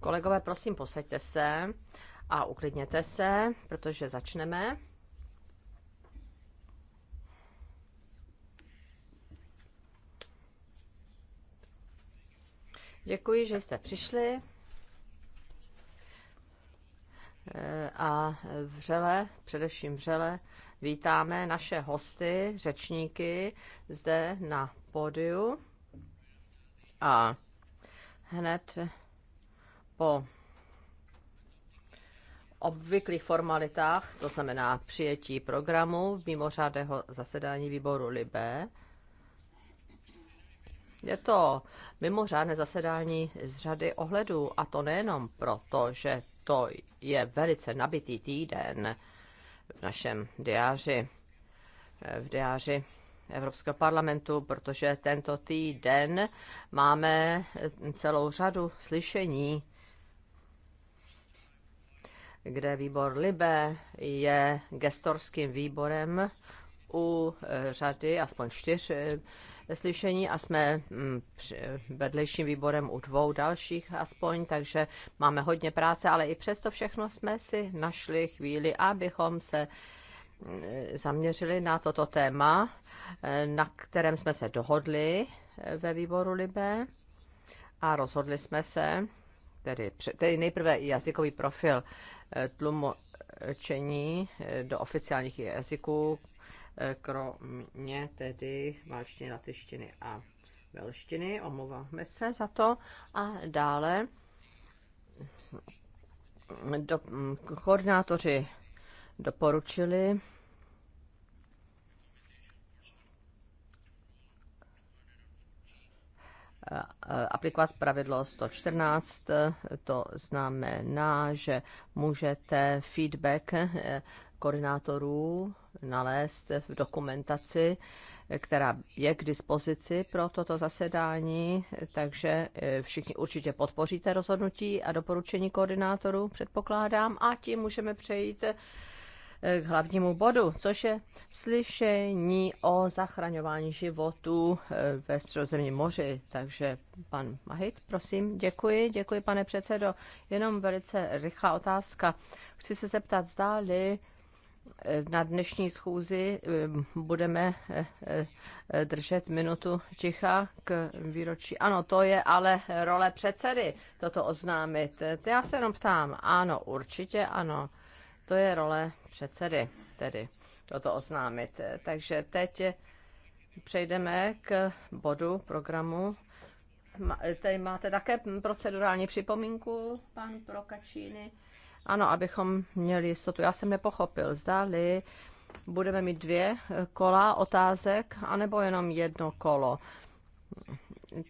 Kolegové, prosím, posaďte se a uklidněte se, protože začneme. Děkuji, že jste přišli eh, a vřele, především vřele, vítáme naše hosty, řečníky zde na pódiu. A hned po obvyklých formalitách, to znamená přijetí programu v mimořádného zasedání výboru LIBE, je to mimořádné zasedání z řady ohledů a to nejenom proto, že to je velice nabitý týden v našem diáři, v diáři Evropského parlamentu, protože tento týden máme celou řadu slyšení, kde výbor Libe je gestorským výborem u řady, aspoň čtyř eh, slyšení a jsme mm, vedlejším výborem u dvou dalších aspoň, takže máme hodně práce, ale i přesto všechno jsme si našli chvíli, abychom se zaměřili na toto téma, na kterém jsme se dohodli ve výboru Libe a rozhodli jsme se, tedy, tedy nejprve jazykový profil eh, tlumočení eh, do oficiálních jazyků, eh, kromě tedy malštiny, latyštiny a velštiny, omlouváme se za to. A dále do, mm, koordinátoři doporučili aplikovat pravidlo 114. To znamená, že můžete feedback eh, koordinátorů nalézt v dokumentaci, která je k dispozici pro toto zasedání, takže eh, všichni určitě podpoříte rozhodnutí a doporučení koordinátorů, předpokládám, a tím můžeme přejít k hlavnímu bodu, což je slyšení o zachraňování životů eh, ve Středozemním moři. Takže pan Mahit, prosím, děkuji, děkuji pane předsedo. Jenom velice rychlá otázka. Chci se zeptat, zdáli eh, na dnešní schůzi eh, budeme držet minutu ticha k výročí. Ano, to je ale role předsedy toto oznámit. Já se jenom ptám. Ano, určitě ano. To je role předsedy, tedy toto oznámit. Takže teď přejdeme k bodu programu. Tady máte také procedurální připomínku, pan Prokačíny. Ano, abychom měli jistotu. Já jsem nepochopil, zdali budeme mít dvě kola otázek, anebo jenom jedno kolo.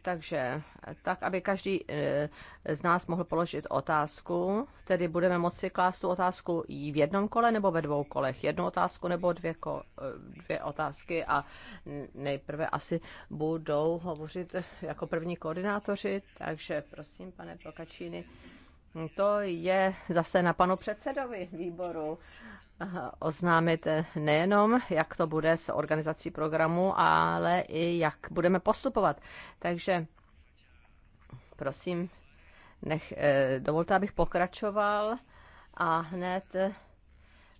Takže tak, aby každý eh, z nás mohl položit otázku, tedy budeme moci klást tu otázku v jednom kole nebo ve dvou kolech. Jednu otázku nebo dvě, ko, eh, dvě otázky a nejprve asi budou hovořit jako první koordinátoři, takže prosím, pane Prokačíny. To je zase na panu předsedovi výboru, oznámit nejenom, jak to bude s organizací programu, ale i jak budeme postupovat. Takže prosím, nech, eh, dovolte, abych pokračoval a hned eh,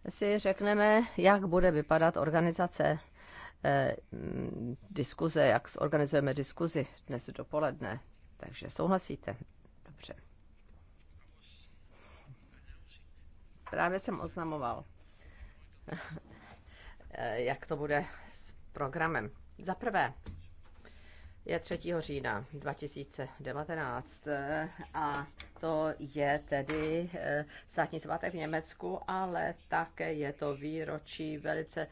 si řekneme, jak bude vypadat organizace eh, diskuze, jak zorganizujeme diskuzi dnes dopoledne. Takže souhlasíte? Dobře. Právě jsem oznamoval Eh, jak to bude s programem. Za prvé, je 3. října 2019 eh, a to je tedy eh, státní svátek v Německu, ale také je to výročí velice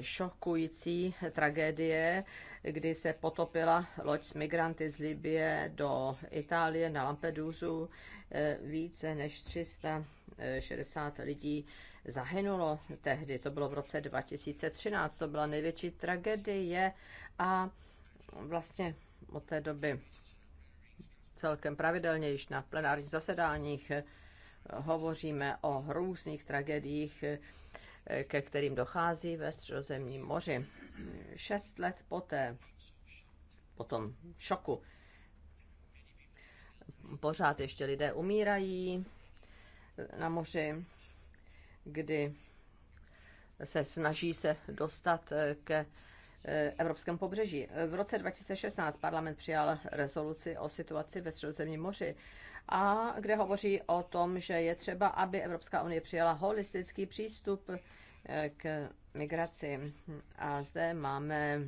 šokující tragédie, kdy se potopila loď s migranty z Libie do Itálie na Lampedusu. Více než 360 lidí zahynulo tehdy, to bylo v roce 2013, to byla největší tragédie a vlastně od té doby celkem pravidelně již na plenárních zasedáních eh, hovoříme o různých tragédiích, eh, ke kterým dochází ve Středozemním moři. Šest let poté, po tom šoku, pořád ještě lidé umírají na moři kdy se snaží se dostat eh, ke eh, evropském pobřeží. V roce 2016 parlament přijal rezoluci o situaci ve Středozemním moři, a kde hovoří o tom, že je třeba, aby Evropská unie přijala holistický přístup eh, k migraci. A zde máme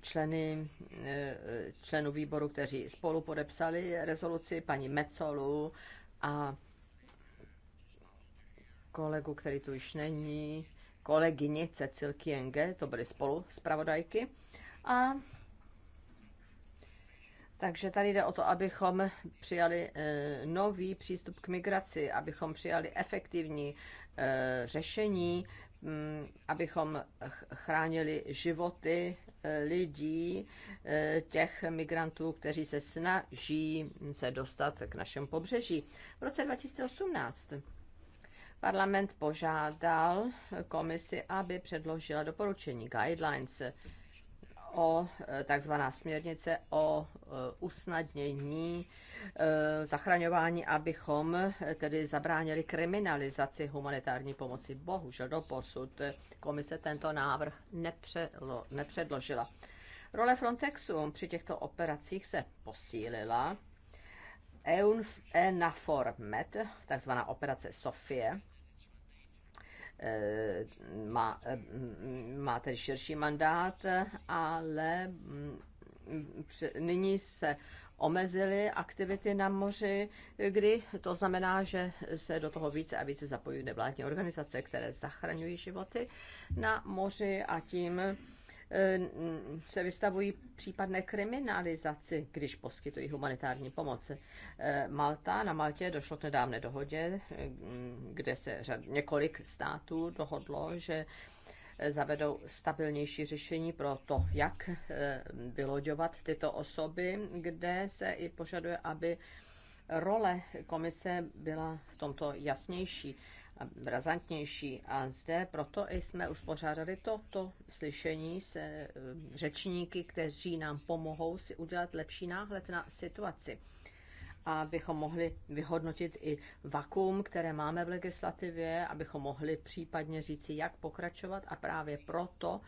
členy, členů výboru, kteří spolu podepsali rezoluci, paní Mecolu a kolegu, který tu již není, kolegyni Cecil Kienge, to byly spolu zpravodajky. A takže tady jde o to, abychom přijali eh, nový přístup k migraci, abychom přijali efektivní eh, řešení, mm, abychom chránili životy eh, lidí, těch migrantů, kteří se snaží se dostat k našemu pobřeží. V roce 2018 Parlament požádal komisi, aby předložila doporučení guidelines o e, takzvaná směrnice o e, usnadnění e, zachraňování, abychom tedy zabránili kriminalizaci humanitární pomoci. Bohužel do posud komise tento návrh nepředložila. Role Frontexu při těchto operacích se posílila EUNAFOR MED, takzvaná operace Sofie, eh, má, eh, má tedy širší mandát, ale mm, nyní se omezily aktivity na moři, kdy to znamená, že se do toho více a více zapojují nevládní organizace, které zachraňují životy na moři a tím Eh, se vystavují případné kriminalizaci, když poskytují humanitární pomoc. Eh, Malta, na Maltě došlo k nedávné dohodě, eh, kde se řad, několik států dohodlo, že zavedou stabilnější řešení pro to, jak vyloďovat tyto osoby, kde se i požaduje, aby role komise byla v tomto jasnější razantnější. A zde proto i jsme uspořádali toto slyšení se eh, řečníky, kteří nám pomohou si udělat lepší náhled na situaci. Abychom mohli vyhodnotit i vakuum, které máme v legislativě, abychom mohli případně říci, jak pokračovat a právě proto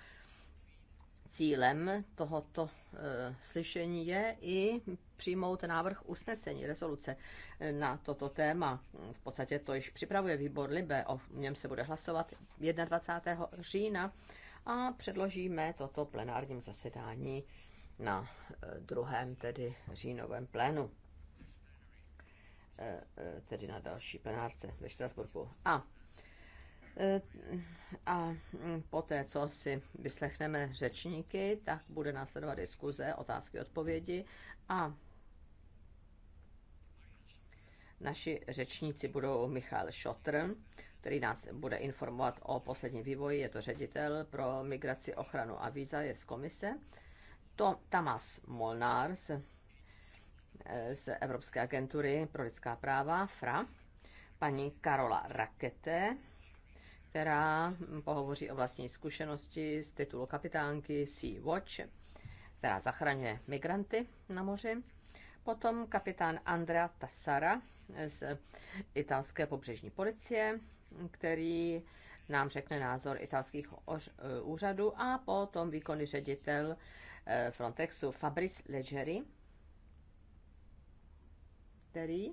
cílem tohoto e, slyšení je i přijmout návrh usnesení rezoluce na toto téma. V podstatě to již připravuje výbor Libe, o něm se bude hlasovat 21. října a předložíme toto plenárním zasedání na e, druhém, tedy říjnovém plénu, e, tedy na další plenárce ve Štrasburku. A Eh, a hm, poté, co si vyslechneme řečníky, tak bude následovat diskuze, otázky, odpovědi a naši řečníci budou Michal Šotr, který nás bude informovat o posledním vývoji. Je to ředitel pro migraci, ochranu a víza, je z komise. To Tamas Molnár z, eh, z Evropské agentury pro lidská práva, FRA, paní Karola Rakete, která pohovoří o vlastní zkušenosti z titulu kapitánky Sea Watch, která zachraňuje migranty na moři. Potom kapitán Andrea Tassara z italské pobřežní policie, který nám řekne názor italských eh, úřadů a potom výkonný ředitel eh, Frontexu Fabrice Leggeri, který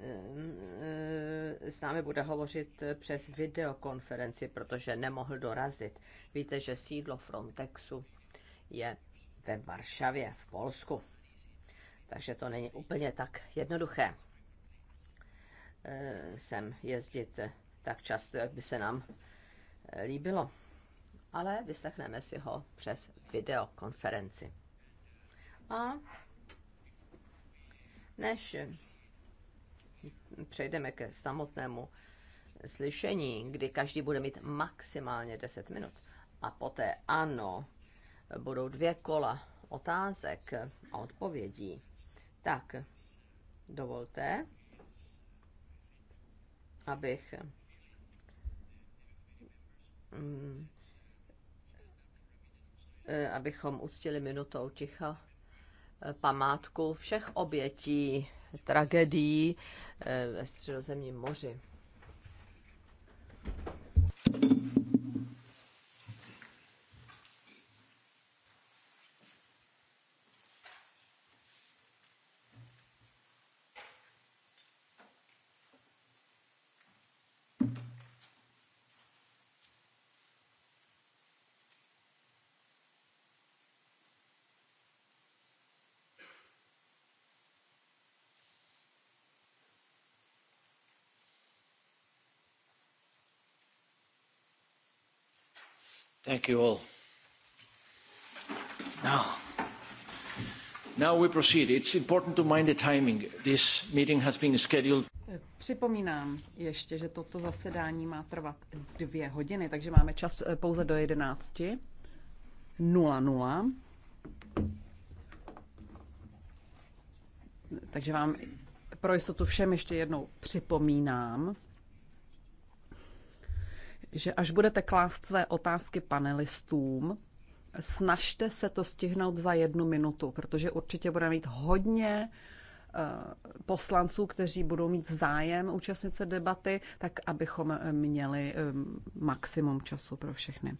Eh, s námi bude hovořit přes videokonferenci, protože nemohl dorazit. Víte, že sídlo Frontexu je ve Varšavě, v Polsku. Takže to není úplně tak jednoduché eh, sem jezdit tak často, jak by se nám eh, líbilo. Ale vyslechneme si ho přes videokonferenci. A než přejdeme ke samotnému slyšení, kdy každý bude mít maximálně 10 minut. A poté ano, budou dvě kola otázek a odpovědí. Tak, dovolte, abych mm, eh, abychom uctili minutou ticha eh, památku všech obětí tragédií eh, ve středozemním moři. Thank you all. Now, now we proceed. It's important to mind the timing. This meeting has been scheduled. Připomínám ještě, že toto zasedání má trvat dvě hodiny, takže máme čas eh, pouze do 11.00. Takže vám pro jistotu všem ještě jednou připomínám, že až budete klást své otázky panelistům, snažte se to stihnout za jednu minutu, protože určitě bude mít hodně eh, poslanců, kteří budou mít zájem účastnit se debaty, tak abychom eh, měli eh, maximum času pro všechny.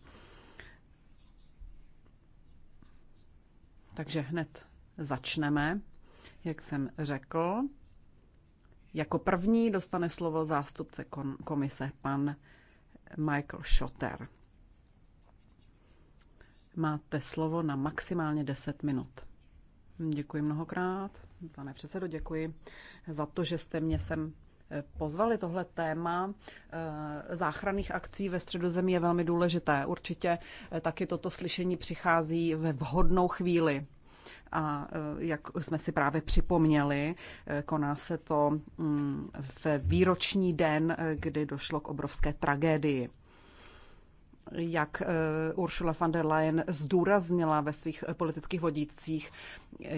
Takže hned začneme, jak jsem řekl. Jako první dostane slovo zástupce komise pan Michael Schotter. Máte slovo na maximálně 10 minut. Děkuji mnohokrát. Pane předsedo, děkuji za to, že jste mě sem eh, pozvali. Tohle téma eh, záchranných akcí ve středozemí je velmi důležité. Určitě eh, taky toto slyšení přichází ve vhodnou chvíli. A eh, jak jsme si právě připomněli, eh, koná se to mm, ve výroční den, eh, kdy došlo k obrovské tragédii jak eh, Ursula von der Leyen zdůraznila ve svých eh, politických vodítcích, eh,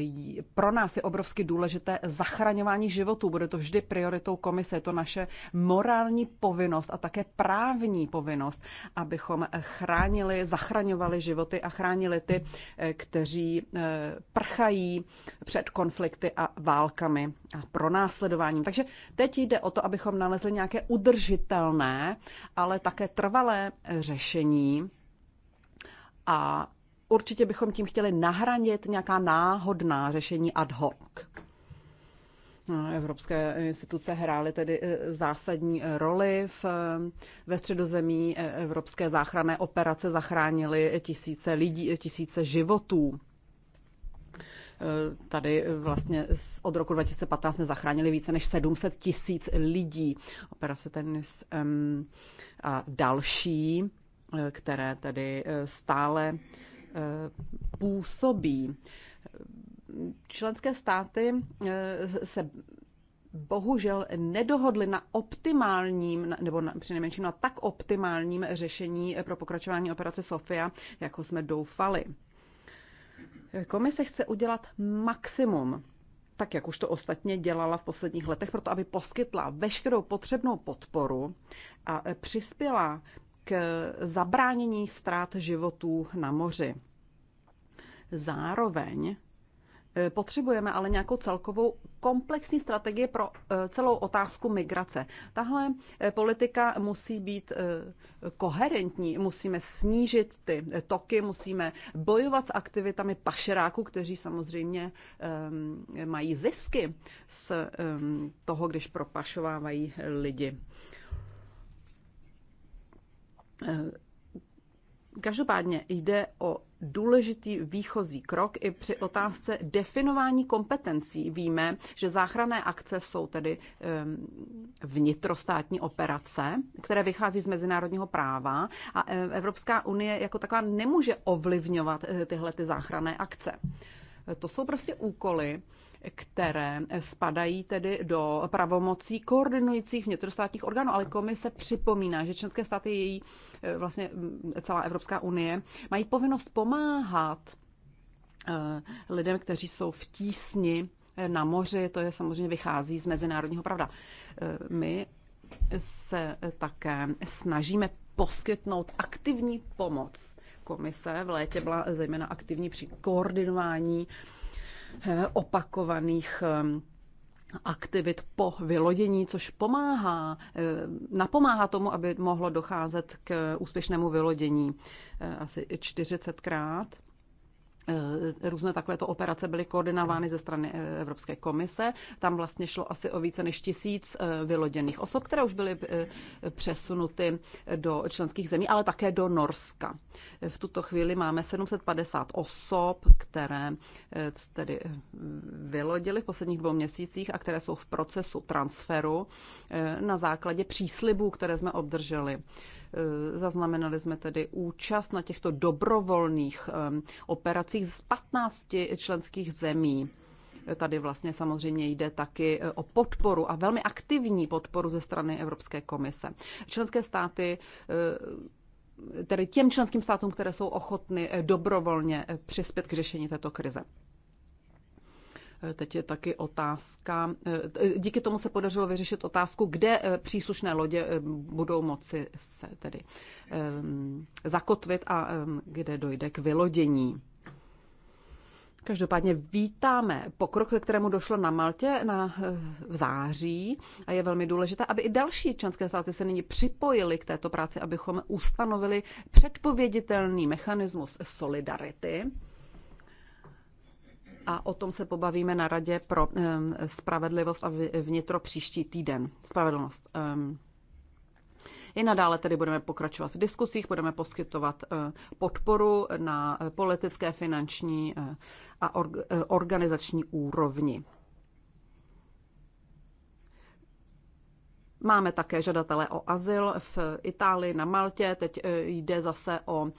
pro nás je obrovsky důležité zachraňování životů. Bude to vždy prioritou komise. Je to naše morální povinnost a také právní povinnost, abychom chránili, zachraňovali životy a chránili ty, kteří prchají před konflikty a válkami a pronásledováním. Takže teď jde o to, abychom nalezli nějaké udržitelné, ale také trvalé řešení řešení a určitě bychom tím chtěli nahranit nějaká náhodná řešení ad hoc. No, evropské instituce hrály tedy e, zásadní e, roli v, e, ve středozemí. Evropské záchranné operace zachránily tisíce lidí, tisíce životů. Tady vlastně od roku 2015 jsme zachránili více než 700 tisíc lidí. Operace Tenis a další které tedy eh, stále eh, působí. Členské státy eh, se bohužel nedohodly na optimálním, nebo na, přinejmenším na tak optimálním řešení pro pokračování operace Sofia, jako jsme doufali. Komise chce udělat maximum, tak jak už to ostatně dělala v posledních letech, proto aby poskytla veškerou potřebnou podporu a přispěla k zabránění ztrát životů na moři. Zároveň eh, potřebujeme ale nějakou celkovou komplexní strategii pro eh, celou otázku migrace. Tahle eh, politika musí být koherentní, musíme snížit ty toky, musíme bojovat s aktivitami pašeráků, kteří samozřejmě mají zisky z toho, když propašovávají lidi. Eh, každopádně jde o důležitý výchozí krok i při otázce definování kompetencí. Víme, že záchranné akce jsou tedy ehm, vnitrostátní operace, které vychází z mezinárodního práva a eh, Evropská unie jako taková nemůže ovlivňovat eh, tyhle ty záchranné akce. To jsou prostě úkoly, které spadají tedy do pravomocí koordinujících vnitrostátních orgánů, ale komise připomíná, že členské státy její, eh, vlastně mm, celá Evropská unie, mají povinnost pomáhat eh, lidem, kteří jsou v tísni eh, na moři, to je samozřejmě vychází z mezinárodního pravda. My se také snažíme poskytnout aktivní pomoc. Komise v létě byla zejména aktivní při koordinování Eh, opakovaných aktivit po vylodění, což pomáhá, eh, napomáhá tomu, aby mohlo docházet k úspěšnému vylodění eh, asi 40krát. Eh, různé takovéto operace byly koordinovány ze strany eh, Evropské komise. Tam vlastně šlo asi o více než tisíc eh, vyloděných osob, které už byly přesunuty do členských zemí, ale také do Norska. V tuto chvíli máme 750 osob, které tedy vylodili v posledních dvou měsících a které jsou v procesu transferu na základě příslibů, které jsme obdrželi. Eh, zaznamenali jsme tedy účast na těchto dobrovolných operacích z 15 členských zemí. Tady vlastně samozřejmě jde taky eh, o podporu a velmi aktivní podporu ze strany Evropské komise. Členské státy eh, tedy těm členským státům, které jsou ochotny dobrovolně přispět k řešení této krize. Teď je taky otázka, eh, díky tomu se podařilo vyřešit otázku, kde eh, příslušné lodě eh, budou moci se tedy zakotvit a kde dojde k vylodění. Každopádně vítáme pokrok, ke kterému došlo na Maltě na, v září a je velmi důležité, aby i další členské státy se nyní připojily k této práci, abychom ustanovili předpověditelný mechanismus solidarity a o tom se pobavíme na Radě pro eh, spravedlivost a vnitro příští týden. Spravedlnost. Ehm. I nadále tedy budeme pokračovat v diskusích, budeme poskytovat eh, podporu na eh, politické, finanční a organizační úrovni. Máme také žadatele o azyl v Itálii, na Maltě. Teď e, jde zase o e,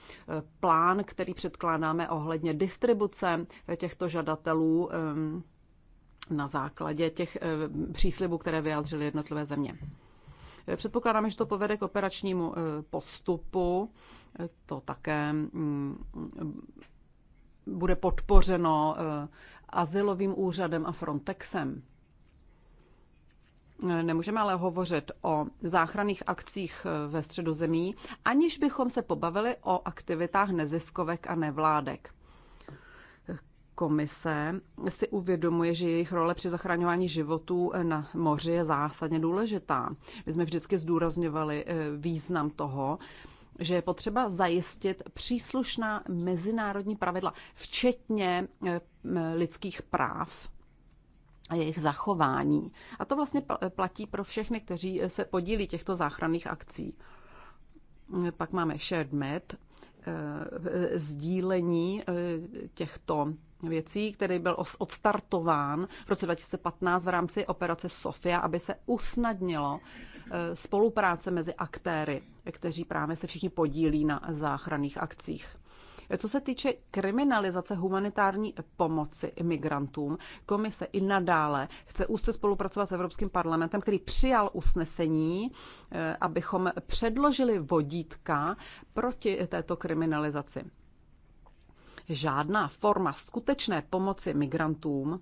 plán, který předkládáme ohledně distribuce e, těchto žadatelů na základě těch příslibů, které vyjádřily jednotlivé země. Předpokládáme, že to povede k operačnímu postupu. To také mm, bude podpořeno azylovým úřadem a Frontexem. Nemůžeme ale hovořit o záchranných akcích eh, ve středozemí, aniž bychom se pobavili o aktivitách neziskovek a nevládek. Komise si uvědomuje, že jejich role při zachraňování životů eh, na moři je zásadně důležitá. My jsme vždycky zdůrazňovali eh, význam toho, že je potřeba zajistit příslušná mezinárodní pravidla, včetně lidských práv a jejich zachování. A to vlastně platí pro všechny, kteří se podílí těchto záchranných akcí. Pak máme shared map, eh, sdílení eh, těchto věcí, který byl odstartován v roce 2015 v rámci operace Sofia, aby se usnadnilo eh, spolupráce mezi aktéry, kteří právě se všichni podílí na záchranných akcích. Co se týče kriminalizace humanitární pomoci imigrantům, komise i nadále chce úzce spolupracovat s Evropským parlamentem, který přijal usnesení, eh, abychom předložili vodítka proti této kriminalizaci. Žádná forma skutečné pomoci migrantům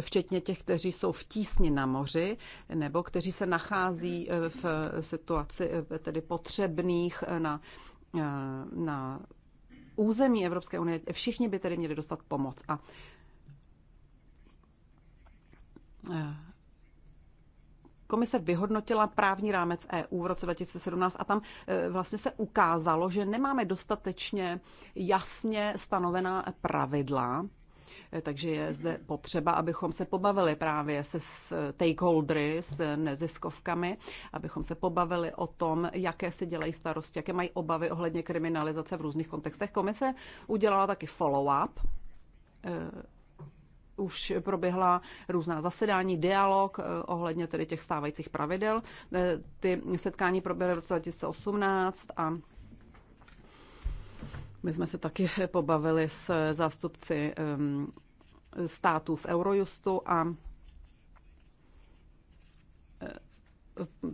včetně těch, kteří jsou v tísni na moři nebo kteří se nachází eh, v situaci eh, tedy potřebných na, na území Evropské unie, všichni by tedy měli dostat pomoc. A eh, Komise vyhodnotila právní rámec EU v roce 2017 a tam eh, vlastně se ukázalo, že nemáme dostatečně jasně stanovená pravidla Eh, takže je zde potřeba, abychom se pobavili právě se eh, stakeholdery, s neziskovkami, abychom se pobavili o tom, jaké se dělají starosti, jaké mají obavy ohledně kriminalizace v různých kontextech. Komise udělala taky follow-up eh, už proběhla různá zasedání, dialog ohledně tedy těch stávajících pravidel. Ty setkání proběhly v roce 2018 a my jsme se taky pobavili s zástupci států v Eurojustu a eh,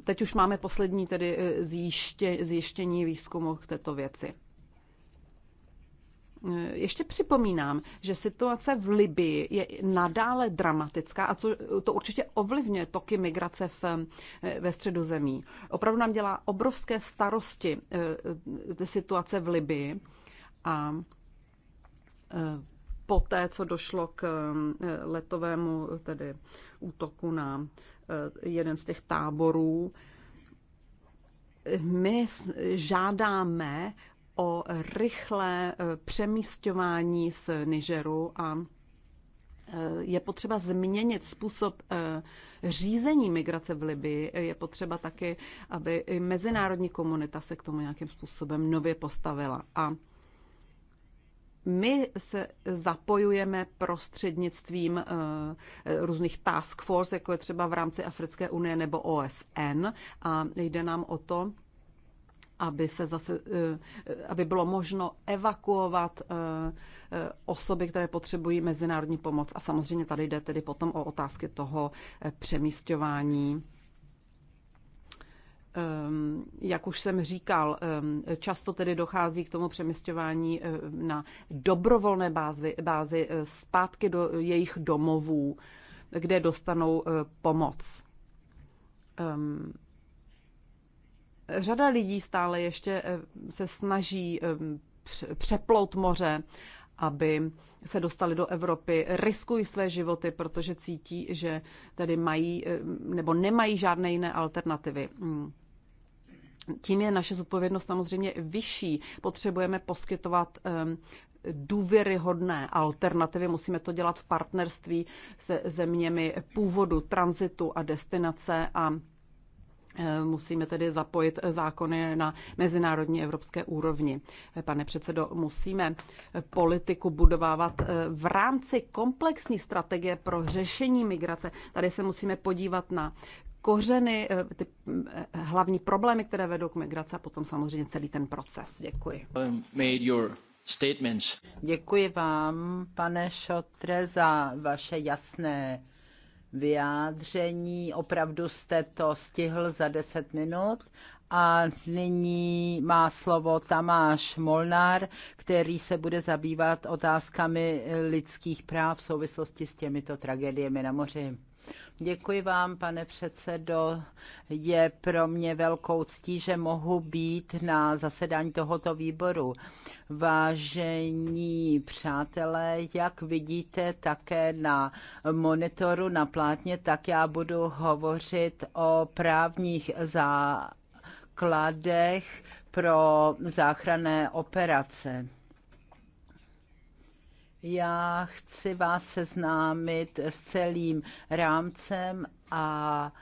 teď už máme poslední tedy eh, zjiště, zjištění výzkumu k této věci. Eh, ještě připomínám, že situace v Libii je nadále dramatická a co, to určitě ovlivňuje toky migrace v, ve středu zemí. Opravdu nám dělá obrovské starosti situace v Libii. A e, poté, co došlo k e, letovému tedy útoku na e, jeden z těch táborů, my žádáme o rychlé přemístování z Nigeru a je potřeba změnit způsob řízení migrace v Libii. Je potřeba taky, aby i mezinárodní komunita se k tomu nějakým způsobem nově postavila. A my se zapojujeme prostřednictvím eh, různých task force, jako je třeba v rámci Africké unie nebo OSN a jde nám o to, aby, se zase, eh, aby bylo možno evakuovat eh, osoby, které potřebují mezinárodní pomoc. A samozřejmě tady jde tedy potom o otázky toho přemístování Ehm, jak už jsem říkal, ehm, často tedy dochází k tomu přemysťování ehm, na dobrovolné bázi, bázi eh, zpátky do jejich domovů, kde dostanou eh, pomoc. Řada lidí stále ještě se snaží přeplout moře, aby se dostali do Evropy, riskují své životy, protože cítí, že tady mají nebo nemají žádné jiné alternativy. Mm tím je naše zodpovědnost samozřejmě vyšší. Potřebujeme poskytovat důvěryhodné alternativy. Musíme to dělat v partnerství se zeměmi původu, tranzitu a destinace a eh, Musíme tedy zapojit zákony na mezinárodní evropské úrovni. Eh, pane předsedo, musíme eh, politiku budovávat v rámci komplexní strategie pro řešení migrace. Tady se musíme podívat na kořeny, eh, ty eh, hlavní problémy, které vedou k migraci a potom samozřejmě celý ten proces. Děkuji. Statements. Děkuji vám, pane Šotre, za vaše jasné vyjádření. Opravdu jste to stihl za 10 minut. A nyní má slovo Tamáš Molnár, který se bude zabývat otázkami lidských práv v souvislosti s těmito tragédiemi na moři. Děkuji vám, pane předsedo. Je pro mě velkou ctí, že mohu být na zasedání tohoto výboru. Vážení přátelé, jak vidíte také na monitoru, na plátně, tak já budu hovořit o právních základech pro záchranné operace. Já chci vás seznámit s celým rámcem a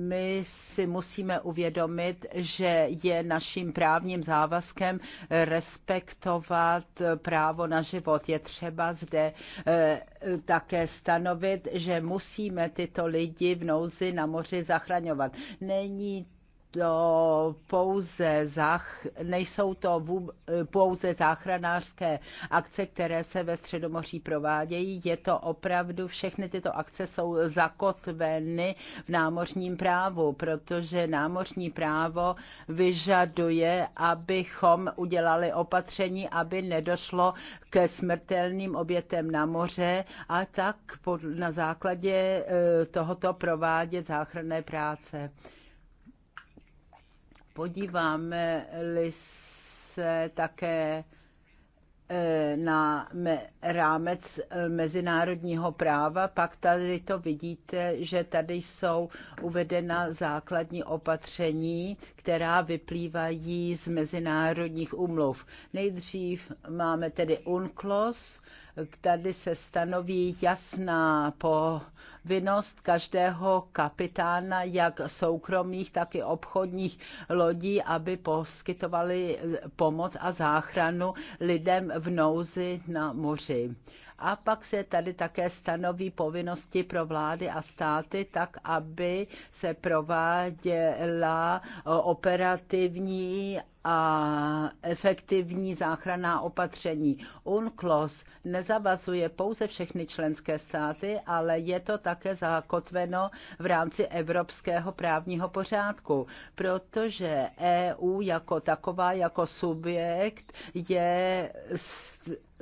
my si musíme uvědomit, že je naším právním závazkem respektovat právo na život. Je třeba zde eh, také stanovit, že musíme tyto lidi v nouzi na moři zachraňovat. Není to pouze zách, nejsou to vůb, pouze záchranářské akce, které se ve Středomoří provádějí. Je to opravdu, všechny tyto akce jsou zakotveny v námořním právu, protože námořní právo vyžaduje, abychom udělali opatření, aby nedošlo ke smrtelným obětem na moře a tak pod, na základě eh, tohoto provádět záchranné práce. Podíváme-li se také e, na rámec e, mezinárodního práva, pak tady to vidíte, že tady jsou uvedena základní opatření, která vyplývají z mezinárodních umluv. Nejdřív máme tedy UNCLOS, tady se stanoví jasná povinnost každého kapitána, jak soukromých, tak i obchodních lodí, aby poskytovali pomoc a záchranu lidem v nouzi na moři. A pak se tady také stanoví povinnosti pro vlády a státy tak, aby se prováděla operativní a efektivní záchranná opatření. UNCLOS nezavazuje pouze všechny členské státy, ale je to také zakotveno v rámci evropského právního pořádku, protože EU jako taková, jako subjekt je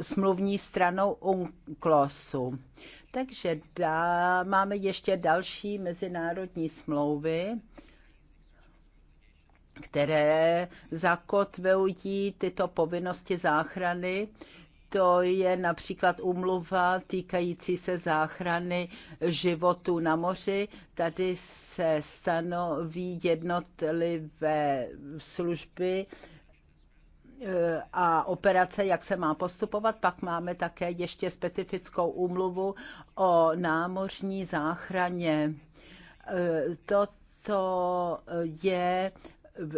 smluvní stranou UNCLOSu. Takže dá, máme ještě další mezinárodní smlouvy, které zakotvují tyto povinnosti záchrany. To je například umluva týkající se záchrany životu na moři. Tady se stanoví jednotlivé služby, eh, a operace, jak se má postupovat. Pak máme také ještě specifickou úmluvu o námořní záchraně. Eh, to, co je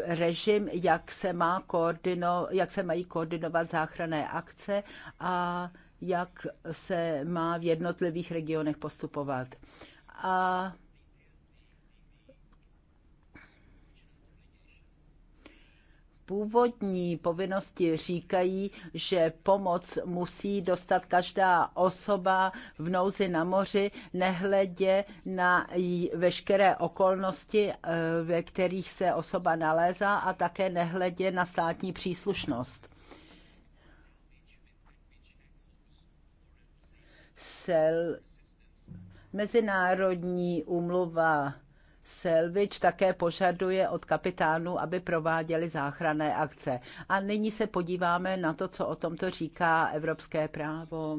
režim, jak se, má koordino, jak se mají koordinovat záchranné akce a jak se má v jednotlivých regionech postupovat. A původní povinnosti říkají, že pomoc musí dostat každá osoba v nouzi na moři, nehledě na veškeré okolnosti, eh, ve kterých se osoba nalézá a také nehledě na státní příslušnost. Sel Mezinárodní umluva Selvič také požaduje od kapitánů, aby prováděli záchranné akce. A nyní se podíváme na to, co o tomto říká evropské právo.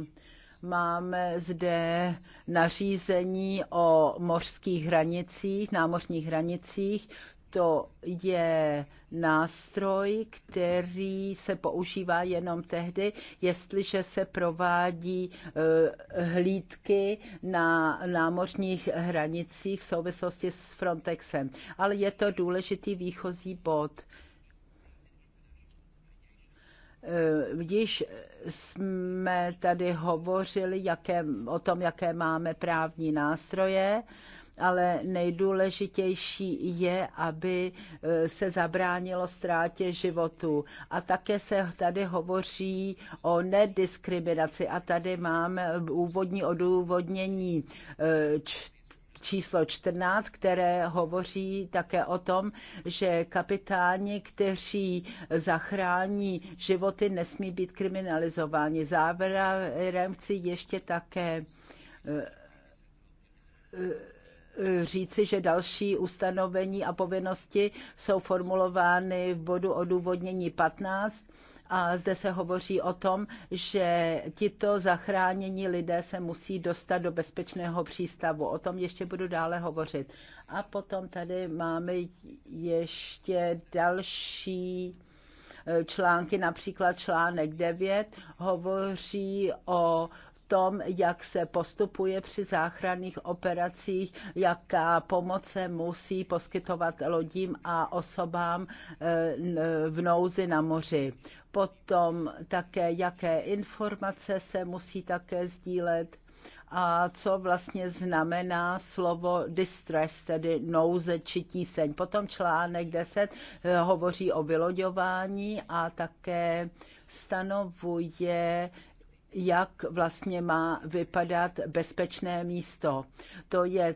Máme zde nařízení o mořských hranicích, námořních hranicích to je nástroj, který se používá jenom tehdy, jestliže se provádí eh, hlídky na námořních hranicích v souvislosti s Frontexem. Ale je to důležitý výchozí bod. Když eh, jsme tady hovořili jaké, o tom, jaké máme právní nástroje, ale nejdůležitější je, aby eh, se zabránilo ztrátě životu. A také se tady hovoří o nediskriminaci a tady máme úvodní odůvodnění eh, číslo 14, které hovoří také o tom, že kapitáni, kteří zachrání životy, nesmí být kriminalizováni. Závěrem chci ještě také eh, říci, že další ustanovení a povinnosti jsou formulovány v bodu odůvodnění 15 a zde se hovoří o tom, že tito zachránění lidé se musí dostat do bezpečného přístavu. O tom ještě budu dále hovořit. A potom tady máme ještě další eh, články, například článek 9 hovoří o tom, jak se postupuje při záchranných operacích, jaká pomoc se musí poskytovat lodím a osobám eh, v nouzi na moři. Potom také, jaké informace se musí také sdílet a co vlastně znamená slovo distress, tedy nouze či tíseň. Potom článek 10 eh, hovoří o vyloďování a také stanovuje jak vlastně má vypadat bezpečné místo. To je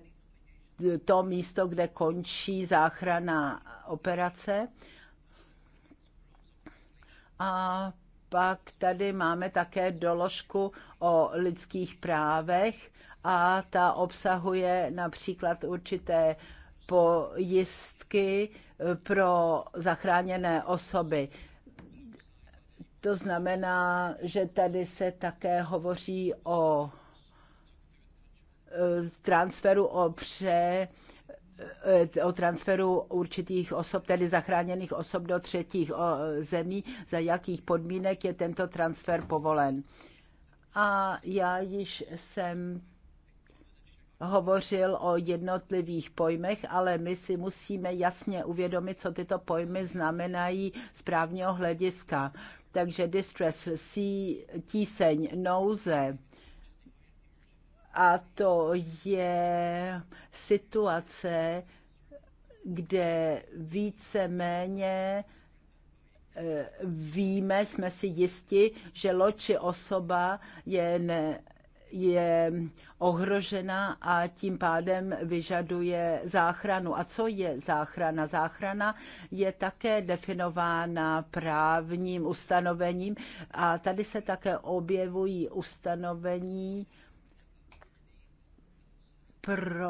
to místo, kde končí záchrana operace. A pak tady máme také doložku o lidských právech a ta obsahuje například určité pojistky pro zachráněné osoby. To znamená, že tady se také hovoří o eh, transferu o pře eh, o transferu určitých osob, tedy zachráněných osob do třetích zemí, za jakých podmínek je tento transfer povolen. A já již jsem hovořil o jednotlivých pojmech, ale my si musíme jasně uvědomit, co tyto pojmy znamenají z právního hlediska. Takže distress, sí, tíseň, nouze. A to je situace, kde víceméně eh, víme, jsme si jisti, že loči osoba je ne, je ohrožena a tím pádem vyžaduje záchranu. A co je záchrana? Záchrana je také definována právním ustanovením a tady se také objevují ustanovení pro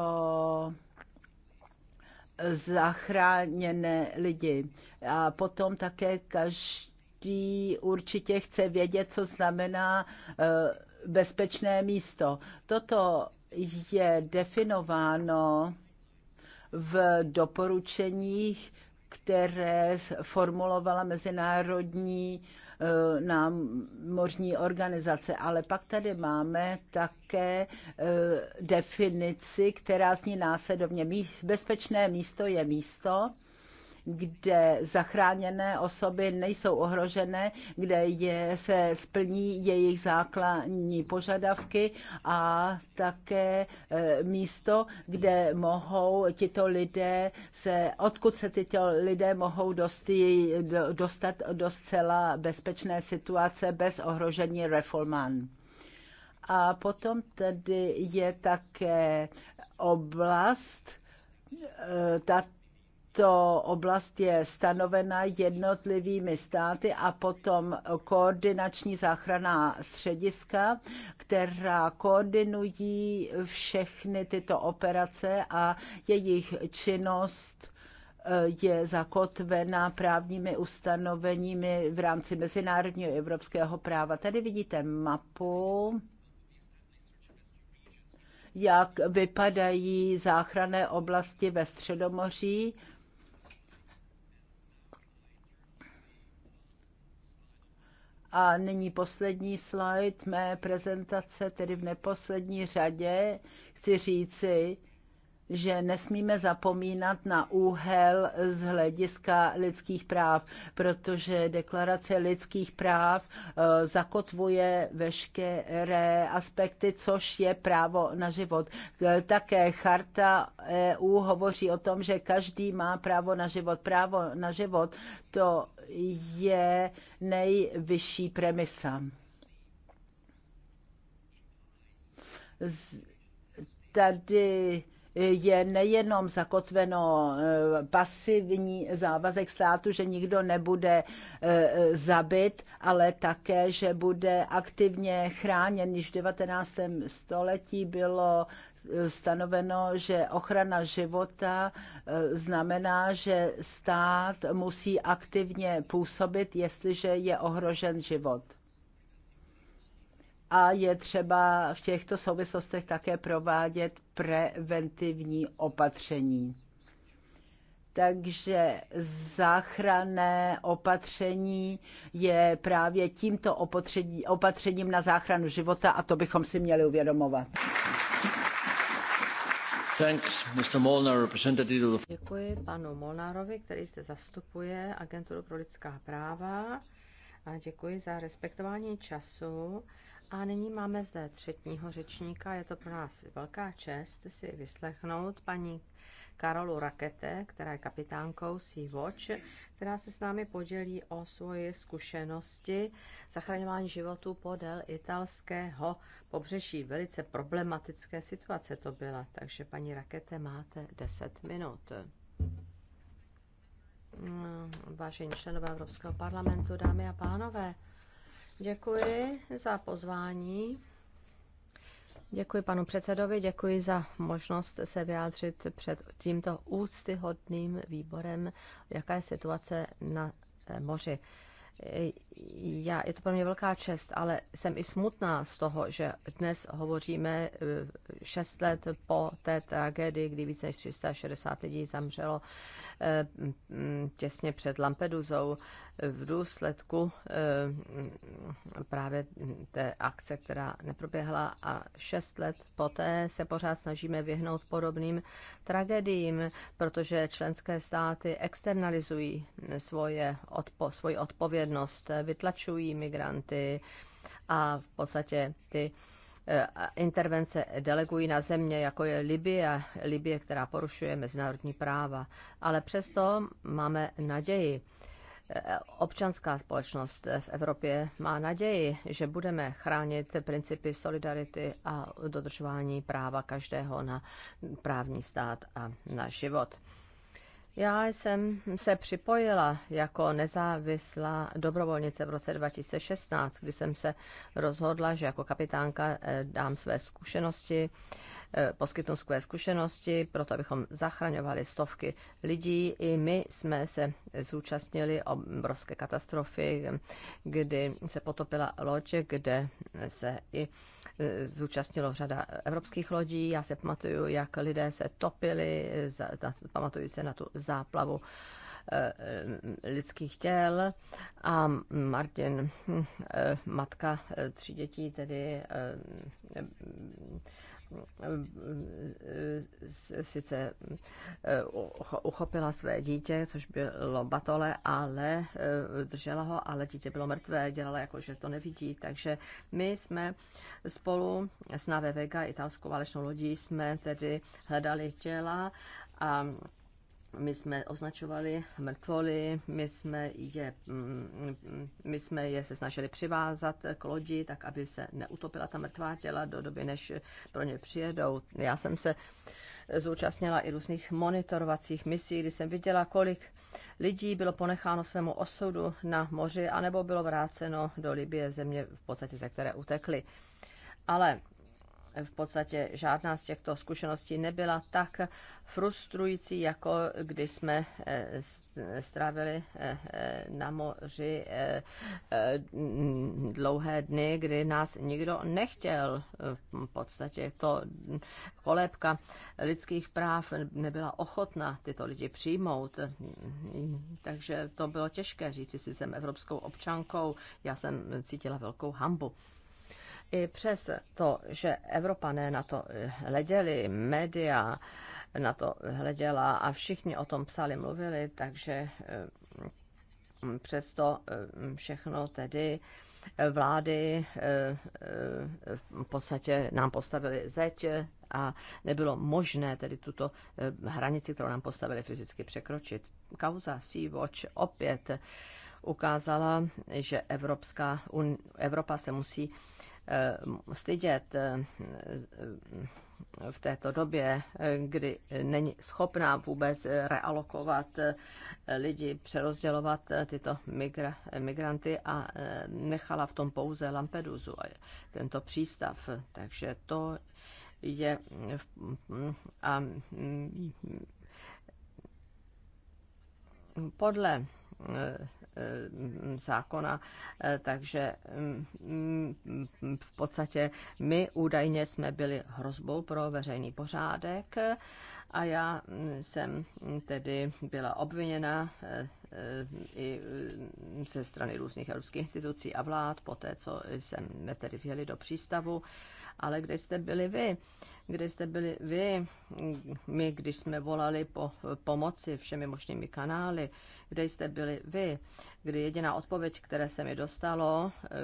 zachráněné lidi. A potom také každý určitě chce vědět, co znamená uh, bezpečné místo. Toto je definováno v doporučeních, které formulovala Mezinárodní eh, námořní organizace. Ale pak tady máme také eh, definici, která zní následovně. Bezpečné místo je místo, kde zachráněné osoby nejsou ohrožené, kde je, se splní jejich základní požadavky a také eh, místo, kde mohou tito lidé se, odkud se tyto lidé mohou dosti, dostat do zcela bezpečné situace bez ohrožení reformán. A potom tedy je také oblast, eh, tato tato oblast je stanovena jednotlivými státy a potom koordinační záchranná střediska, která koordinují všechny tyto operace a jejich činnost eh, je zakotvena právními ustanoveními v rámci mezinárodního evropského práva. Tady vidíte mapu jak vypadají záchranné oblasti ve Středomoří A nyní poslední slide mé prezentace, tedy v neposlední řadě, chci říci, že nesmíme zapomínat na úhel z hlediska lidských práv, protože deklarace lidských práv eh, zakotvuje veškeré aspekty, což je právo na život. Eh, také charta EU hovoří o tom, že každý má právo na život. Právo na život to je nejvyšší premisa. Z, tady je nejenom zakotveno eh, pasivní závazek státu, že nikdo nebude eh, zabit, ale také, že bude aktivně chráněn. Již v 19. století bylo eh, stanoveno, že ochrana života znamená, že stát musí aktivně působit, jestliže je ohrožen život a je třeba v těchto souvislostech také provádět preventivní opatření. Takže záchranné opatření je právě tímto opatření, opatřením na záchranu života a to bychom si měli uvědomovat. Děkuji panu Molnárovi, který se zastupuje Agenturu pro lidská práva a děkuji za respektování času a nyní máme zde třetního řečníka. Je to pro nás velká čest si vyslechnout paní Karolu Rakete, která je kapitánkou Sea-Watch, která se s námi podělí o svoje zkušenosti zachraňování životů podél italského pobřeží. Velice problematické situace to byla, takže paní Rakete máte 10 minut. Vážení členové Evropského parlamentu, dámy a pánové, Děkuji za pozvání. Děkuji panu předsedovi, děkuji za možnost se vyjádřit před tímto úctyhodným výborem, jaká je situace na eh, moři. Já, je to pro mě velká čest, ale jsem i smutná z toho, že dnes hovoříme eh, šest let po té tragédii, kdy více než 360 lidí zamřelo eh, těsně před Lampedusou v důsledku eh, právě té akce, která neproběhla a šest let poté se pořád snažíme vyhnout podobným tragédiím, protože členské státy externalizují svoje odpo, svoji odpovědnost, vytlačují migranty a v podstatě ty eh, intervence delegují na země, jako je Libie, Libie, která porušuje mezinárodní práva. Ale přesto máme naději občanská společnost v Evropě má naději, že budeme chránit principy solidarity a dodržování práva každého na právní stát a na život. Já jsem se připojila jako nezávislá dobrovolnice v roce 2016, kdy jsem se rozhodla, že jako kapitánka eh, dám své zkušenosti Eh, poskytnout skvělé zkušenosti, proto abychom zachraňovali stovky lidí. I my jsme se zúčastnili obrovské katastrofy, kdy se potopila loď, kde se i eh, zúčastnilo řada evropských lodí. Já se pamatuju, jak lidé se topili, pamatuju se na tu záplavu eh, lidských těl a Martin, hm, matka tří dětí, tedy sice eh, uchopila své dítě, což bylo batole, ale eh, držela ho, ale dítě bylo mrtvé, dělala jako, že to nevidí. Takže my jsme spolu s Nave Vega, italskou válečnou lodí, jsme tedy hledali těla a my jsme označovali mrtvoly, my jsme je, mm, my jsme je se snažili přivázat k lodi, tak aby se neutopila ta mrtvá těla do doby, než pro ně přijedou. Já jsem se zúčastnila i různých monitorovacích misí, kdy jsem viděla, kolik lidí bylo ponecháno svému osudu na moři, anebo bylo vráceno do Libie, země v podstatě, ze které utekli. Ale v podstatě žádná z těchto zkušeností nebyla tak frustrující, jako když jsme eh, eh, strávili eh, na moři dlouhé dny, kdy nás nikdo nechtěl. V podstatě to kolébka lidských práv nebyla ochotna tyto lidi přijmout. Takže to bylo těžké říci si, jsem evropskou občankou. Já jsem cítila velkou hambu. I přes to, že Evropané na to hleděli, média na to hleděla a všichni o tom psali, mluvili, takže eh, přesto eh, všechno tedy eh, vlády v podstatě nám postavili zeď a nebylo možné tedy tuto hranici, kterou nám postavili, fyzicky překročit. Kauza Sea-Watch opět ukázala, že Evropská, Evropa se musí Eh, stydět eh, v této době, eh, kdy není schopná vůbec realokovat lidi, přerozdělovat tyto migra, migranty a nechala v tom pouze Lampedusu, tento přístav. Takže to je a mm, podle Eh, zákona, eh, takže mm, mm, v podstatě my údajně jsme byli hrozbou pro veřejný pořádek a já mm, jsem tedy byla obviněna eh, i ze strany různých evropských institucí a vlád, poté co jsme tedy vjeli do přístavu ale kde jste byli vy? Kde jste byli vy, my, když jsme volali po pomoci všemi možnými kanály? Kde jste byli vy? Kdy jediná odpověď, které se mi dostalo, eh,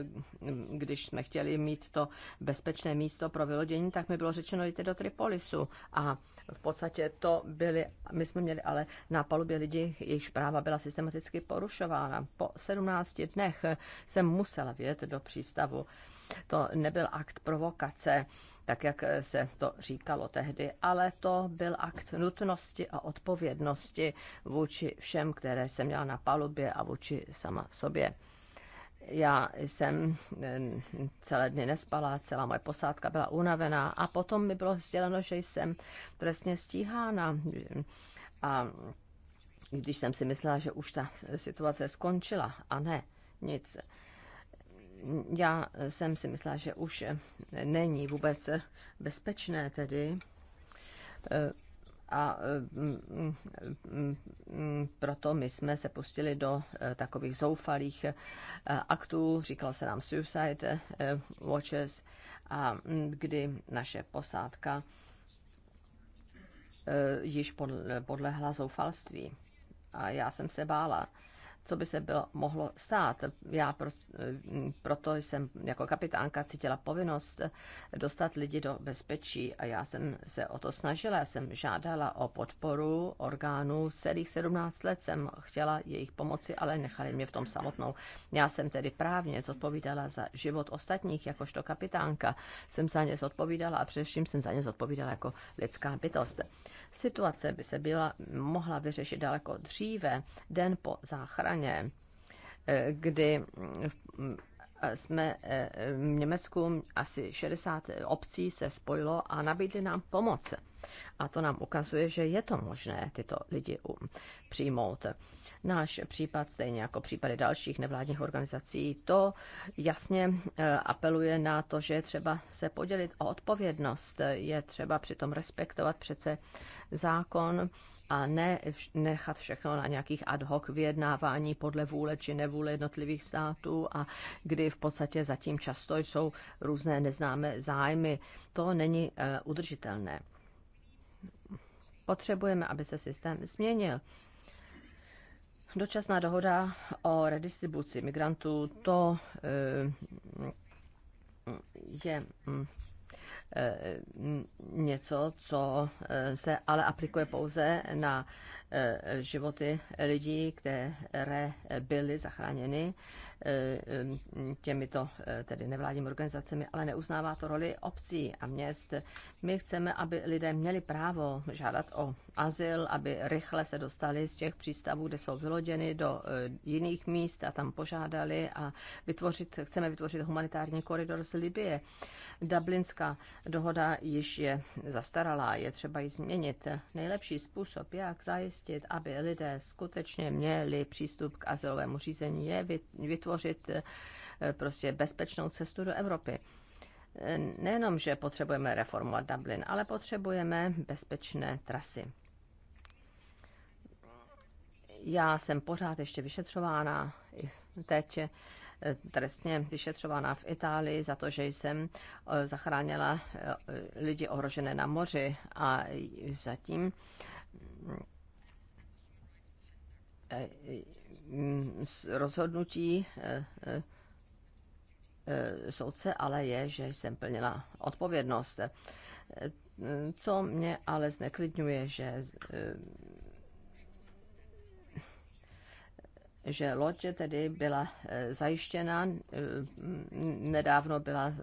když jsme chtěli mít to bezpečné místo pro vylodění, tak mi bylo řečeno, jít do Tripolisu. A v podstatě to byly, my jsme měli ale na palubě lidi, jejichž práva byla systematicky porušována. Po 17 dnech jsem musela vjet do přístavu. To nebyl akt provokace, tak jak se to říkalo tehdy, ale to byl akt nutnosti a odpovědnosti vůči všem, které jsem měla na palubě a vůči sama sobě. Já jsem eh, celé dny nespala, celá moje posádka byla unavená a potom mi bylo sděleno, že jsem trestně stíhána. A když jsem si myslela, že už ta situace skončila, a ne, nic já jsem si myslela, že už není vůbec bezpečné tedy eh, a eh, mm, mm, proto my jsme se pustili do eh, takových zoufalých aktů, říkal se nám Suicide Watches, a mm, kdy naše posádka již podlehla zoufalství. A já jsem se bála, co by se bylo, mohlo stát. Já pro, proto jsem jako kapitánka cítila povinnost dostat lidi do bezpečí a já jsem se o to snažila. Já jsem žádala o podporu orgánů celých 17 let, jsem chtěla jejich pomoci, ale nechali mě v tom samotnou. Já jsem tedy právně zodpovídala za život ostatních, jakožto kapitánka. Jsem za ně zodpovídala a především jsem za ně zodpovídala jako lidská bytost. Situace by se byla, mohla vyřešit daleko dříve, den po záchraně straně, eh, kdy mm, eh, jsme eh, v Německu asi 60 obcí se spojilo a nabídli nám pomoc. A to nám ukazuje, že je to možné tyto lidi um, přijmout. Náš případ, stejně jako případy dalších nevládních organizací, to jasně apeluje na to, že je třeba se podělit o odpovědnost, je třeba přitom respektovat přece zákon a ne nechat všechno na nějakých ad hoc vyjednávání podle vůle či nevůle jednotlivých států a kdy v podstatě zatím často jsou různé neznámé zájmy. To není eh, udržitelné. Potřebujeme, aby se systém změnil. Dočasná dohoda o redistribuci migrantů, to eh, je mm, Eh, něco, co eh, se ale aplikuje pouze na eh, životy lidí, které byly zachráněny Eh, eh, těmito eh, tedy nevládními organizacemi, ale neuznává to roli obcí a měst. My chceme, aby lidé měli právo žádat o azyl, aby rychle se dostali z těch přístavů, kde jsou vyloděny, do jiných míst a tam požádali a vytvořit, chceme vytvořit humanitární koridor z Libie. Dublinská dohoda již je zastaralá, je třeba ji změnit. Nejlepší způsob, jak zajistit, aby lidé skutečně měli přístup k azylovému řízení, je vytvořit vytvořit eh, prostě bezpečnou cestu do Evropy. Eh, nejenom, že potřebujeme reformovat Dublin, ale potřebujeme bezpečné trasy. Já jsem pořád ještě vyšetřována, i teď eh, trestně vyšetřována v Itálii za to, že jsem zachránila lidi ohrožené na moři a zatím Mm, rozhodnutí eh, eh, eh, soudce, ale je, že jsem plnila odpovědnost. Co mě ale zneklidňuje, že že loď tedy byla zajištěna, nedávno byla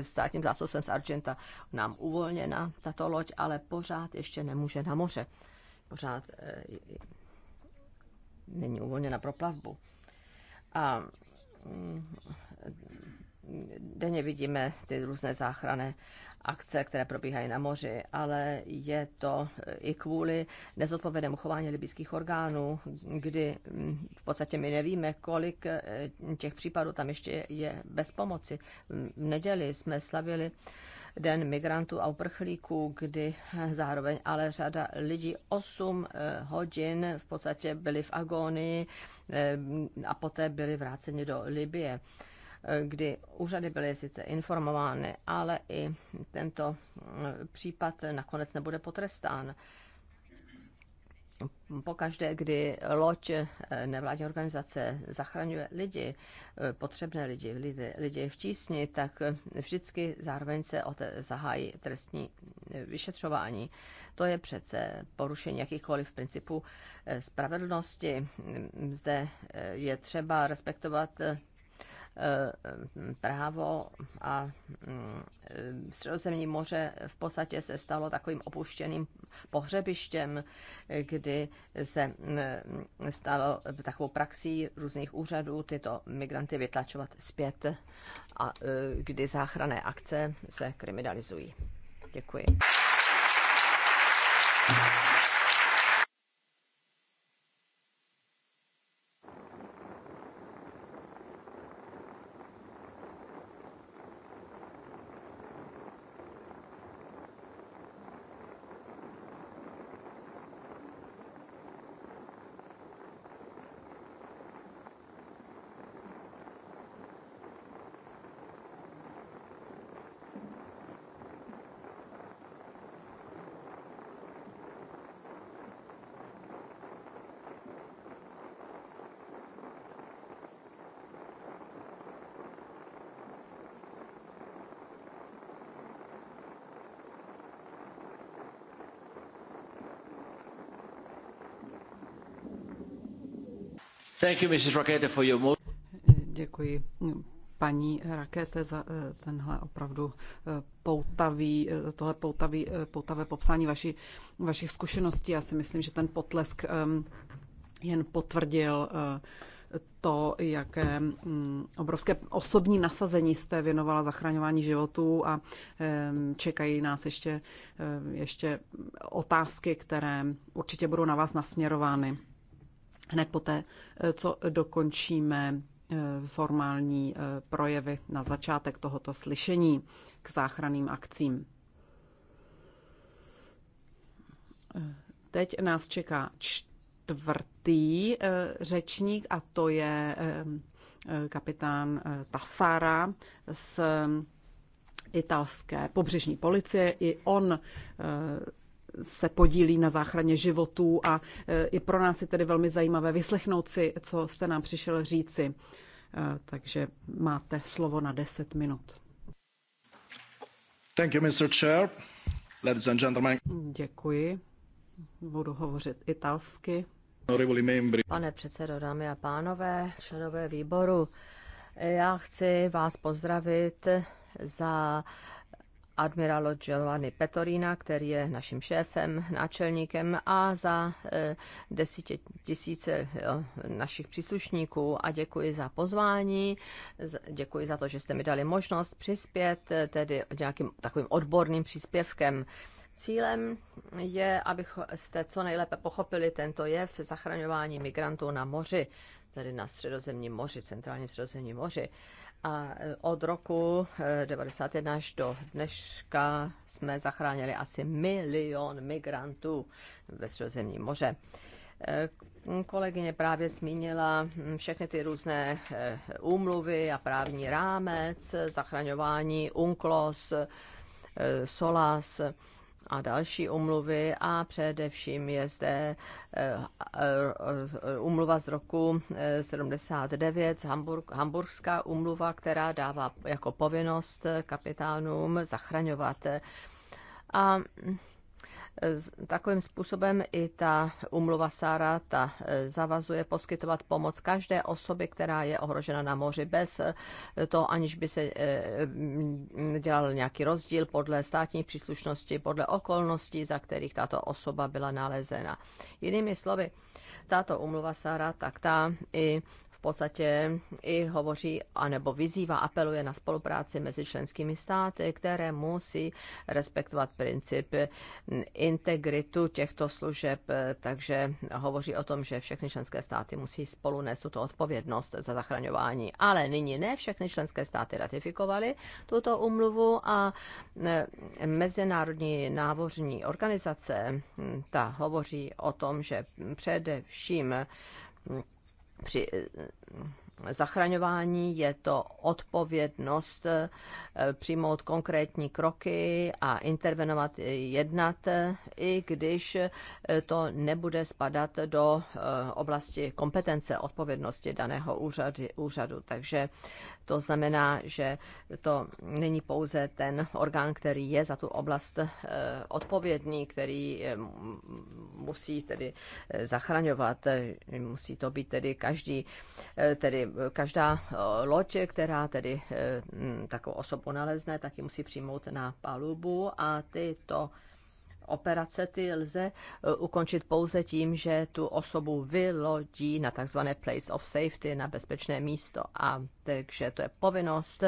státním zástupcem z Argenta nám uvolněna tato loď, ale pořád ještě nemůže na moře. Pořád není uvolněna pro plavbu. A mm, denně vidíme ty různé záchrané akce, které probíhají na moři, ale je to eh, i kvůli nezodpovědnému chování libyských orgánů, kdy mm, v podstatě my nevíme, kolik eh, těch případů tam ještě je bez pomoci. V neděli jsme slavili den migrantů a uprchlíků, kdy eh, zároveň ale řada lidí 8 eh, hodin v podstatě byli v agónii eh, a poté byli vráceni do Libie kdy úřady byly sice informovány, ale i tento případ nakonec nebude potrestán pokaždé, kdy loď eh, nevládní organizace zachraňuje lidi, eh, potřebné lidi, lidi, lidi v tísni, tak eh, vždycky zároveň se zahájí trestní vyšetřování. To je přece porušení jakýchkoliv principů spravedlnosti. Zde je třeba respektovat Eh, právo a eh, Středozemní moře v podstatě se stalo takovým opuštěným pohřebištěm, kdy se eh, stalo takovou praxí různých úřadů tyto migranty vytlačovat zpět a kdy záchranné akce se kriminalizují. Děkuji. Děkuji paní Rakete za eh, tenhle opravdu eh, poutavý, eh, tohle poutavý, poutavé popsání vaši, vašich zkušeností. Já si myslím, že ten potlesk ehm, jen potvrdil to, jaké mm, obrovské osobní nasazení jste věnovala zachraňování životů a ehm, čekají nás ještě, ještě otázky, které určitě budou na vás nasměrovány hned poté, eh, co dokončíme eh, formální eh, projevy na začátek tohoto slyšení k záchranným akcím. Teď nás čeká čtvrtý řečník a to je kapitán Tassara z italské pobřežní policie. I on se podílí na záchraně životů a eh, i pro nás je tedy velmi zajímavé vyslechnout si, co jste nám přišel říci. Eh, takže máte slovo na 10 minut. Thank you, Mr. Chair. Ladies and gentlemen. Děkuji. Budu hovořit italsky. Pane předsedo, dámy a pánové, členové výboru, já chci vás pozdravit za uh, admirálo Giovanni Petorina, který je naším šéfem, náčelníkem a za eh, desítitisíce našich příslušníků a děkuji za pozvání, děkuji za to, že jste mi dali možnost přispět eh, tedy nějakým takovým odborným příspěvkem Cílem je, abyste co nejlépe pochopili tento jev zachraňování migrantů na moři, tedy na středozemním moři, centrálním středozemním moři. A e, od roku 1991 e, až do dneška jsme zachránili asi milion migrantů ve Středozemním moře. E, kolegyně právě zmínila všechny ty různé úmluvy a právní rámec, zachraňování UNCLOS, SOLAS, a další umluvy a především je zde eh, eh, umluva z roku 79, eh, Hamburg, Hamburgská umluva, která dává jako povinnost kapitánům zachraňovat. A Takovým způsobem i ta umluva Sára ta e, zavazuje poskytovat pomoc každé osobě, která je ohrožena na moři bez e, toho, aniž by se e, dělal nějaký rozdíl podle státní příslušnosti, podle okolností, za kterých tato osoba byla nalezena. Jinými slovy, tato umluva Sára tak ta i podstatě i hovoří a nebo vyzývá, apeluje na spolupráci mezi členskými státy, které musí respektovat princip integritu těchto služeb, takže hovoří o tom, že všechny členské státy musí spolu nést tuto odpovědnost za zachraňování. Ale nyní ne všechny členské státy ratifikovaly tuto umluvu a e, Mezinárodní návořní organizace ta hovoří o tom, že především při eh, zachraňování je to odpovědnost eh, přijmout konkrétní kroky a intervenovat, eh, jednat, i když to nebude spadat do oblasti kompetence odpovědnosti daného úřadu. úřadu. Takže to znamená, že to není pouze ten orgán, který je za tu oblast eh, odpovědný, který eh, musí tedy eh, zachraňovat, musí to být tedy každý, tedy každá loď, která tedy takovou osobu nalezne, tak ji musí přijmout na palubu a tyto operace ty lze eh, ukončit pouze tím, že tu osobu vylodí na tzv. place of safety, na bezpečné místo. A takže to je povinnost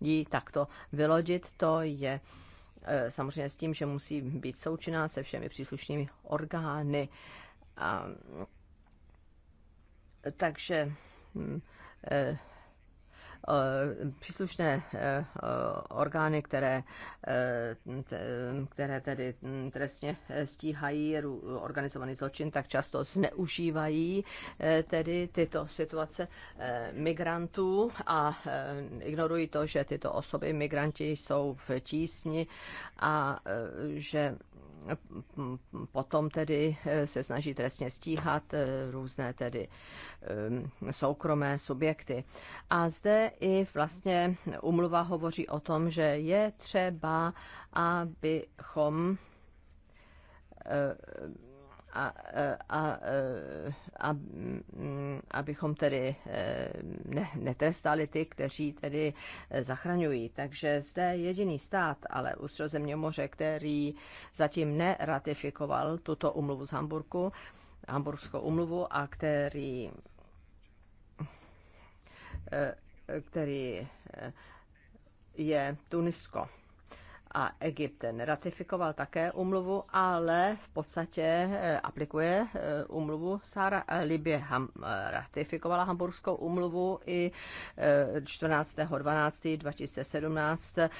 ji takto vylodit. To je eh, samozřejmě s tím, že musí být součinná se všemi příslušnými orgány. A, takže hm, eh, Eh, příslušné eh, orgány, které, eh, které tedy hm, trestně stíhají organizovaný zločin, tak často zneužívají tedy tyto situace migrantů a ignorují to, že tyto osoby, migranti, jsou v tísni a že potom tedy eh, se snaží trestně stíhat eh, různé tedy eh, soukromé subjekty. A zde i vlastně umluva hovoří o tom, že je třeba, abychom a, e, a, e, a, mm, abychom tedy e, ne, netrestali ty, kteří tedy zachraňují. Takže zde jediný stát, ale Ústředozemní moře, který zatím neratifikoval tuto umluvu z Hamburku, Hamburskou umluvu, a který který je Tunisko a Egypt ratifikoval také umluvu, ale v podstatě eh, aplikuje eh, umluvu. Sára eh, Libě ham, ratifikovala hamburskou umluvu i 14.12.2017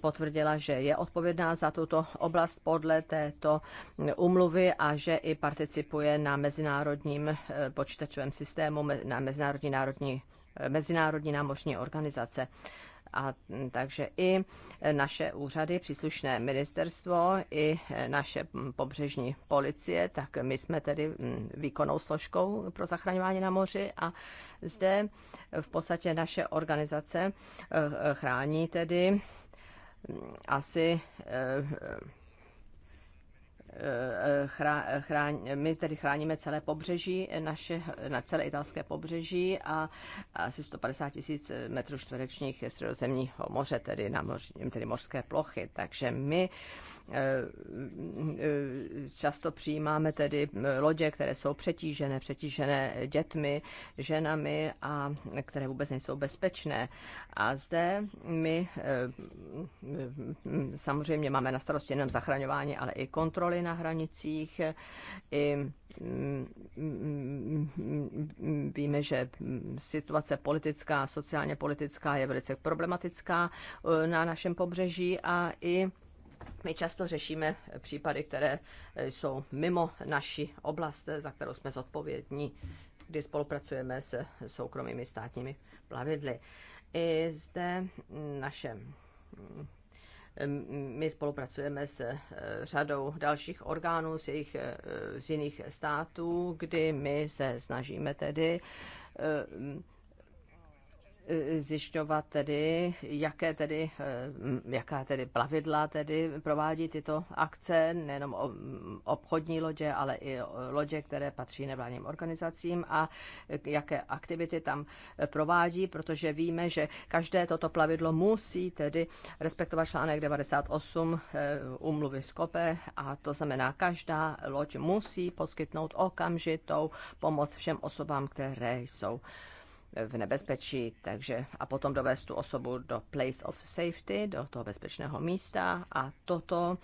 potvrdila, že je odpovědná za tuto oblast podle této umluvy a že i participuje na mezinárodním počítačovém systému, na mezinárodní národní Mezinárodní námořní organizace. A mm, takže i e, naše úřady, příslušné ministerstvo, i e, naše mm, pobřežní policie, tak my jsme tedy mm, výkonnou složkou pro zachraňování na moři a zde v podstatě naše organizace e, chrání tedy asi my tedy chráníme celé pobřeží, naše, na celé italské pobřeží a asi 150 tisíc metrů čtverečních je středozemního moře, tedy, na moř, tedy mořské plochy. Takže my Eh, eh, často přijímáme tedy eh, lodě, které jsou přetížené, přetížené dětmi, ženami a které vůbec nejsou bezpečné. A zde my samozřejmě máme na starosti jenom zachraňování, ale i kontroly na hranicích, i mm, mm, víme, že mm, situace politická, sociálně politická je velice problematická na našem pobřeží a i my často řešíme případy, které jsou mimo naši oblast, za kterou jsme zodpovědní, kdy spolupracujeme s soukromými státními plavidly. I zde naše my spolupracujeme s eh, řadou dalších orgánů z, jejich, eh, z jiných států, kdy my se snažíme tedy eh, Eh, zjišťovat tedy, jaké tedy, eh, jaká tedy plavidla tedy provádí tyto akce, nejenom obchodní lodě, ale i lodě, které patří nevládním organizacím a jaké aktivity tam eh, provádí, protože víme, že každé toto plavidlo musí tedy respektovat článek 98 umluvy Skope a to znamená, každá loď musí poskytnout okamžitou pomoc všem osobám, které jsou v nebezpečí, takže a potom dovést tu osobu do place of safety, do toho bezpečného místa a toto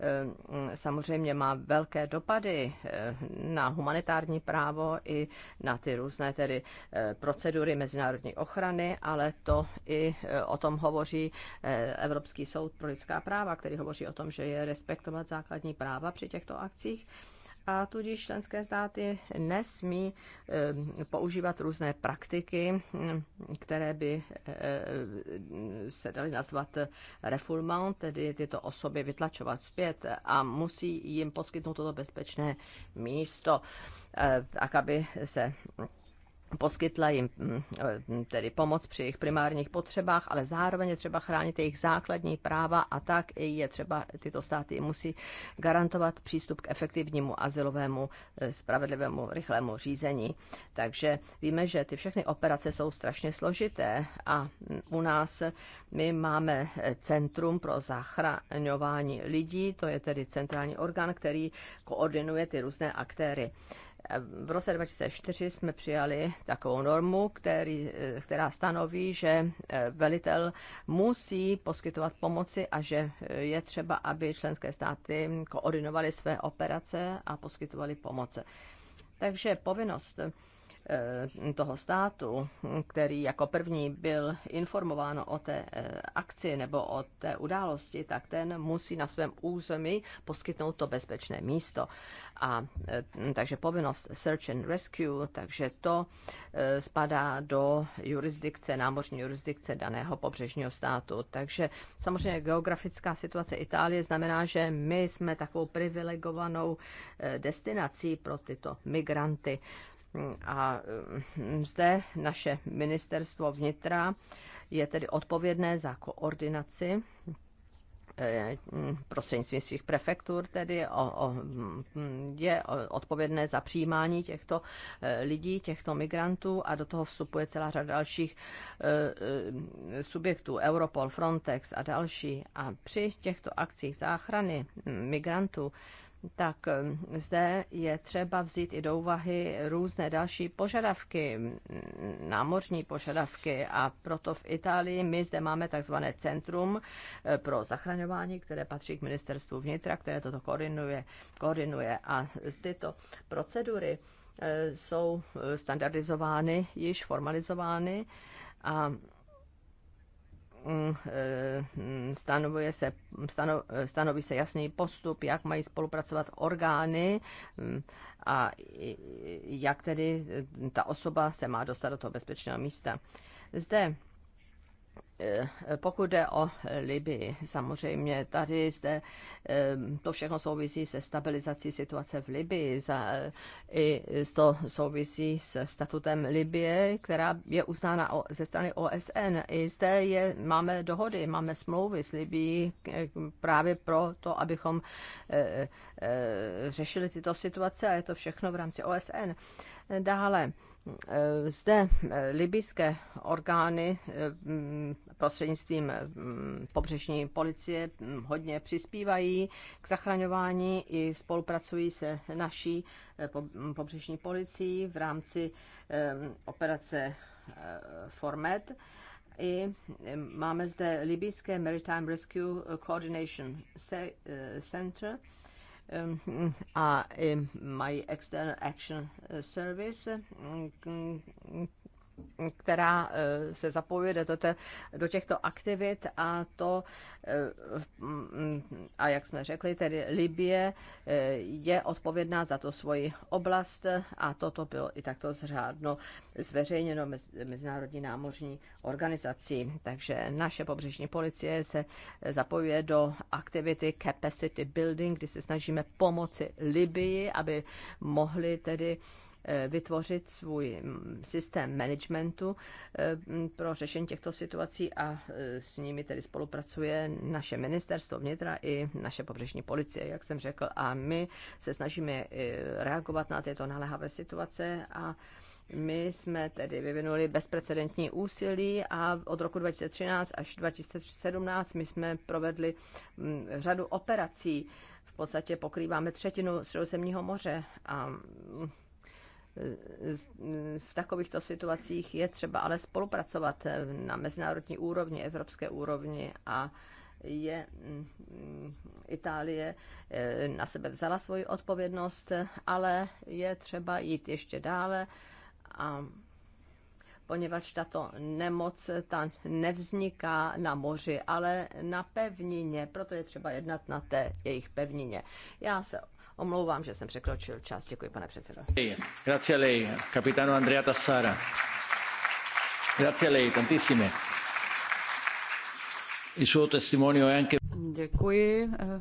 eh, samozřejmě má velké dopady eh, na humanitární právo i na ty různé tedy eh, procedury mezinárodní ochrany, ale to i o tom hovoří Evropský soud pro lidská práva, který hovoří o tom, že je respektovat základní práva při těchto akcích a tudíž členské státy nesmí eh, používat různé praktiky, hm, které by eh, se daly nazvat refoulement, tedy tyto osoby vytlačovat zpět a musí jim poskytnout toto bezpečné místo, eh, tak aby se poskytla jim mm, eh, tedy pomoc při jejich primárních potřebách, ale zároveň je třeba chránit jejich základní práva a tak i je třeba, tyto státy musí garantovat přístup k efektivnímu azylovému, eh, spravedlivému, rychlému řízení. Takže víme, že ty všechny operace jsou strašně složité a mm, u nás my máme eh, Centrum pro zachraňování lidí, to je tedy centrální orgán, který koordinuje ty různé aktéry. V roce 2004 jsme přijali takovou normu, který, která stanoví, že eh, velitel musí poskytovat pomoci a že eh, je třeba, aby členské státy koordinovaly své operace a poskytovaly pomoc. Takže povinnost Eh, toho státu, který jako první byl informován o té eh, akci nebo o té události, tak ten musí na svém území poskytnout to bezpečné místo. A eh, takže povinnost search and rescue, takže to spadá do jurisdikce, námořní jurisdikce daného pobřežního státu. Takže samozřejmě geografická situace Itálie znamená, že my jsme takovou privilegovanou destinací pro tyto migranty a hm, zde naše ministerstvo vnitra je tedy odpovědné za koordinaci eh, hm, prostřednictvím svých prefektur tedy o, o, hm, je odpovědné za přijímání těchto eh, lidí, těchto migrantů a do toho vstupuje celá řada dalších eh, subjektů, Europol, Frontex a další. A při těchto akcích záchrany migrantů tak zde je třeba vzít i do úvahy různé další požadavky, námořní požadavky a proto v Itálii my zde máme takzvané centrum eh, pro zachraňování, které patří k ministerstvu vnitra, které toto koordinuje, koordinuje a tyto procedury eh, jsou eh, standardizovány, již formalizovány a Mm, eh, stanovuje se, stano, stanoví se jasný postup, jak mají spolupracovat orgány mm, a jak tedy ta osoba se má dostat do toho bezpečného místa. Zde Eh, pokud jde o Libii, samozřejmě tady zde eh, to všechno souvisí se stabilizací situace v Libii. Za, eh, I to souvisí s statutem Libie, která je uznána ze strany OSN. I zde je, máme dohody, máme smlouvy s Libií právě pro to, abychom řešili tyto situace a je to všechno v rámci OSN. Dále Eh, zde eh, libyské orgány eh, mm, prostřednictvím mm, pobřežní policie mm, hodně přispívají k zachraňování i spolupracují se naší pobřežní policií v rámci operace Formet. I máme zde libyské Maritime Rescue Coordination Center, Ehm, a my External Action Service, mm, která eh, se zapojuje do, do těchto aktivit a to, eh, a jak jsme řekli, tedy Libie eh, je odpovědná za to svoji oblast a toto bylo i takto zřádno zveřejněno Mezinárodní námořní organizací. Takže naše pobřežní policie se zapojuje do aktivity capacity building, kdy se snažíme pomoci Libii, aby mohli tedy Eh, vytvořit svůj mm, systém managementu eh, mm, pro řešení těchto situací a eh, s nimi tedy spolupracuje naše ministerstvo vnitra i naše pobřežní policie, jak jsem řekl. A my se snažíme reagovat na tyto naléhavé situace a my jsme tedy vyvinuli bezprecedentní úsilí a od roku 2013 až 2017 my jsme provedli mm, řadu operací. V podstatě pokrýváme třetinu Středozemního moře a v takovýchto situacích je třeba ale spolupracovat na mezinárodní úrovni, evropské úrovni a je mm, Itálie eh, na sebe vzala svoji odpovědnost, ale je třeba jít ještě dále a poněvadž tato nemoc ta nevzniká na moři, ale na pevnině, proto je třeba jednat na té jejich pevnině. Já se Omlouvám, že jsem překročil čas. Děkuji, pane předsedo. Grazie lei, capitano Andrea Tassara. Grazie lei, tantissime. Il suo testimonio è anche... Děkuji, eh,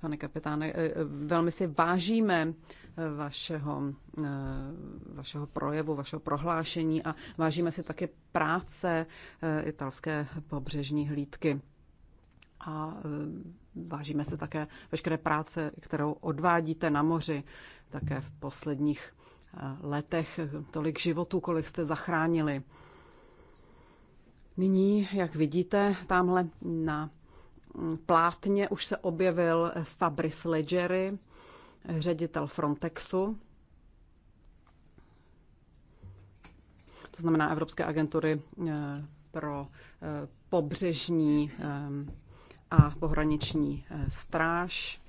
pane kapitáne. Eh, eh, velmi si vážíme vašeho, vašeho projevu, vašeho prohlášení a vážíme si také práce italské pobřežní hlídky. A Vážíme se také veškeré práce, kterou odvádíte na moři, také v posledních eh, letech, tolik životů, kolik jste zachránili. Nyní, jak vidíte, tamhle na mm, plátně už se objevil Fabrice Leggeri, ředitel Frontexu, to znamená Evropské agentury eh, pro eh, pobřežní a pohraniční eh, stráž.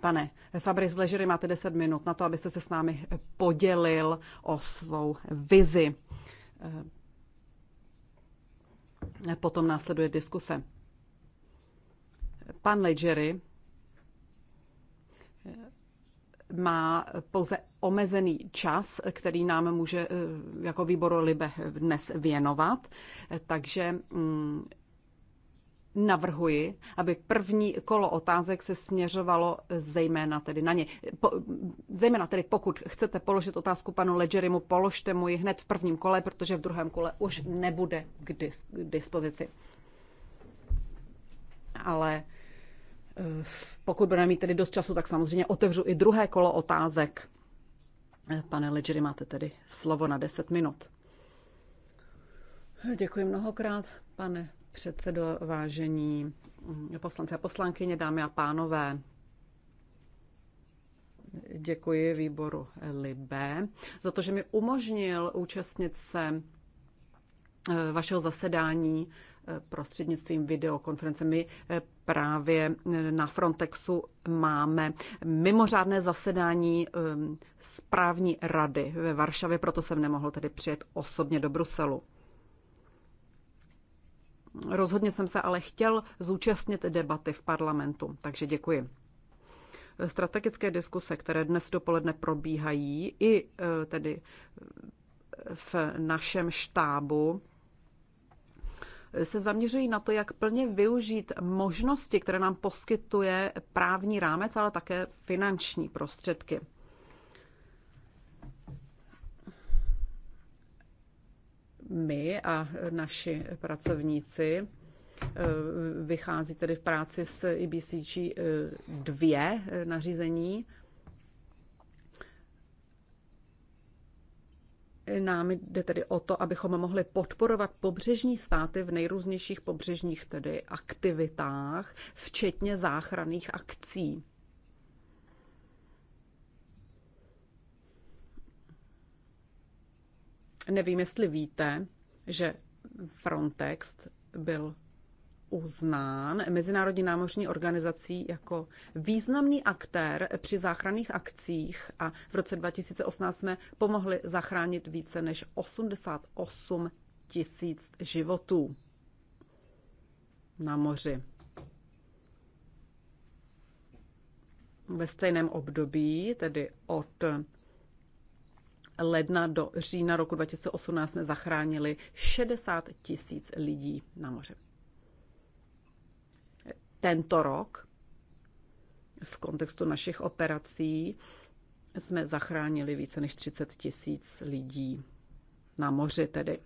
Pane Fabrice Ležery, máte 10 minut na to, abyste se s námi eh, podělil o svou vizi. Eh, potom následuje diskuse. Pan Ležery má pouze omezený čas, který nám může eh, jako výboru Libe dnes věnovat, eh, takže mm, navrhuji, aby první kolo otázek se směřovalo eh, zejména tedy na ně. Po, zejména tedy pokud chcete položit otázku panu Ledgerimu, položte mu ji hned v prvním kole, protože v druhém kole už nebude k, dis, k dispozici. Ale Eh, pokud budeme mít tedy dost času, tak samozřejmě otevřu i druhé kolo otázek. Eh, pane Ledgery, máte tedy slovo na 10 minut. Eh, děkuji mnohokrát, pane předsedo, vážení mm, poslanci a poslankyně, dámy a pánové. Děkuji výboru Libe za to, že mi umožnil účastnit se vašeho zasedání prostřednictvím videokonference. My eh, právě eh, na Frontexu máme mimořádné zasedání eh, správní rady ve Varšavě, proto jsem nemohl tedy přijet osobně do Bruselu. Rozhodně jsem se ale chtěl zúčastnit debaty v parlamentu, takže děkuji. Strategické diskuse, které dnes dopoledne probíhají, i tedy v našem štábu, se zaměřují na to, jak plně využít možnosti, které nám poskytuje právní rámec, ale také finanční prostředky. My a naši pracovníci eh, vychází tedy v práci s IBCG eh, dvě eh, nařízení Nám jde tedy o to, abychom mohli podporovat pobřežní státy v nejrůznějších pobřežních tedy aktivitách, včetně záchranných akcí. Nevím, jestli víte, že Frontex byl uznán Mezinárodní námořní organizací jako významný aktér při záchranných akcích a v roce 2018 jsme pomohli zachránit více než 88 tisíc životů na moři. Ve stejném období, tedy od ledna do října roku 2018 jsme zachránili 60 tisíc lidí na moře tento rok v kontextu našich operací jsme zachránili více než 30 tisíc lidí na moři tedy.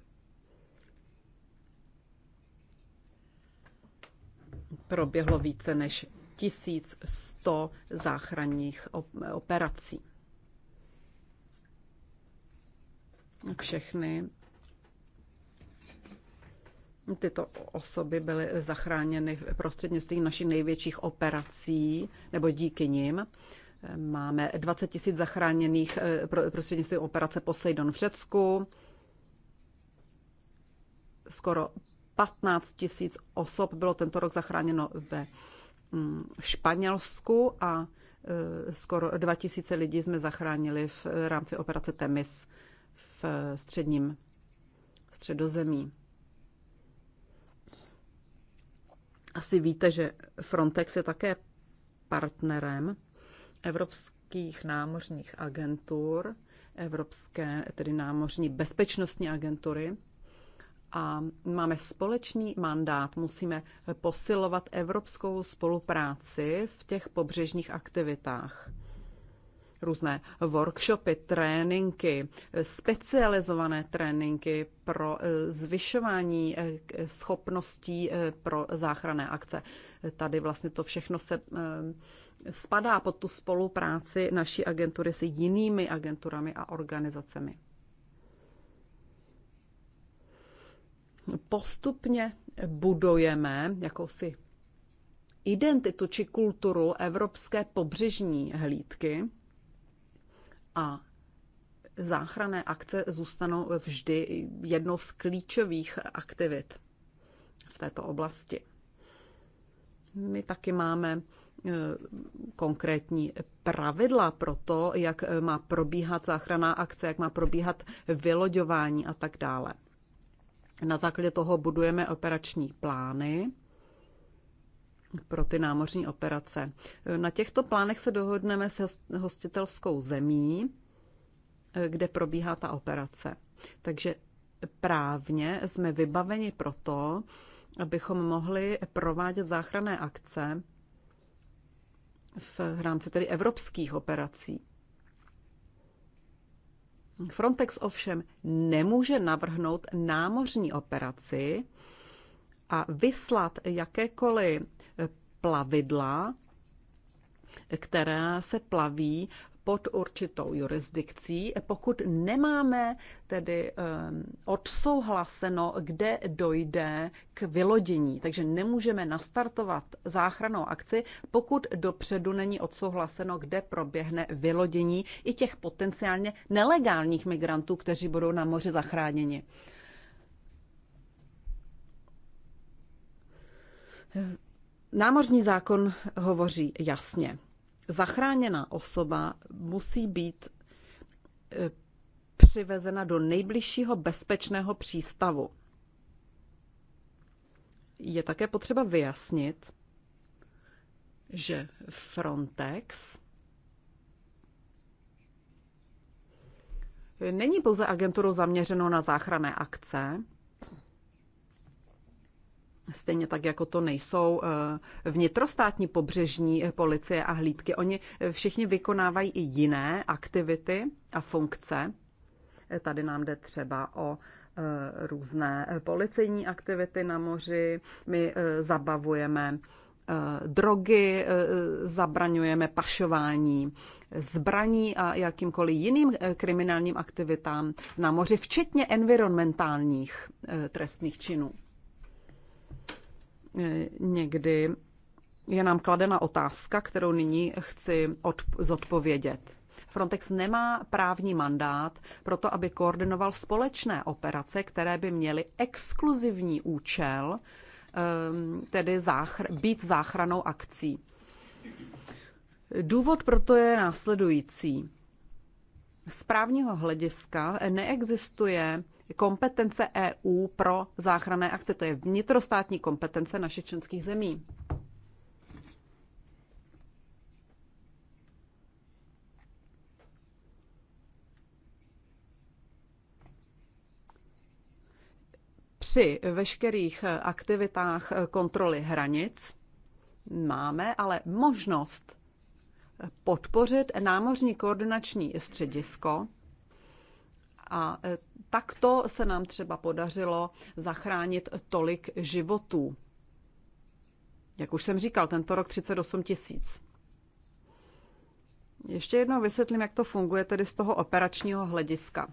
Proběhlo více než 1100 záchranních operací. Všechny Tyto osoby byly zachráněny prostřednictvím našich největších operací, nebo díky nim. Máme 20 tisíc zachráněných eh, prostřednictvím operace Poseidon v Řecku, skoro 15 tisíc osob bylo tento rok zachráněno ve mm, Španělsku a eh, skoro 2 tisíce lidí jsme zachránili v eh, rámci operace Temis v středním středozemí. Asi víte, že Frontex je také partnerem evropských námořních agentur, Evropské, tedy námořní bezpečnostní agentury. A máme společný mandát, musíme posilovat evropskou spolupráci v těch pobřežních aktivitách různé workshopy, tréninky, specializované tréninky pro eh, zvyšování eh, schopností eh, pro záchranné akce. Tady vlastně to všechno se spadá pod tu spolupráci naší agentury s jinými agenturami a organizacemi. Postupně budujeme jakousi identitu či kulturu evropské pobřežní hlídky, a záchranné akce zůstanou vždy jednou z klíčových aktivit v této oblasti. My taky máme e, konkrétní pravidla pro to, jak e, má probíhat záchranná akce, jak má probíhat vyloďování a tak dále. Na základě toho budujeme operační plány pro ty námořní operace. Na těchto plánech se dohodneme se hostitelskou zemí, kde probíhá ta operace. Takže právně jsme vybaveni proto, abychom mohli provádět záchranné akce v rámci tedy evropských operací. Frontex ovšem nemůže navrhnout námořní operaci a vyslat jakékoliv plavidla, která se plaví pod určitou jurisdikcí, pokud nemáme tedy eh, odsouhlaseno, kde dojde k vylodění. Takže nemůžeme nastartovat záchranou akci, pokud dopředu není odsouhlaseno, kde proběhne vylodění i těch potenciálně nelegálních migrantů, kteří budou na moři zachráněni. Námořní zákon hovoří jasně. Zachráněná osoba musí být e, přivezena do nejbližšího bezpečného přístavu. Je také potřeba vyjasnit, že Frontex není pouze agenturou zaměřenou na záchranné akce, Stejně tak, jako to nejsou eh, vnitrostátní pobřežní eh, policie a hlídky. Oni eh, všichni vykonávají i jiné aktivity a funkce. Tady nám jde třeba o různé policejní aktivity na moři. My zabavujeme drogy, zabraňujeme pašování zbraní a jakýmkoliv jiným kriminálním aktivitám na moři, včetně environmentálních trestných činů. Eh, někdy je nám kladena otázka, kterou nyní chci zodpovědět. Frontex nemá právní mandát pro to, aby koordinoval společné operace, které by měly exkluzivní účel, eh, tedy záchr- být záchranou akcí. Důvod proto je následující. Z právního hlediska neexistuje kompetence EU pro záchranné akce. To je vnitrostátní kompetence našich členských zemí. Při veškerých aktivitách kontroly hranic máme ale možnost podpořit námořní koordinační středisko, a e, takto se nám třeba podařilo zachránit tolik životů. Jak už jsem říkal, tento rok 38 tisíc. Ještě jednou vysvětlím, jak to funguje tedy z toho operačního hlediska.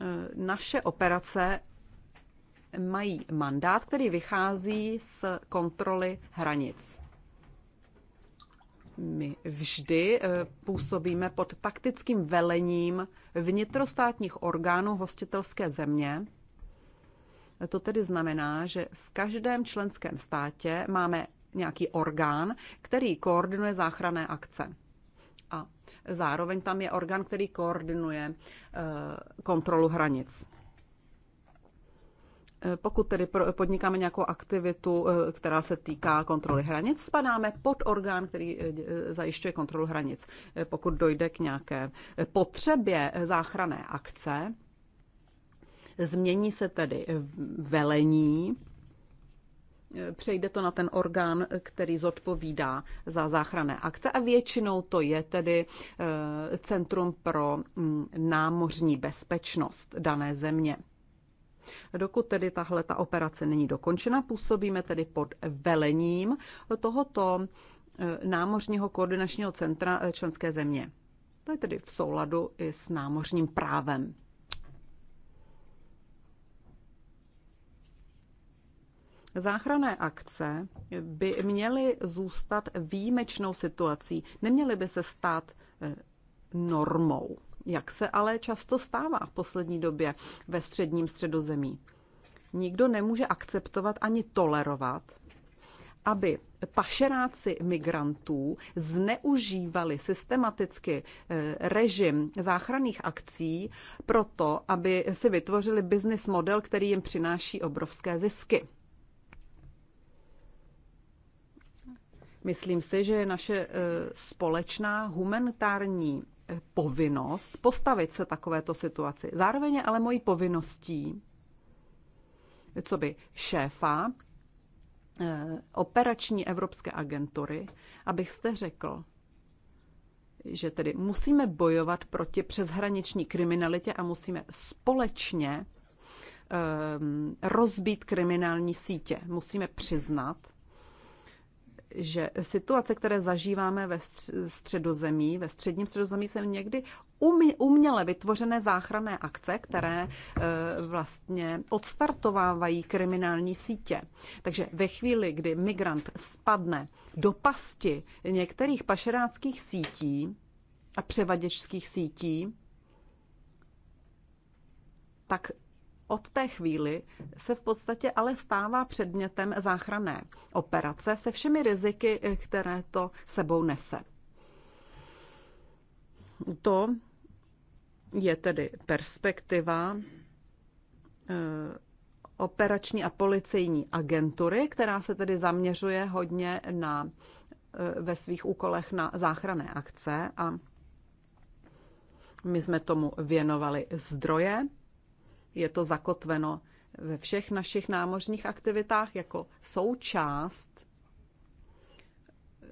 E, naše operace mají mandát, který vychází z kontroly hranic. My vždy eh, působíme pod taktickým velením vnitrostátních orgánů hostitelské země. To tedy znamená, že v každém členském státě máme nějaký orgán, který koordinuje záchranné akce. A zároveň tam je orgán, který koordinuje eh, kontrolu hranic. Eh, pokud tedy podnikáme nějakou aktivitu, eh, která se týká kontroly hranic, spadáme pod orgán, který eh, zajišťuje kontrolu hranic. Pokud dojde k nějaké potřebě záchranné akce, změní se tedy velení, přejde to na ten orgán, který zodpovídá za záchranné akce a většinou to je tedy Centrum pro mm, námořní bezpečnost dané země. Dokud tedy tahle ta operace není dokončena, působíme tedy pod velením tohoto eh, námořního koordinačního centra eh, členské země. To je tedy v souladu i s námořním právem. Záchranné akce by měly zůstat výjimečnou situací, neměly by se stát eh, normou jak se ale často stává v poslední době ve středním středozemí. Nikdo nemůže akceptovat ani tolerovat, aby pašeráci migrantů zneužívali systematicky eh, režim záchranných akcí proto, aby si vytvořili business model, který jim přináší obrovské zisky. Myslím si, že naše eh, společná humanitární povinnost postavit se takovéto situaci. Zároveň je ale mojí povinností, co by šéfa eh, operační evropské agentury, abych jste řekl, že tedy musíme bojovat proti přeshraniční kriminalitě a musíme společně ehm, rozbít kriminální sítě. Musíme přiznat, že situace, které zažíváme ve středozemí, ve středním středozemí, jsou někdy uměle vytvořené záchranné akce, které eh, vlastně odstartovávají kriminální sítě. Takže ve chvíli, kdy migrant spadne do pasti některých pašeráckých sítí a převaděčských sítí, tak od té chvíli se v podstatě ale stává předmětem záchranné operace se všemi riziky, eh, které to sebou nese. To je tedy perspektiva eh, operační a policejní agentury, která se tedy zaměřuje hodně na, eh, ve svých úkolech na záchranné akce a my jsme tomu věnovali zdroje je to zakotveno ve všech našich námořních aktivitách jako součást eh,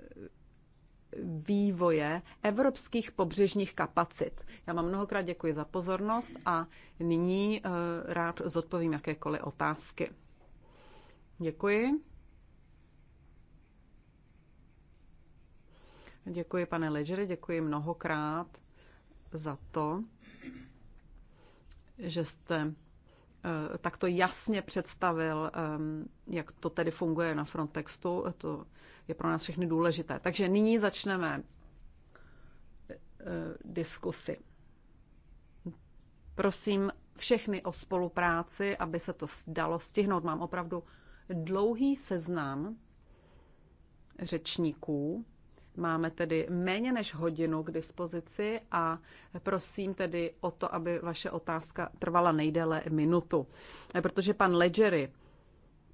vývoje evropských pobřežních kapacit. Já vám mnohokrát děkuji za pozornost a nyní eh, rád zodpovím jakékoliv otázky. Děkuji. Děkuji, pane Ledgery, děkuji mnohokrát za to, že jste eh, takto jasně představil, eh, jak to tedy funguje na Frontextu. To je pro nás všechny důležité. Takže nyní začneme eh, diskusy. Prosím všechny o spolupráci, aby se to dalo stihnout. Mám opravdu dlouhý seznam řečníků. Máme tedy méně než hodinu k dispozici a prosím tedy o to, aby vaše otázka trvala nejdéle minutu. Protože pan Ledgery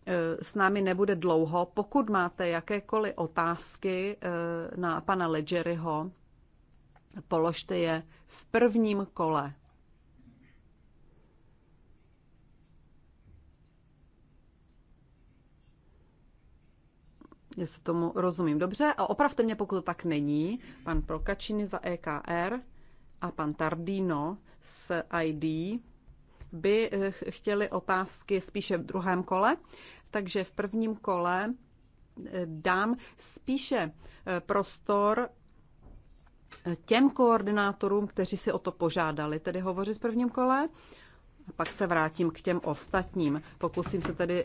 eh, s námi nebude dlouho. Pokud máte jakékoliv otázky eh, na pana Ledgeryho, položte je v prvním kole. jestli tomu rozumím dobře. A opravte mě, pokud to tak není. Pan Prokačiny za EKR a pan Tardino s ID by eh, chtěli otázky spíše v druhém kole. Takže v prvním kole eh, dám spíše eh, prostor těm koordinátorům, kteří si o to požádali, tedy hovořit v prvním kole. A pak se vrátím k těm ostatním. Pokusím se tedy e,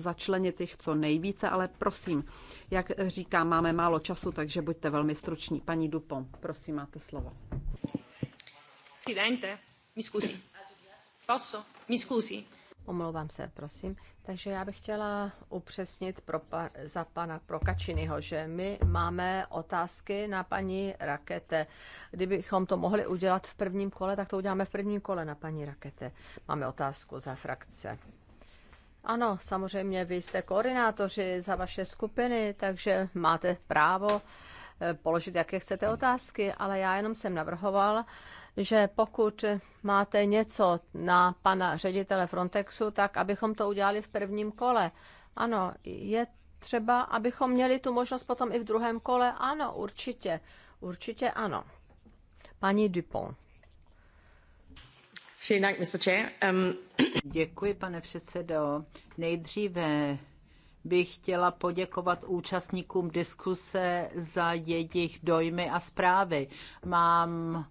začlenit jich co nejvíce, ale prosím, jak říkám, máme málo času, takže buďte velmi struční. Paní Dupont, prosím, máte slovo. Presidente, mi scusi. Posso? Mi scusi. Omlouvám se, prosím. Takže já bych chtěla upřesnit pro pa, za pana Prokačinyho, že my máme otázky na paní Rakete. Kdybychom to mohli udělat v prvním kole, tak to uděláme v prvním kole na paní Rakete. Máme otázku za frakce. Ano, samozřejmě vy jste koordinátoři za vaše skupiny, takže máte právo eh, položit, jaké chcete otázky, ale já jenom jsem navrhoval, že pokud máte něco na pana ředitele Frontexu, tak abychom to udělali v prvním kole. Ano, je třeba, abychom měli tu možnost potom i v druhém kole. Ano, určitě. Určitě ano. Paní Dupont. Um, Děkuji, pane předsedo. Nejdříve bych chtěla poděkovat účastníkům diskuse za jejich dojmy a zprávy. Mám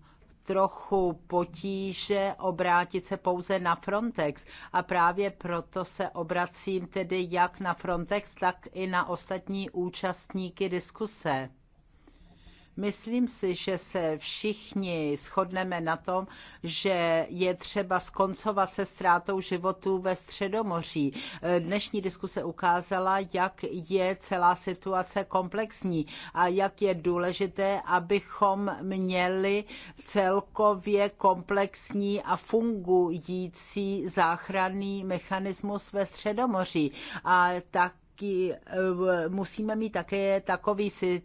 trochu potíže obrátit se pouze na Frontex. A právě proto se obracím tedy jak na Frontex, tak i na ostatní účastníky diskuse. Myslím si, že se všichni shodneme na tom, že je třeba skoncovat se ztrátou životů ve Středomoří. Dnešní diskuse ukázala, jak je celá situace komplexní a jak je důležité, abychom měli celkově komplexní a fungující záchranný mechanismus ve Středomoří. A tak taky eh, musíme mít také takový eh,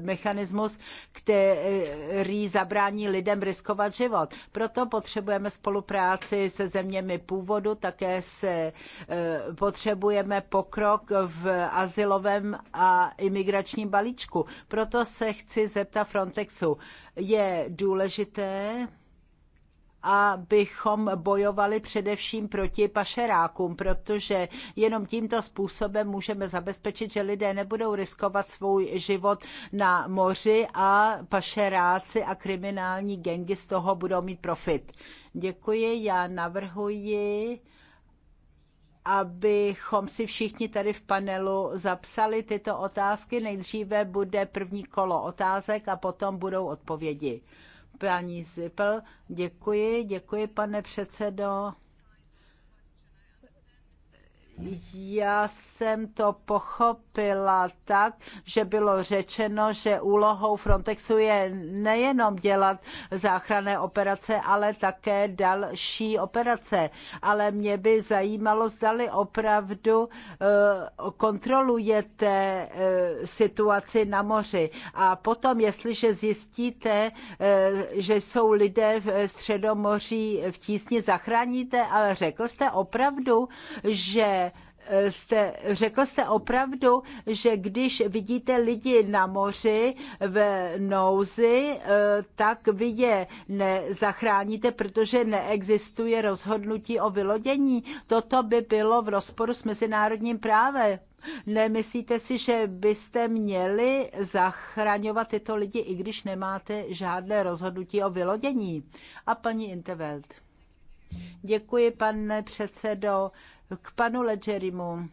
mechanismus, který zabrání lidem riskovat život. Proto potřebujeme spolupráci se zeměmi původu, také se eh, potřebujeme pokrok v asilovém a imigračním balíčku. Proto se chci zeptat Frontexu. Je důležité, abychom bojovali především proti pašerákům, protože jenom tímto způsobem můžeme zabezpečit, že lidé nebudou riskovat svůj život na moři a pašeráci a kriminální gengy z toho budou mít profit. Děkuji, já navrhuji abychom si všichni tady v panelu zapsali tyto otázky. Nejdříve bude první kolo otázek a potom budou odpovědi paní Zipel. Děkuji, děkuji, pane předsedo. Já jsem to pochopila tak, že bylo řečeno, že úlohou Frontexu je nejenom dělat záchranné operace, ale také další operace. Ale mě by zajímalo, zdali opravdu eh, kontrolujete eh, situaci na moři. A potom, jestliže zjistíte, eh, že jsou lidé v Středomoří v tísni, zachráníte, ale řekl jste opravdu, že jste, řekl jste opravdu, že když vidíte lidi na moři v nouzi, eh, tak vy je nezachráníte, protože neexistuje rozhodnutí o vylodění. Toto by bylo v rozporu s mezinárodním právem. Nemyslíte si, že byste měli zachraňovat tyto lidi, i když nemáte žádné rozhodnutí o vylodění? A paní Intervelt. Děkuji, pane předsedo. K panu Ledgerimu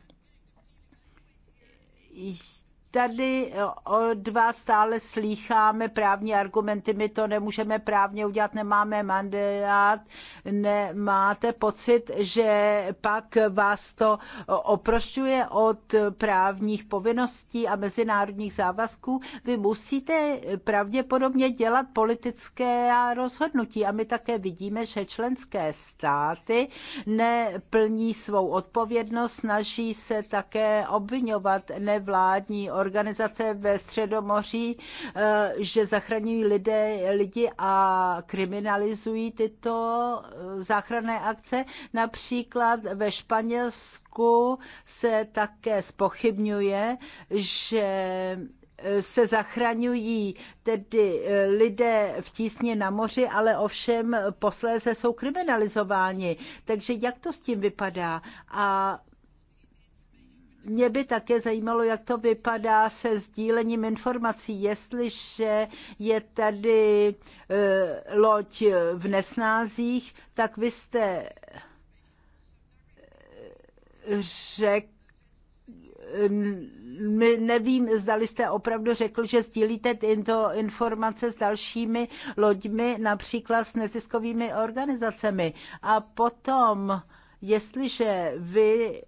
tady eh, vás stále slýcháme právní argumenty, my to nemůžeme právně udělat, nemáme mandát, nemáte pocit, že pak vás to eh, oprošťuje od právních povinností a mezinárodních závazků. Vy musíte pravděpodobně dělat politické rozhodnutí a my také vidíme, že členské státy neplní svou odpovědnost, snaží se také obvinovat nevládní organizace ve Středomoří, eh, že zachraňují lidé, lidi a kriminalizují tyto eh, záchranné akce. Například ve Španělsku se také spochybňuje, že eh, se zachraňují tedy lidé v tísně na moři, ale ovšem posléze jsou kriminalizováni. Takže jak to s tím vypadá? A mě by také zajímalo, jak to vypadá se sdílením informací, jestliže je tady eh, loď v nesnázích, tak vy jste eh, řekl, my nevím, zdali jste opravdu řekl, že sdílíte tyto informace s dalšími loďmi, například s neziskovými organizacemi. A potom, jestliže vy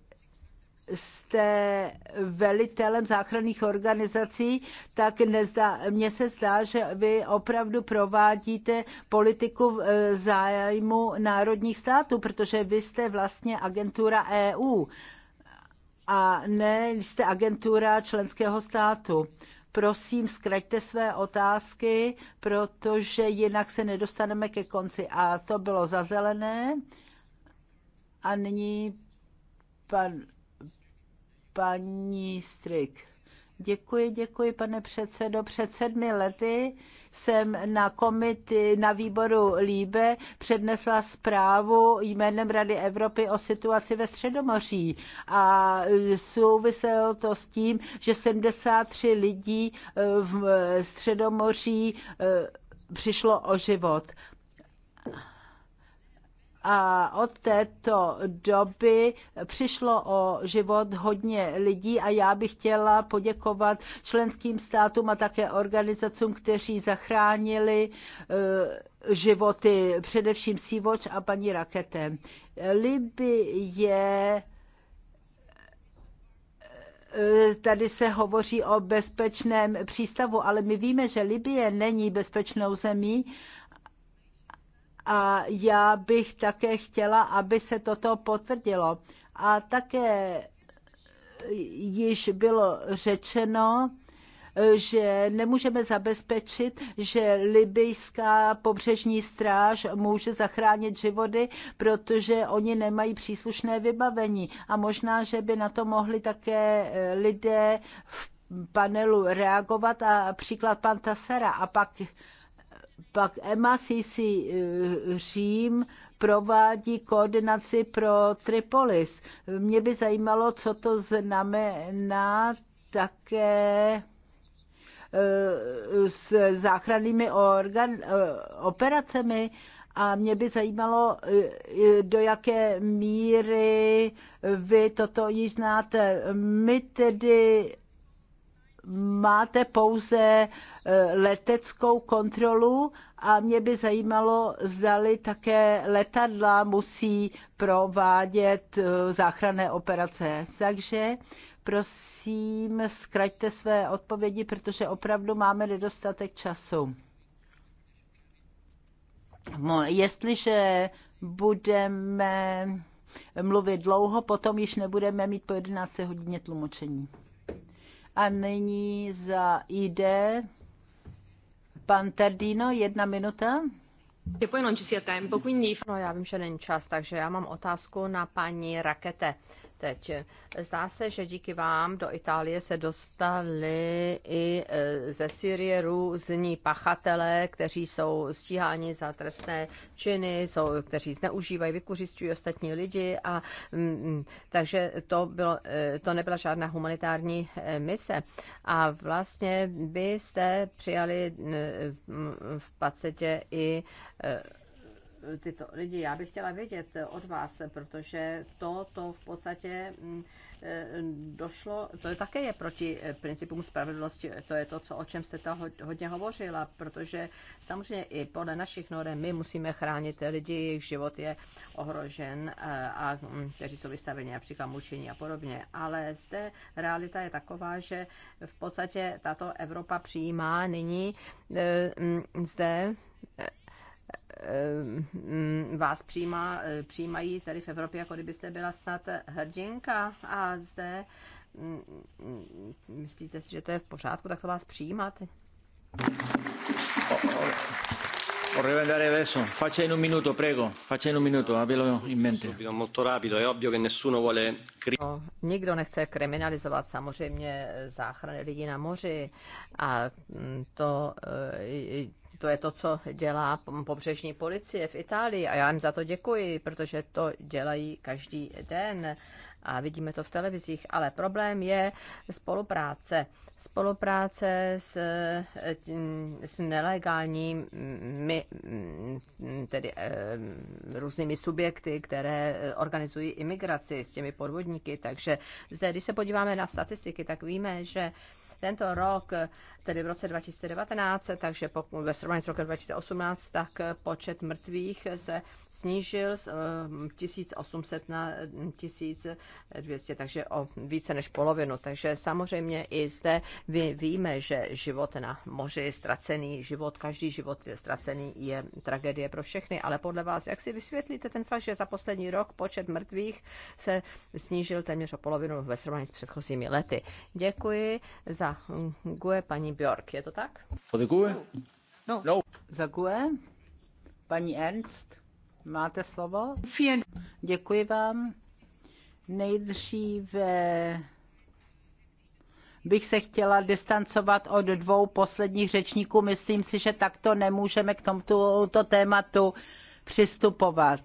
jste velitelem záchranných organizací, tak nezdá, mně se zdá, že vy opravdu provádíte politiku eh, zájmu národních států, protože vy jste vlastně agentura EU a ne jste agentura členského státu. Prosím, zkraťte své otázky, protože jinak se nedostaneme ke konci. A to bylo za zelené. A nyní pan paní Strik. Děkuji, děkuji, pane předsedo. Před sedmi lety jsem na komity na výboru Líbe přednesla zprávu jménem Rady Evropy o situaci ve Středomoří a souviselo to s tím, že 73 lidí eh, v Středomoří eh, přišlo o život a od této doby přišlo o život hodně lidí a já bych chtěla poděkovat členským státům a také organizacím, kteří zachránili eh, životy, především Sivoč a paní Rakete. Liby je eh, tady se hovoří o bezpečném přístavu, ale my víme, že Libie není bezpečnou zemí a já bych také chtěla, aby se toto potvrdilo. A také již bylo řečeno, že nemůžeme zabezpečit, že libyjská pobřežní stráž může zachránit životy, protože oni nemají příslušné vybavení. A možná, že by na to mohli také eh, lidé v panelu reagovat a příklad pan Tasera a pak pak MACC eh, Řím provádí koordinaci pro Tripolis. Mě by zajímalo, co to znamená také eh, s záchrannými organ, eh, operacemi a mě by zajímalo, do jaké míry vy toto již znáte. My tedy máte pouze eh, leteckou kontrolu a mě by zajímalo, zdali také letadla musí provádět eh, záchranné operace. Takže prosím, zkraťte své odpovědi, protože opravdu máme nedostatek času. Jestliže budeme mluvit dlouho, potom již nebudeme mít po 11. hodině tlumočení. A nyní za ID pan Tardino, jedna minuta. No, já vím, že není čas, takže já mám otázku na paní Rakete teď. Zdá se, že díky vám do Itálie se dostali i e, ze Syrie různí pachatelé, kteří jsou stíháni za trestné činy, jsou, kteří zneužívají, vykuřistují ostatní lidi a mm, mm, takže to, bylo, e, to nebyla žádná humanitární e, mise. A vlastně byste přijali v podstatě i tyto lidi. Já bych chtěla vědět od vás, protože to, to v podstatě mm, e, došlo, to je také je proti e, principům spravedlnosti, to je to, co, o čem jste to hodně hovořila, protože samozřejmě i podle našich norem my musíme chránit lidi, jejich život je ohrožen e, a, a mm, kteří jsou vystaveni například mučení a podobně. Ale zde realita je taková, že v podstatě tato Evropa přijímá nyní mm, zde Eh, mm, vás přijímá, eh, přijímají tady v Evropě, jako kdybyste byla snad hrdinka a zde mm, myslíte si, že to je v pořádku, tak to vás přijímat? Vorrei andare adesso, faccia in un minuto, prego, faccia in un minuto, abbielo in mente. Subito, molto rapido, è ovvio che nessuno vuole... No, nikdo nechce kriminalizovat samozřejmě záchrany lidí na moři a mm, to eh, to je to, co dělá pobřežní policie v Itálii a já jim za to děkuji, protože to dělají každý den a vidíme to v televizích, ale problém je spolupráce. Spolupráce s, s nelegálními, tedy eh, různými subjekty, které organizují imigraci s těmi podvodníky. Takže zde, když se podíváme na statistiky, tak víme, že tento rok tedy v roce 2019, takže po, ve srovnání s rokem 2018, tak počet mrtvých se snížil z 1800 ehm, na 1200, takže o více než polovinu. Takže samozřejmě i zde vy víme, že život na moři je ztracený, život, každý život je ztracený, je tragédie pro všechny, ale podle vás, jak si vysvětlíte ten fakt, že za poslední rok počet mrtvých se snížil téměř o polovinu ve srovnání s předchozími lety? Děkuji za hm, hm, GUE paní paní Bjork, je to tak? Děkuji. No. no. Za GUE? Paní Ernst, máte slovo? Vielen. Děkuji vám. Nejdříve bych se chtěla distancovat od dvou posledních řečníků. Myslím si, že takto nemůžeme k tomuto tématu přistupovat.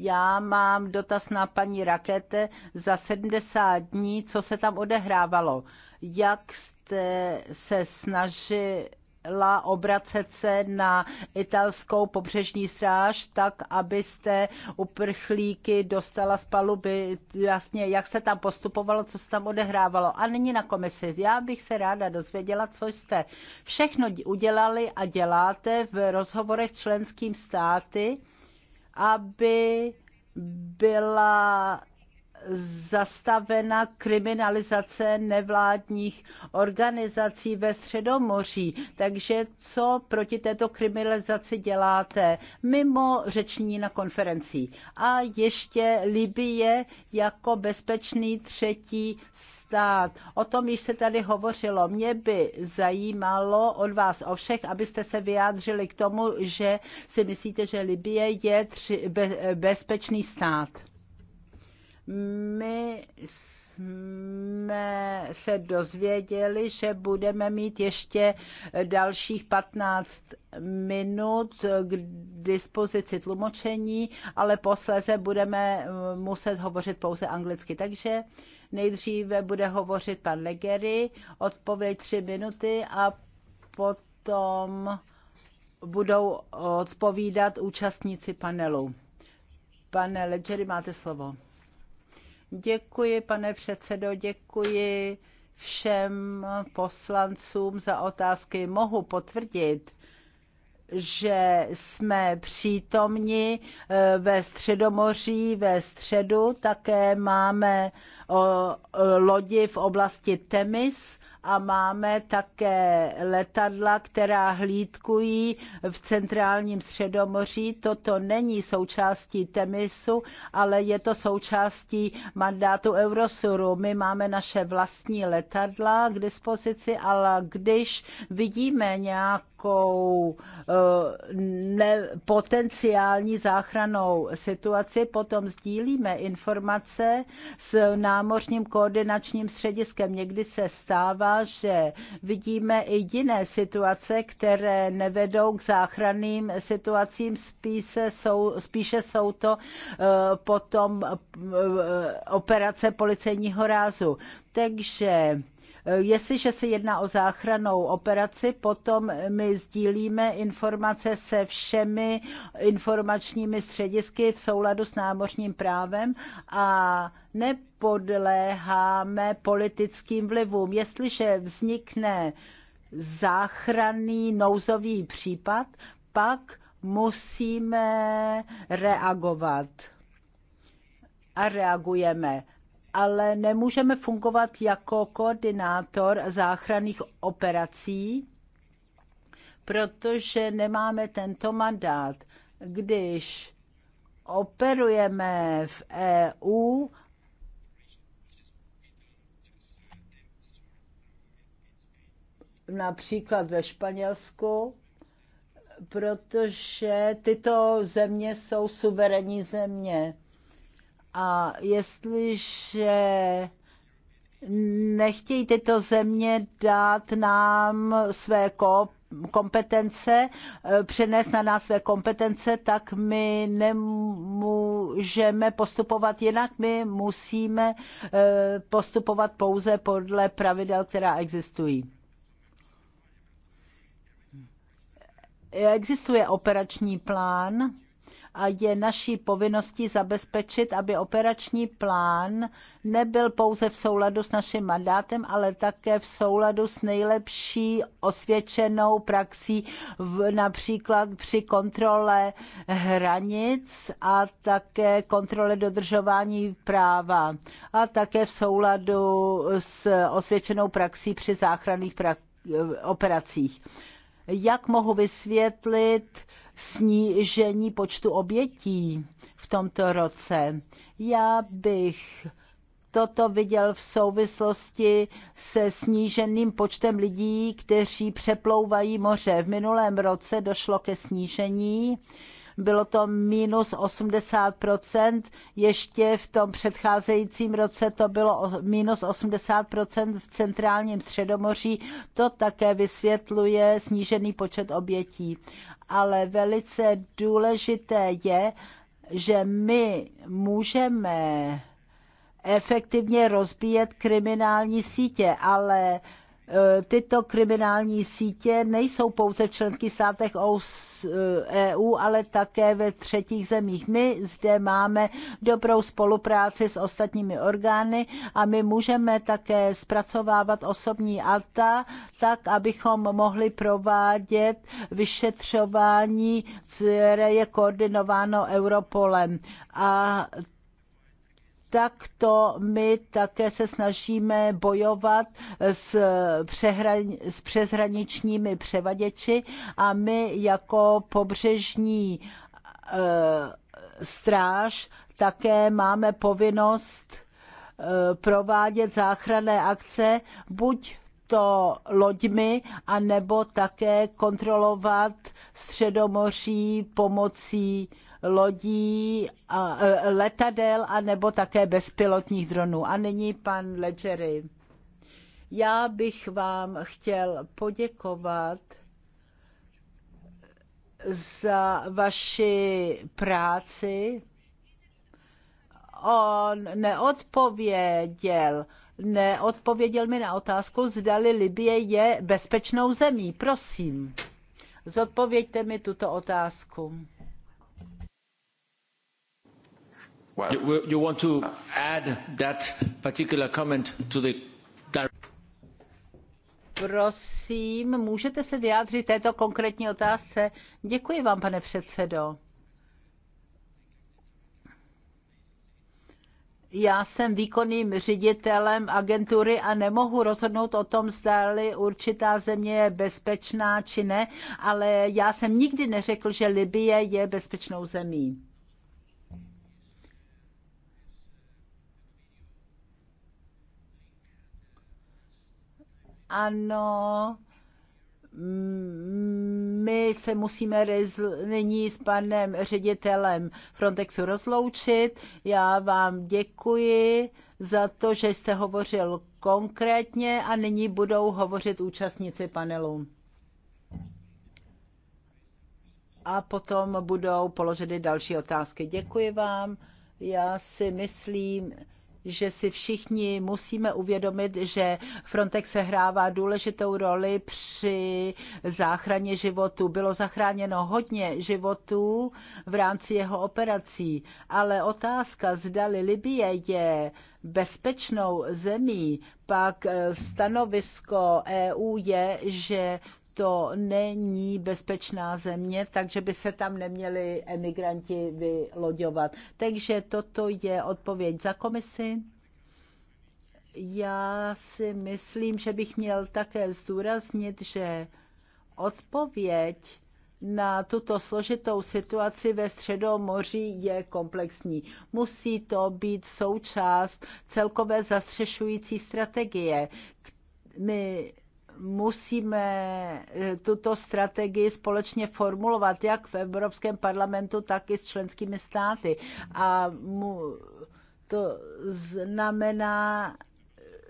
Já mám dotaz na paní Rakete za 70 dní, co se tam odehrávalo. Jak jste se snažila obracet se na italskou pobřežní stráž, tak abyste uprchlíky dostala z paluby, jasně, jak se tam postupovalo, co se tam odehrávalo. A nyní na komisi. Já bych se ráda dozvěděla, co jste všechno udělali a děláte v rozhovorech členským státy, aby byla zastavena kriminalizace nevládních organizací ve Středomoří. Takže co proti této kriminalizaci děláte mimo řeční na konferenci A ještě Libie jako bezpečný třetí stát. O tom již se tady hovořilo. Mě by zajímalo od vás o všech, abyste se vyjádřili k tomu, že si myslíte, že Libie je tři, be, bezpečný stát. My jsme se dozvěděli, že budeme mít ještě dalších 15 minut k dispozici tlumočení, ale posléze budeme eh, muset hovořit pouze anglicky. Takže nejdříve bude hovořit pan Legery, odpověď 3 minuty a potom budou odpovídat účastníci panelu. Pane Ledgeri, máte slovo. Děkuji, pane předsedo, děkuji všem poslancům za otázky. Mohu potvrdit, že jsme přítomni eh, ve Středomoří, ve středu také máme eh, lodi v oblasti Temis a máme také letadla, která hlídkují v centrálním středomoří. Toto není součástí Temisu, ale je to součástí mandátu Eurosuru. My máme naše vlastní letadla k dispozici, ale když vidíme nějak nějakou eh, potenciální záchranou situaci, potom sdílíme informace s námořním koordinačním střediskem. Někdy se stává, že vidíme i jiné situace, které nevedou k záchranným situacím, spíše jsou, spíše jsou to eh, potom eh, operace policejního rázu. Takže Eh, jestliže se jedná o záchranou operaci, potom my sdílíme informace se všemi informačními středisky v souladu s námořním právem a nepodléháme politickým vlivům. Jestliže vznikne záchranný nouzový případ, pak musíme reagovat. A reagujeme ale nemůžeme fungovat jako koordinátor záchranných operací, protože nemáme tento mandát. Když operujeme v EU, například ve Španělsku, protože tyto země jsou suverénní země. A jestliže nechtějí tyto země dát nám své kompetence, eh, přenést na nás své kompetence, tak my nemůžeme postupovat jinak. My musíme eh, postupovat pouze podle pravidel, která existují. Existuje operační plán, a je naší povinností zabezpečit, aby operační plán nebyl pouze v souladu s naším mandátem, ale také v souladu s nejlepší osvědčenou praxí v, například při kontrole hranic a také kontrole dodržování práva a také v souladu s osvědčenou praxí při záchranných pra- eh, operacích. Jak mohu vysvětlit, snížení počtu obětí v tomto roce. Já bych toto viděl v souvislosti se sníženým počtem lidí, kteří přeplouvají moře. V minulém roce došlo ke snížení bylo to minus 80%, ještě v tom předcházejícím roce to bylo minus 80% v centrálním středomoří, to také vysvětluje snížený počet obětí ale velice důležité je, že my můžeme efektivně rozbíjet kriminální sítě, ale Eh, tyto kriminální sítě nejsou pouze v členských státech EU, eh, e ale také ve třetích zemích. My zde máme dobrou spolupráci s ostatními orgány a my můžeme také zpracovávat osobní alta, tak abychom mohli provádět vyšetřování, které je koordinováno Europolem. A tak to my také se snažíme bojovat s, přehran, s přeshraničními převaděči a my jako pobřežní e, stráž také máme povinnost e, provádět záchranné akce, buď to loďmi, anebo také kontrolovat středomoří pomocí e, lodí, a, e, letadel a nebo také bezpilotních dronů. A nyní pan Ledgery. Já bych vám chtěl poděkovat za vaši práci. On neodpověděl, neodpověděl mi na otázku, zdali Libie je bezpečnou zemí. Prosím, zodpověďte mi tuto otázku. Well, you, you want to add that particular comment to the Prosím, můžete se vyjádřit této konkrétní otázce? Děkuji vám, pane předsedo. Já jsem výkonným ředitelem agentury a nemohu rozhodnout o tom, zda-li určitá země je bezpečná či ne, ale já jsem nikdy neřekl, že Libie je bezpečnou zemí. Ano, my se musíme nyní s panem ředitelem Frontexu rozloučit. Já vám děkuji za to, že jste hovořil konkrétně a nyní budou hovořit účastníci panelu. A potom budou položeny další otázky. Děkuji vám. Já si myslím, že si všichni musíme uvědomit, že Frontex sehrává důležitou roli při záchraně životů. Bylo zachráněno hodně životů v rámci jeho operací, ale otázka, zdali Libie je bezpečnou zemí, pak stanovisko EU je, že to není bezpečná země, takže by se tam neměli emigranti vyloďovat. Takže toto je odpověď za komisi. Já si myslím, že bych měl také zdůraznit, že odpověď na tuto složitou situaci ve Středomoří je komplexní. Musí to být součást celkové zastřešující strategie. My musíme eh, tuto strategii společně formulovat, jak v Evropském parlamentu, tak i s členskými státy. A mu, to znamená,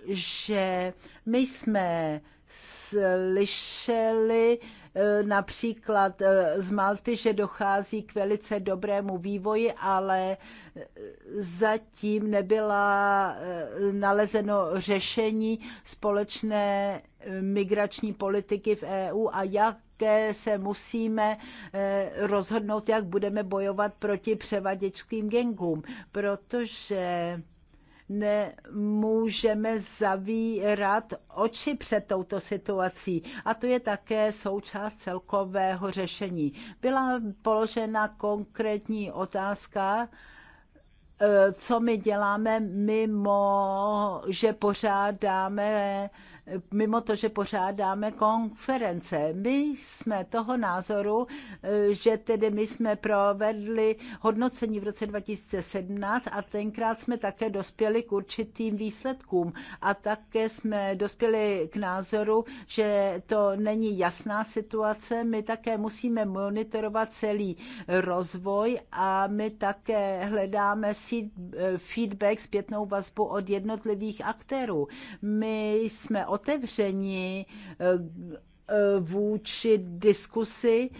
že my jsme slyšeli, Eh, například eh, z Malty, že dochází k velice dobrému vývoji, ale eh, zatím nebyla nalezeno řešení společné migrační politiky v EU a jak se musíme rozhodnout, jak budeme bojovat proti převaděčským gengům, protože nemůžeme zavírat oči před touto situací. A to je také součást celkového řešení. Byla položena konkrétní otázka, e, co my děláme mimo, že pořádáme mimo to, že pořádáme konference. My jsme toho názoru, že tedy my jsme provedli hodnocení v roce 2017 a tenkrát jsme také dospěli k určitým výsledkům a také jsme dospěli k názoru, že to není jasná situace. My také musíme monitorovat celý rozvoj a my také hledáme feedback, zpětnou vazbu od jednotlivých aktérů. My jsme otevření eh, eh, vůči diskusi eh,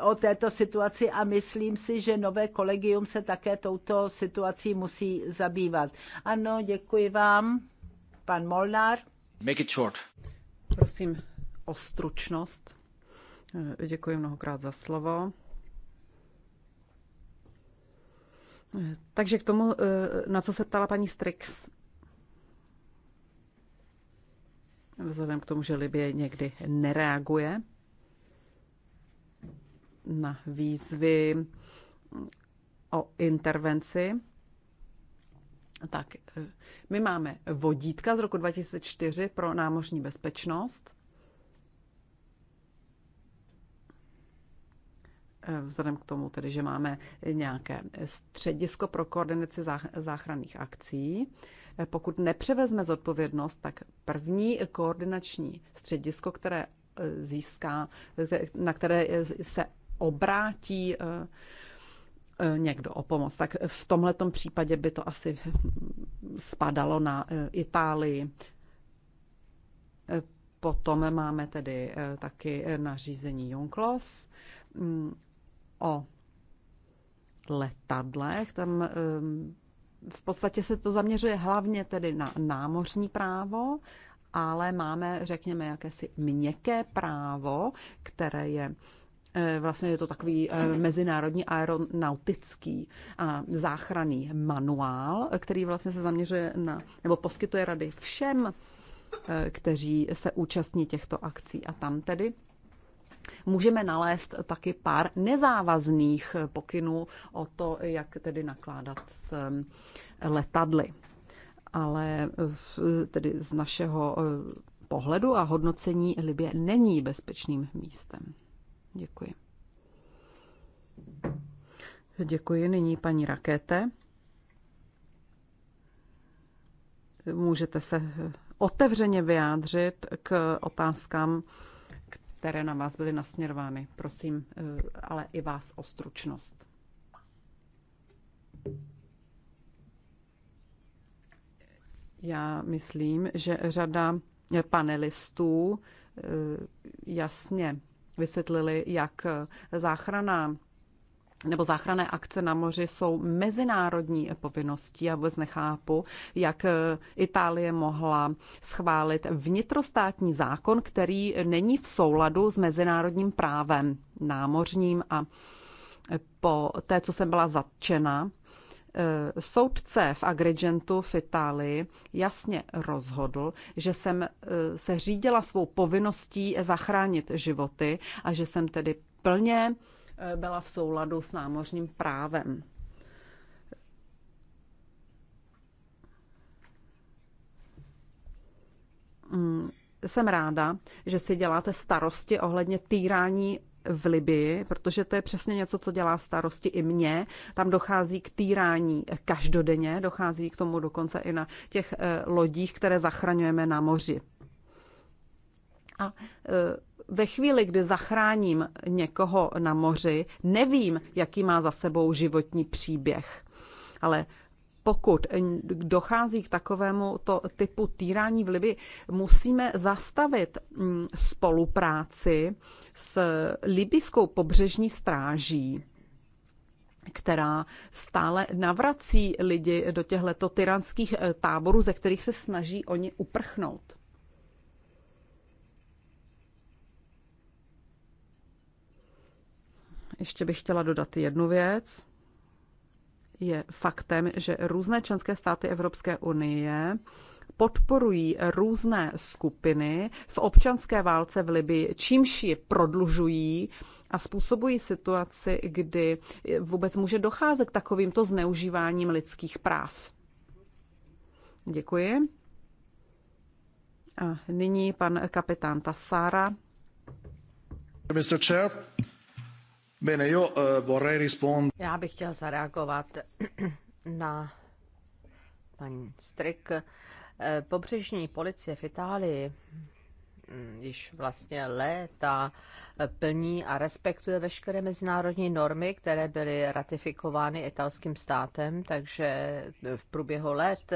o této situaci a myslím si, že nové kolegium se také touto situací musí zabývat. Ano, děkuji vám. Pan Molnár. Make it short. Prosím o stručnost. Děkuji mnohokrát za slovo. Takže k tomu, na co se ptala paní Strix. vzhledem k tomu, že Libie někdy nereaguje na výzvy o intervenci, tak eh, my máme vodítka z roku 2004 pro námořní bezpečnost. Eh, vzhledem k tomu tedy, že máme nějaké středisko pro koordinaci záchranných akcí, pokud nepřevezme zodpovědnost, tak první koordinační středisko, které eh, získá, na které eh, se obrátí eh, někdo o pomoc. Tak v tomhle případě by to asi spadalo na Itálii. Potom máme tedy taky nařízení Junklos mm, o letadlech. Tam v podstatě se to zaměřuje hlavně tedy na námořní právo, ale máme, řekněme, jakési měkké právo, které je eh, Vlastně je to takový eh, mezinárodní aeronautický a záchranný manuál, který vlastně se zaměřuje na, nebo poskytuje rady všem, eh, kteří se účastní těchto akcí. A tam tedy můžeme nalézt taky pár nezávazných pokynů o to, jak tedy nakládat s eh, letadly. Ale eh, tedy z našeho eh, pohledu a hodnocení Libě není bezpečným místem. Děkuji. Děkuji. Nyní paní Rakete. Můžete se otevřeně vyjádřit k otázkám které na vás byly nasměrovány. Prosím, eh, ale i vás o stručnost. Já myslím, že řada panelistů eh, jasně vysvětlili, jak záchrana nebo záchranné akce na moři jsou mezinárodní povinností. Já vůbec nechápu, jak eh, Itálie mohla schválit vnitrostátní zákon, který není v souladu s mezinárodním právem námořním a po té, co jsem byla zatčena, eh, soudce v Agrigentu v Itálii jasně rozhodl, že jsem eh, se řídila svou povinností zachránit životy a že jsem tedy plně Eh, byla v souladu s námořním právem. Mm, jsem ráda, že si děláte starosti ohledně týrání v Libii, protože to je přesně něco, co dělá starosti i mě. Tam dochází k týrání každodenně, dochází k tomu dokonce i na těch eh, lodích, které zachraňujeme na moři. A eh, ve chvíli, kdy zachráním někoho na moři, nevím, jaký má za sebou životní příběh. Ale pokud dochází k takovému to typu týrání v Libii, musíme zastavit mm, spolupráci s libyskou pobřežní stráží, která stále navrací lidi do těchto tyranských eh, táborů, ze kterých se snaží oni uprchnout. Ještě bych chtěla dodat jednu věc. Je faktem, že různé členské státy Evropské unie podporují různé skupiny v občanské válce v Libii, čímž ji prodlužují a způsobují situaci, kdy vůbec může docházet k takovýmto zneužíváním lidských práv. Děkuji. A nyní pan kapitán Tassara. Mr. Chair, Bene, io eh, vorrei rispond... Já bych chtěl zareagovat na paní Strik. Eh, pobřežní policie v Itálii hm, již vlastně léta eh, plní a respektuje veškeré mezinárodní normy, které byly ratifikovány italským státem, takže v průběhu let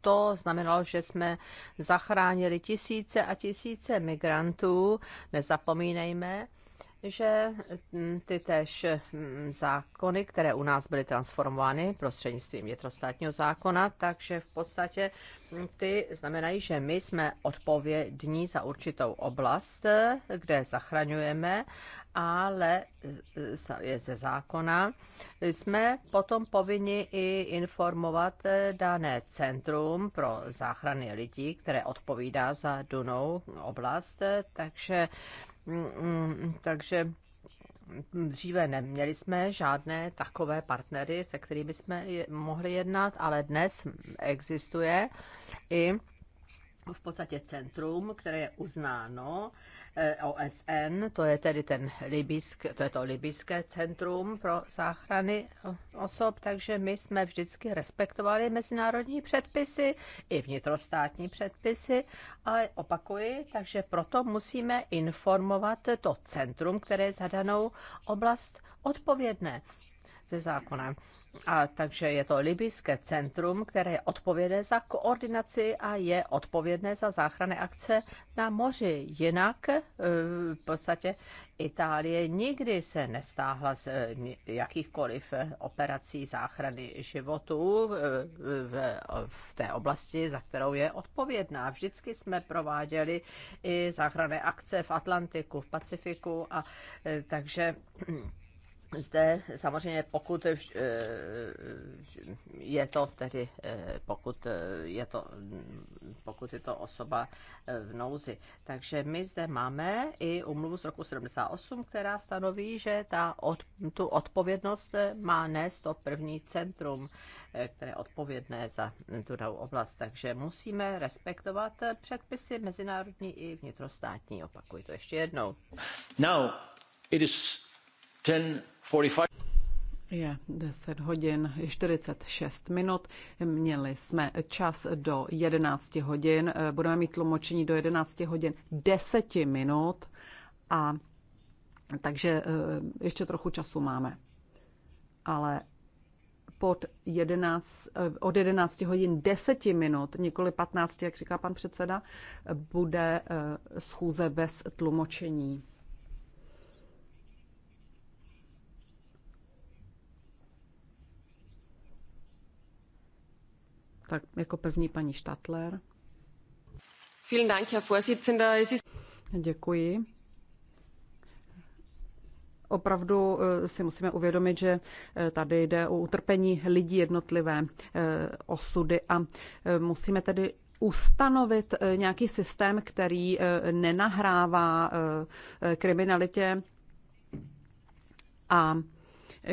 to znamenalo, že jsme zachránili tisíce a tisíce migrantů, nezapomínejme, že mm, ty též mm, zákony, které u nás byly transformovány prostřednictvím vnitrostátního zákona, takže v podstatě mm, ty znamenají, že my jsme odpovědní za určitou oblast, kde zachraňujeme, ale je ze zákona jsme potom povinni i informovat eh, dané centrum pro záchrany lidí, které odpovídá za Dunou oblast, eh, takže takže dříve neměli jsme žádné takové partnery, se kterými jsme mohli jednat, ale dnes existuje i v podstatě centrum, které je uznáno eh, OSN, to je tedy ten libysk, to je to libyské centrum pro záchrany osob, takže my jsme vždycky respektovali mezinárodní předpisy i vnitrostátní předpisy, ale opakuji, takže proto musíme informovat to centrum, které je zadanou oblast odpovědné ze zákona. A takže je to libyské centrum, které je odpovědné za koordinaci a je odpovědné za záchranné akce na moři. Jinak e, v podstatě Itálie nikdy se nestáhla z e, jakýchkoliv e, operací záchrany životů v, v té oblasti, za kterou je odpovědná. Vždycky jsme prováděli i záchranné akce v Atlantiku, v Pacifiku a takže zde samozřejmě pokud eh, je to tedy, eh, pokud eh, je to, pokud je to osoba v nouzi. Takže my zde máme i umluvu z roku 78, která stanoví, že ta od, tu odpovědnost má nést to první centrum, které je odpovědné za tu danou oblast. Takže musíme respektovat předpisy mezinárodní i vnitrostátní. Opakuji to ještě jednou. Now, it is 10.45. Je 10 hodin 46 minut. Měli jsme čas do 11 hodin. Budeme mít tlumočení do 11 hodin 10 minut. A takže eh, ještě trochu času máme. Ale pod 11, eh, od 11 hodin 10 minut, nikoli 15, jak říká pan předseda, bude eh, schůze bez tlumočení. Pak jako první paní Štatler. Vielen Dank, Herr Vorsitzender. Es ist... Děkuji. Opravdu eh, si musíme uvědomit, že eh, tady jde o utrpení lidí jednotlivé eh, osudy a musíme tedy ustanovit nějaký systém, který nenahrává kriminalitě a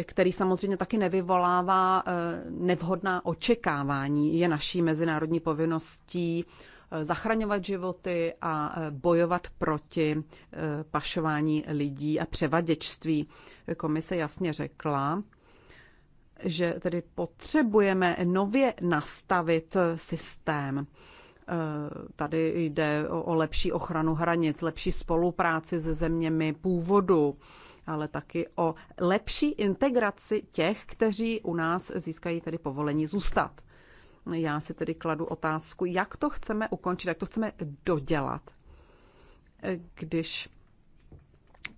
který samozřejmě taky nevyvolává eh, nevhodná očekávání. Je naší mezinárodní povinností eh, zachraňovat životy a eh, bojovat proti pašování lidí a převaděčství. Komise jasně řekla, že tedy potřebujeme nově nastavit systém. Tady jde o lepší ochranu hranic, lepší spolupráci se zeměmi původu, ale taky o lepší integraci těch, kteří u nás získají tedy povolení zůstat. Já si tedy kladu otázku, jak to chceme ukončit, jak to chceme dodělat, když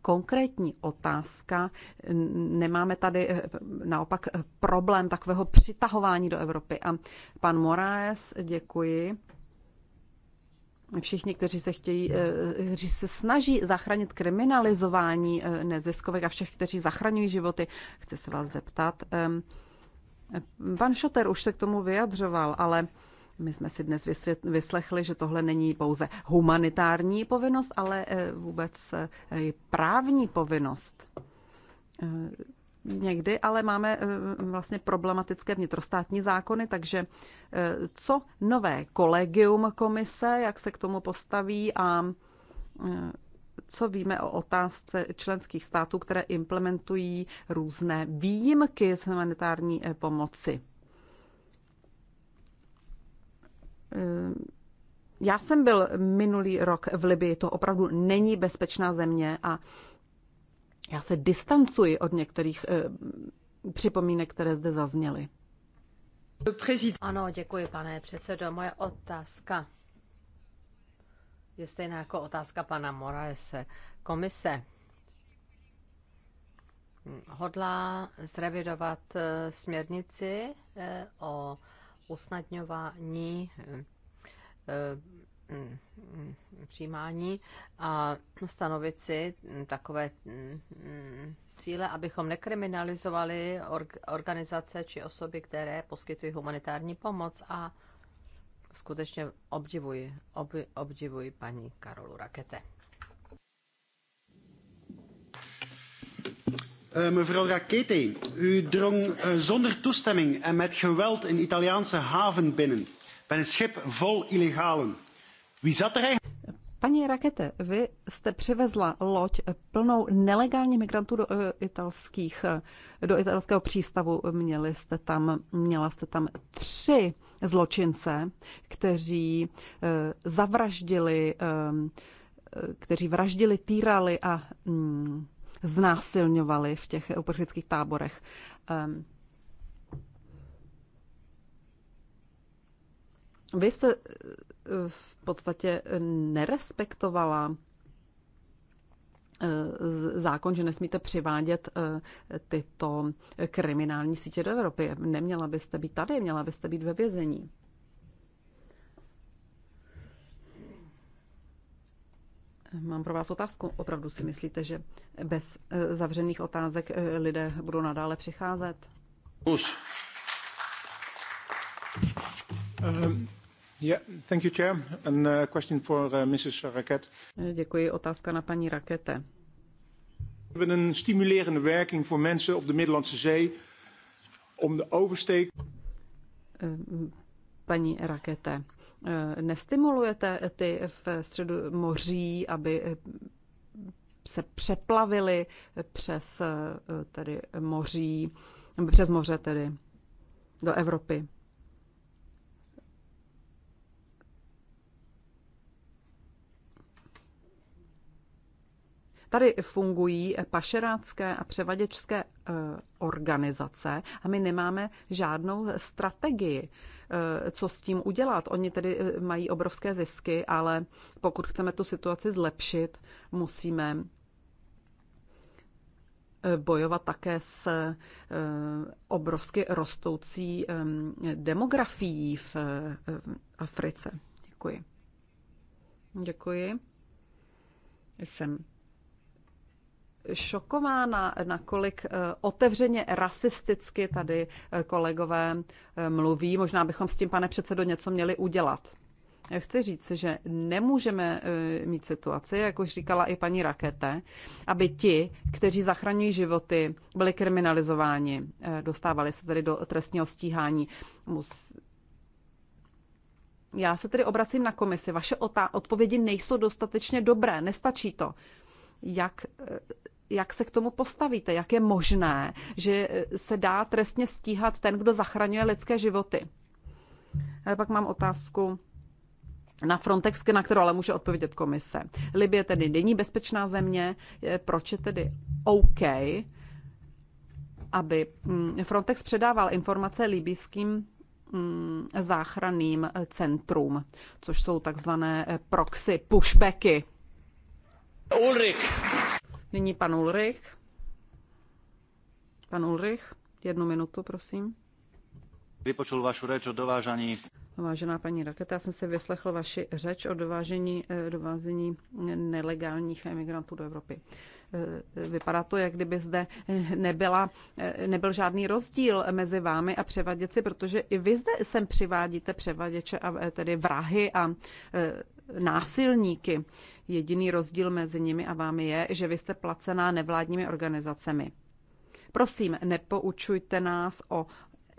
konkrétní otázka. Nemáme tady eh, naopak eh, problém takového přitahování do Evropy. A pan Moraes, děkuji všichni, kteří se chtějí, eh, kteří se snaží zachránit kriminalizování eh, neziskovek a všech, kteří zachraňují životy. Chci se vás zeptat. Pan Šoter už se k tomu vyjadřoval, ale my jsme si dnes vyslechli, že tohle není pouze humanitární povinnost, ale eh, vůbec právní povinnost někdy, ale máme eh, vlastně problematické vnitrostátní zákony, takže eh, co nové kolegium komise, jak se k tomu postaví a eh, co víme o otázce členských států, které implementují různé výjimky z humanitární pomoci. Já jsem byl minulý rok v Libii, to opravdu není bezpečná země a já se distancuji od některých eh, připomínek, které zde zazněly. Ano, děkuji, pane předsedo. Moje otázka je stejná jako otázka pana Moraese. Komise hodlá zrevidovat eh, směrnici eh, o usnadňování eh, Mm, přijímání a stanovit si mm, takové mm, cíle, abychom nekriminalizovali organizace či osoby, které poskytují humanitární pomoc a skutečně obdivuji, ob, obdivuji paní Karolu Rakete. Eh, mevrouw Rakete, u drong eh, zonder toestemming en met geweld een Italiaanse haven binnen, bij een schip vol illegalen. Wie Paní Rakete, vy jste přivezla loď plnou nelegálních migrantů do, eh, italských, eh, do italského přístavu. Měli jste tam, měla jste tam tři zločince, kteří eh, zavraždili, kteří vraždili, týrali a mm, znásilňovali v těch uprchlických táborech. Ehm. Vy jste v podstatě nerespektovala eh, zákon, že nesmíte přivádět eh, tyto kriminální sítě do Evropy. Neměla byste být tady, měla byste být ve vězení. Mám pro vás otázku. Opravdu si myslíte, že bez eh, zavřených otázek lidé budou nadále přicházet? Už. Um thank you, a uh, uh, eh, Děkuji. Otázka na paní Rakete. Eh, paní Rakete, eh, nestimulujete ty v středu moří, aby se přeplavili přes tedy moří, přes moře tedy do Evropy? Tady fungují pašerácké a převaděčské eh, organizace a my nemáme žádnou strategii, eh, co s tím udělat. Oni tedy eh, mají obrovské zisky, ale pokud chceme tu situaci zlepšit, musíme bojovat také s obrovsky rostoucí demografií v Africe. Děkuji. Děkuji. Jsem šokována, nakolik eh, otevřeně rasisticky tady eh, kolegové eh, mluví. Možná bychom s tím, pane předsedo, něco měli udělat. Chci říct, že nemůžeme mít situaci, jak už říkala i paní Rakete, aby ti, kteří zachraňují životy, byli kriminalizováni, dostávali se tedy do trestního stíhání. Mus... Já se tedy obracím na komisi. Vaše odpovědi nejsou dostatečně dobré, nestačí to. Jak jak se k tomu postavíte? Jak je možné, že se dá trestně stíhat ten, kdo zachraňuje lidské životy? Ale pak mám otázku na Frontex, na kterou ale může odpovědět komise. Libie tedy není bezpečná země, proč je tedy OK, aby mm, Frontex předával informace libijským mm, záchranným centrum, což jsou takzvané eh, proxy pushbacky. Ulrik. Nyní pan Ulrich. Pan Ulrich, jednu minutu, prosím. Vypočul vašu řeč o dovážení. Vážená paní Raketa, já jsem si vyslechl vaši řeč o dovážení, eh, dovážení nelegálních emigrantů do Evropy. Eh, vypadá to, jak kdyby zde eh, nebyla, nebyl žádný rozdíl mezi vámi a převaděci, protože i vy zde sem přivádíte převaděče a tedy vrahy a násilníky. Jediný rozdíl mezi nimi a vámi je, že vy jste placená nevládními organizacemi. Prosím, nepoučujte nás o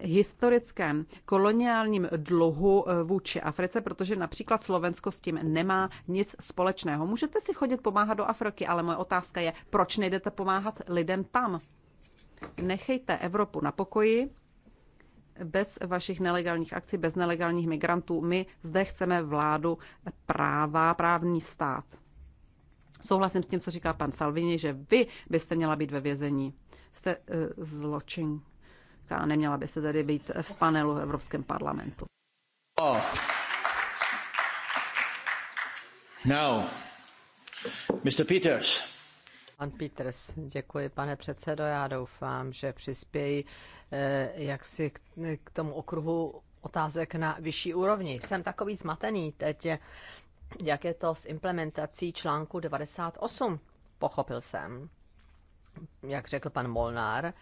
historickém koloniálním dluhu eh, vůči Africe, protože například Slovensko s tím nemá nic společného. Můžete si chodit pomáhat do Afriky, ale moje otázka je, proč nejdete pomáhat lidem tam? Nechejte Evropu na pokoji bez vašich nelegálních akcí, bez nelegálních migrantů. My zde chceme vládu práva, právní stát. Souhlasím s tím, co říká pan Salvini, že vy byste měla být ve vězení. Jste uh, zločinka a neměla byste tady být v panelu v Evropském parlamentu. Oh. Now, Mr. Peters. Pan Peters, děkuji, pane předsedo. Já doufám, že přispějí eh, jaksi k tomu okruhu otázek na vyšší úrovni. Jsem takový zmatený teď, jak je to s implementací článku 98. Pochopil jsem, jak řekl pan Molnár, eh,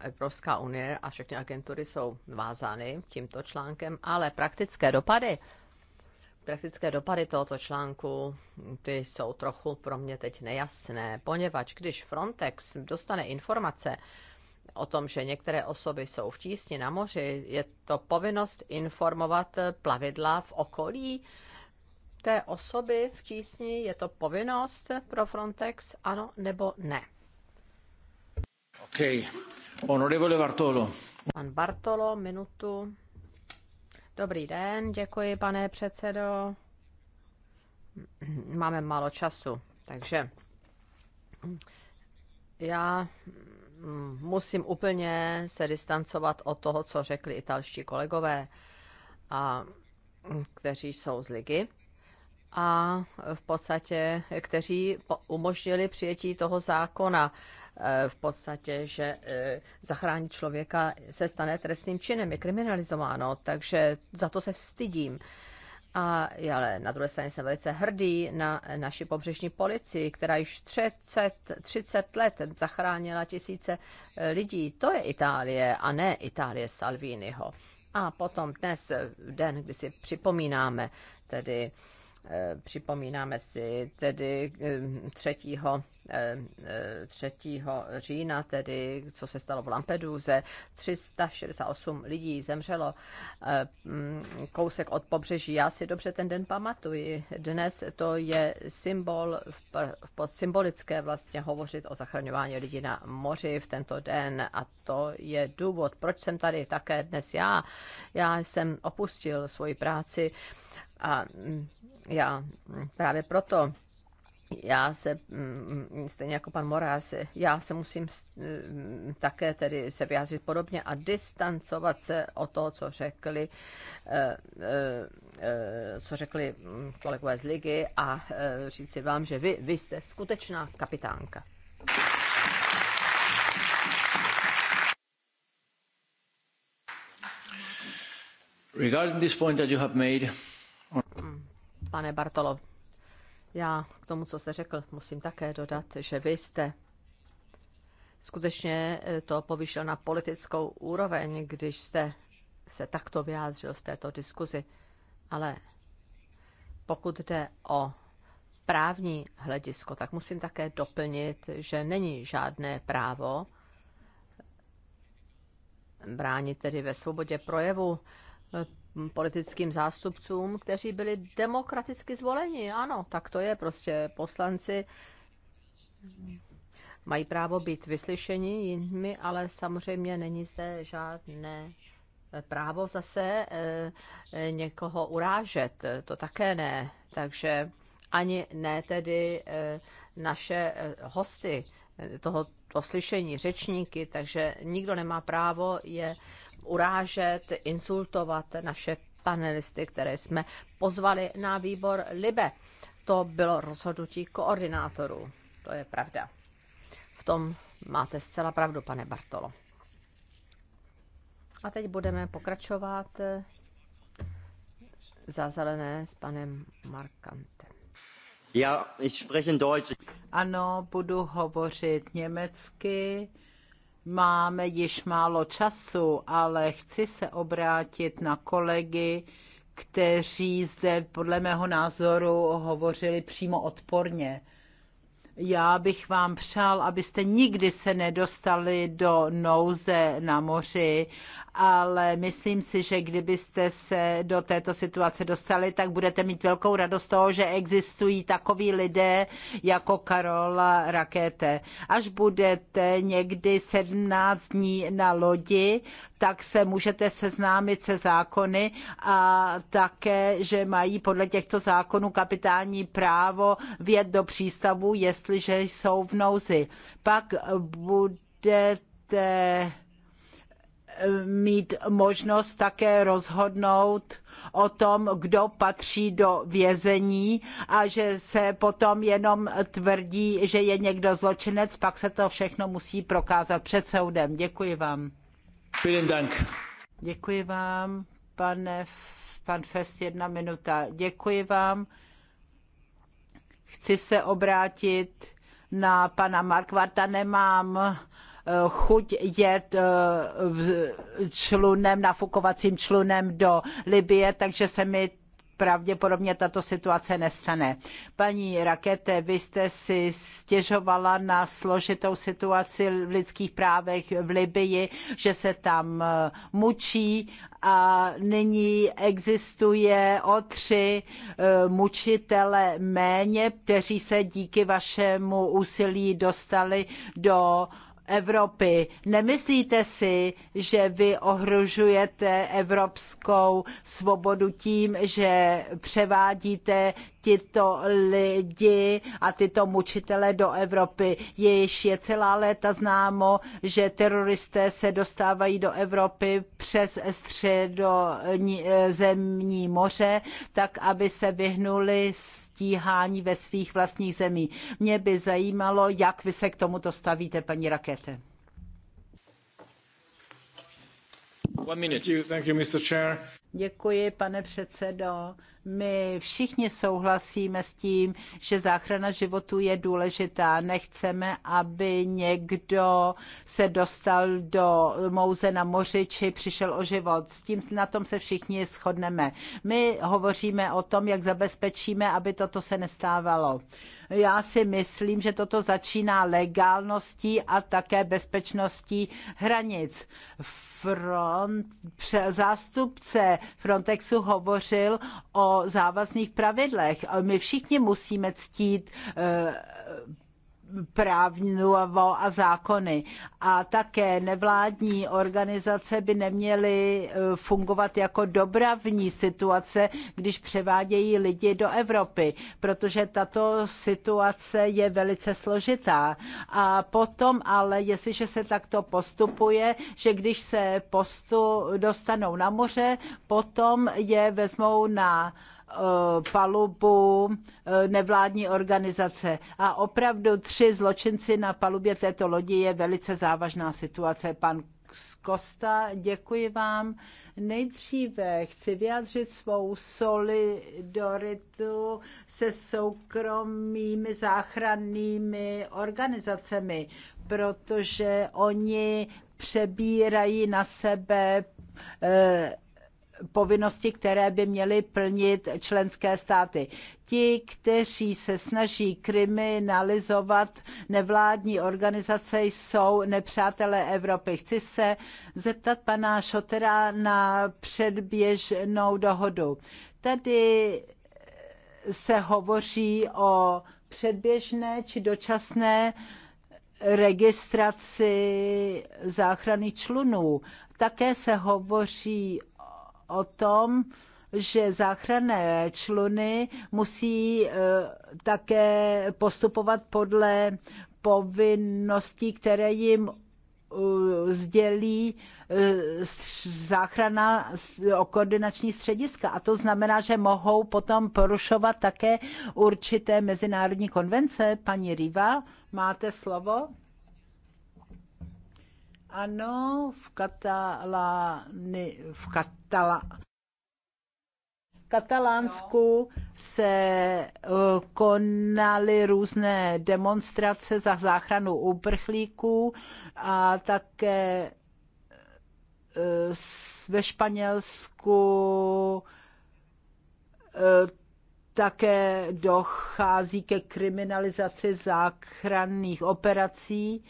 Evropská unie a všechny agentury jsou vázány tímto článkem, ale praktické dopady praktické dopady tohoto článku, ty jsou trochu pro mě teď nejasné, poněvadž když Frontex dostane informace o tom, že některé osoby jsou v tísni na moři, je to povinnost informovat plavidla v okolí té osoby v tísni, je to povinnost pro Frontex, ano nebo ne? OK. Honorevole Bartolo. Pan Bartolo, minutu. Dobrý den, děkuji, pane předsedo. Máme málo času, takže já musím úplně se distancovat od toho, co řekli italští kolegové, a, kteří jsou z ligy a v podstatě, kteří umožnili přijetí toho zákona Eh, v podstatě, že eh, zachránit člověka se stane trestným činem, je kriminalizováno, takže za to se stydím. A ale na druhé straně jsem velice hrdý na naši pobřežní policii, která již 30, 30 let zachránila tisíce eh, lidí. To je Itálie a ne Itálie Salviniho. A potom dnes, den, kdy si připomínáme tedy Eh, připomínáme si tedy 3. Eh, 3. Eh, října, tedy co se stalo v Lampeduze, 368 lidí zemřelo mm, kousek od pobřeží. Já si dobře ten den pamatuji. Dnes to je symbol, symbolické vlastně hovořit o zachraňování lidí na moři v tento den a to je důvod, proč jsem tady také dnes já. Já jsem opustil svoji práci a mm, já mm, právě proto já se, mm, stejně jako pan Morás, já se musím mm, také tedy se vyjádřit podobně a distancovat se o to, co řekli, eh, eh, eh, co řekli kolegové z ligy a říct si vám, že vy, vy jste skutečná kapitánka. Regarding this point that you have made, Pane Bartolo, já k tomu, co jste řekl, musím také dodat, že vy jste skutečně eh, to povyšel na politickou úroveň, když jste se takto vyjádřil v této diskuzi. Ale pokud jde o právní hledisko, tak musím také doplnit, že není žádné právo bránit tedy ve svobodě projevu eh, politickým zástupcům, kteří byli demokraticky zvoleni. Ano, tak to je prostě. Poslanci mají právo být vyslyšeni jinými, ale samozřejmě není zde žádné právo zase eh, eh, někoho urážet. To také ne. Takže ani ne tedy eh, naše hosty toho, oslyšení řečníky, takže nikdo nemá právo je urážet, insultovat naše panelisty, které jsme pozvali na výbor LIBE. To bylo rozhodnutí koordinátorů. To je pravda. V tom máte zcela pravdu, pane Bartolo. A teď budeme pokračovat za zelené s panem Markantem. Ano, budu hovořit německy. Máme již málo času, ale chci se obrátit na kolegy, kteří zde podle mého názoru hovořili přímo odporně. Já bych vám přál, abyste nikdy se nedostali do nouze na moři, ale myslím si, že kdybyste se do této situace dostali, tak budete mít velkou radost toho, že existují takoví lidé jako Karola Rakete. Až budete někdy 17 dní na lodi, tak se můžete seznámit se zákony a také, že mají podle těchto zákonů kapitální právo vjet do přístavu, jestli jestliže jsou v nouzi. Pak budete eh, mít možnost také rozhodnout o tom, kdo patří do vězení a že se potom jenom tvrdí, že je někdo zločinec, pak se to všechno musí prokázat před soudem. Děkuji vám. Vielen Dank. Děkuji vám, pane, pan Fest, jedna minuta. Děkuji vám. Chci se obrátit na pana Markvarta, nemám eh, chuť jet eh, člunem, nafukovacím člunem do Libie, takže se mi pravděpodobně tato situace nestane. Paní Rakete, vy jste si stěžovala na složitou situaci v lidských právech v Libii, že se tam eh, mučí a nyní existuje o tři eh, mučitele méně, kteří se díky vašemu úsilí dostali do Evropy. Nemyslíte si, že vy ohrožujete evropskou svobodu tím, že převádíte tyto lidi a tyto mučitele do Evropy. Jež je celá léta známo, že teroristé se dostávají do Evropy přes středozemní moře, tak aby se vyhnuli stíhání ve svých vlastních zemí. Mě by zajímalo, jak vy se k tomuto stavíte, paní Rakete. One minute. Thank you, thank you, Mr. Chair. Děkuji, pane předsedo. My všichni souhlasíme s tím, že záchrana životů je důležitá. Nechceme, aby někdo se dostal do mouze na moři či přišel o život. S tím na tom se všichni shodneme. My hovoříme o tom, jak zabezpečíme, aby toto se nestávalo. Já si myslím, že toto začíná legálností a také bezpečností hranic. Front, zástupce Frontexu hovořil o závazných pravidlech. My všichni musíme ctít eh, právnivo a zákony. A také nevládní organizace by neměly e, fungovat jako dobravní situace, když převádějí lidi do Evropy, protože tato situace je velice složitá. A potom ale, jestliže se takto postupuje, že když se postu dostanou na moře, potom je vezmou na Eh, palubu eh, nevládní organizace. A opravdu tři zločinci na palubě této lodi je velice závažná situace. Pan Kosta, děkuji vám. Nejdříve chci vyjádřit svou solidaritu se soukromými záchrannými organizacemi, protože oni přebírají na sebe eh, povinnosti, které by měly plnit členské státy. Ti, kteří se snaží kriminalizovat nevládní organizace, jsou nepřátelé Evropy. Chci se zeptat pana Šotera na předběžnou dohodu. Tady se hovoří o předběžné či dočasné registraci záchrany člunů. Také se hovoří o tom, že záchranné čluny musí eh, také postupovat podle povinností, které jim eh, sdělí eh, záchrana o koordinační střediska. A to znamená, že mohou potom porušovat také určité mezinárodní konvence. Paní Riva, máte slovo? Ano, v Katalány, v Katala, Katalánsku se eh, konaly různé demonstrace za záchranu uprchlíků a také eh, ve Španělsku eh, také dochází ke kriminalizaci záchranných operací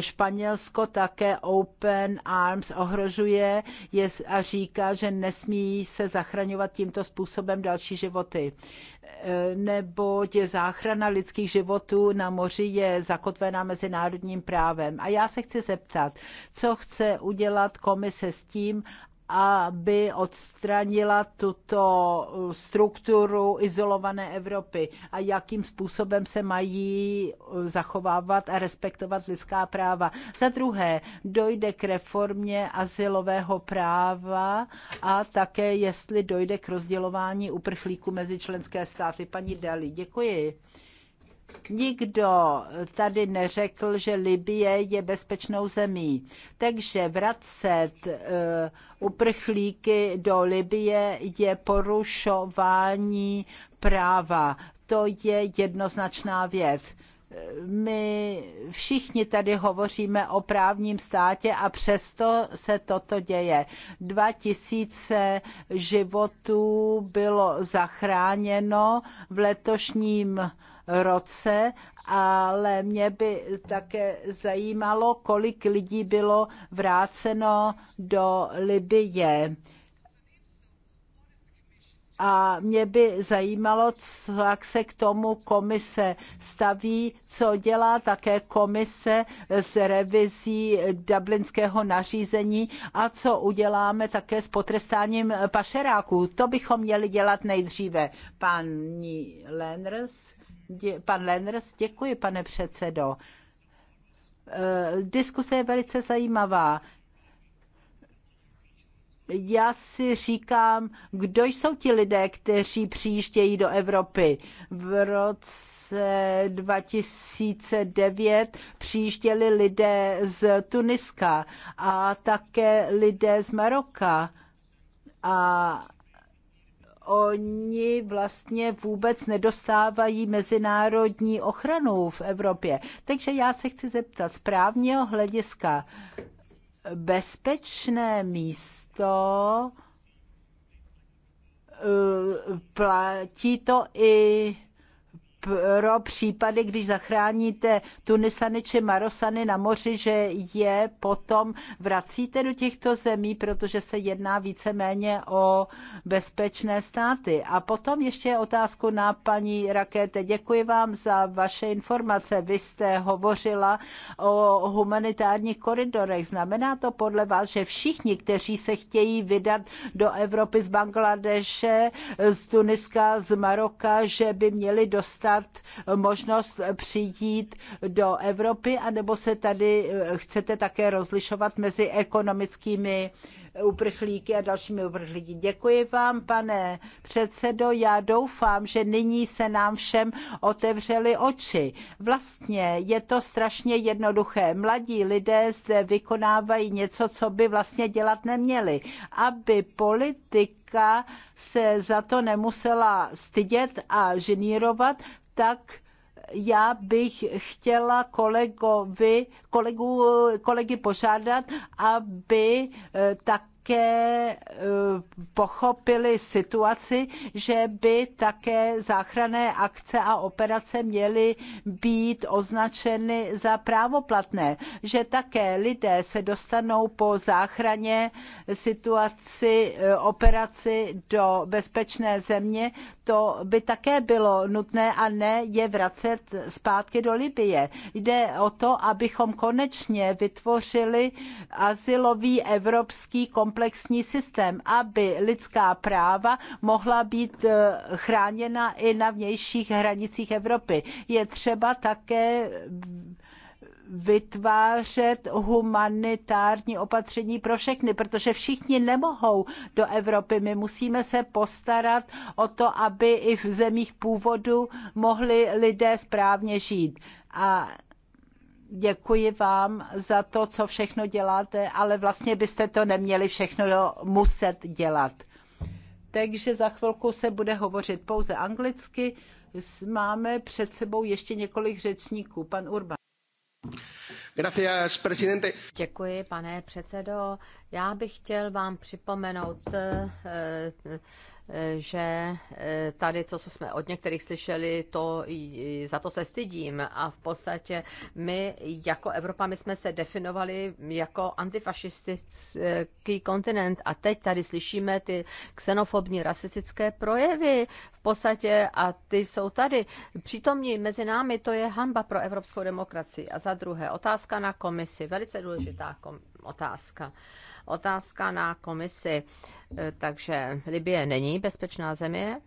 Španělsko také Open Arms ohrožuje a říká, že nesmí se zachraňovat tímto způsobem další životy. je záchrana lidských životů na moři je zakotvená mezinárodním právem. A já se chci zeptat, co chce udělat komise s tím, aby odstranila tuto uh, strukturu izolované Evropy a jakým způsobem se mají uh, zachovávat a respektovat lidská práva. Za druhé, dojde k reformě asilového práva a také, jestli dojde k rozdělování uprchlíků mezi členské státy. Paní Dali, děkuji. Nikdo tady neřekl, že Libie je bezpečnou zemí. Takže vracet uh, uprchlíky do Libie je porušování práva. To je jednoznačná věc my všichni tady hovoříme o právním státě a přesto se toto děje. Dva tisíce životů bylo zachráněno v letošním roce, ale mě by také zajímalo, kolik lidí bylo vráceno do Libye. A mě by zajímalo, co, jak se k tomu komise staví, co dělá také komise s revizí dublinského nařízení a co uděláme také s potrestáním pašeráků. To bychom měli dělat nejdříve. Paní Leners. Dě, pan Lenners, děkuji, pane předsedo. E, diskuse je velice zajímavá. Já si říkám, kdo jsou ti lidé, kteří přijíždějí do Evropy. V roce 2009 přijížděli lidé z Tuniska a také lidé z Maroka. A oni vlastně vůbec nedostávají mezinárodní ochranu v Evropě. Takže já se chci zeptat z právního hlediska, bezpečné místo eh, platí to i pro případy, když zachráníte Tunisany či Marosany na moři, že je potom vracíte do těchto zemí, protože se jedná víceméně o bezpečné státy. A potom ještě otázku na paní Rakete. Děkuji vám za vaše informace. Vy jste hovořila o humanitárních koridorech. Znamená to podle vás, že všichni, kteří se chtějí vydat do Evropy z Bangladeše, z Tuniska, z Maroka, že by měli dostat dostat možnost přijít do Evropy, anebo se tady eh, chcete také rozlišovat mezi ekonomickými uprchlíky a dalšími uprchlíky. Děkuji vám, pane předsedo. Já doufám, že nyní se nám všem otevřely oči. Vlastně je to strašně jednoduché. Mladí lidé zde vykonávají něco, co by vlastně dělat neměli. Aby politika se za to nemusela stydět a ženírovat, tak já bych chtěla kolegovi, kolegu, kolegy požádat, aby eh, tak také eh, pochopili situaci, že by také záchranné akce a operace měly být označeny za právoplatné, že také lidé se dostanou po záchraně situaci eh, operaci do bezpečné země, to by také bylo nutné a ne je vracet zpátky do Libie. Jde o to, abychom konečně vytvořili asilový evropský komplex komplexní systém, aby lidská práva mohla být eh, chráněna i na vnějších hranicích Evropy. Je třeba také vytvářet humanitární opatření pro všechny, protože všichni nemohou do Evropy. My musíme se postarat o to, aby i v zemích původu mohli lidé správně žít. A děkuji vám za to, co všechno děláte, ale vlastně byste to neměli všechno muset dělat. Takže za chvilku se bude hovořit pouze anglicky. Máme před sebou ještě několik řečníků. Pan Urban. Gracias, presidente. Děkuji, pane předsedo. Já bych chtěl vám připomenout, eh, eh, že eh, tady to, co jsme od některých slyšeli, to za to se stydím. A v podstatě my jako Evropa, my jsme se definovali jako antifašistický kontinent a teď tady slyšíme ty xenofobní rasistické projevy v podstatě a ty jsou tady přítomní mezi námi, to je hamba pro evropskou demokracii. A za druhé, otázka na komisi, velice důležitá komisi otázka. Otázka na komisi. Eh, takže Libie není bezpečná země?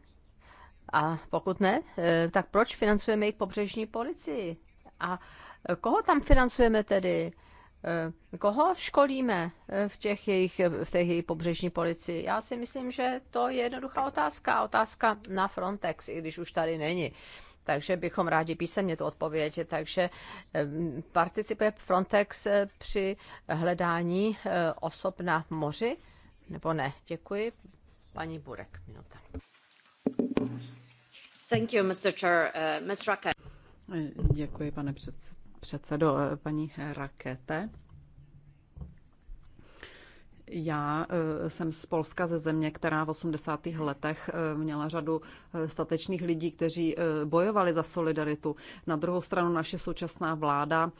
A pokud ne, eh, tak proč financujeme jejich pobřežní policii? A eh, koho tam financujeme tedy? Koho školíme v těch jejich, v těch jejich pobřežní policii? Já si myslím, že to je jednoduchá otázka. Otázka na Frontex, i když už tady není takže bychom rádi písemně tu odpověď. Takže participuje Frontex eh, při hledání eh, osob na moři? Nebo ne? Děkuji. Paní Burek, minuta. Thank you, Mr. Chair. Uh, eh, Ms. Děkuji, pane předsedo. Paní Rakete, já eh, jsem z Polska, ze země, která v 80. letech eh, měla řadu eh, statečných lidí, kteří bojovali za solidaritu. Na druhou stranu naše současná vláda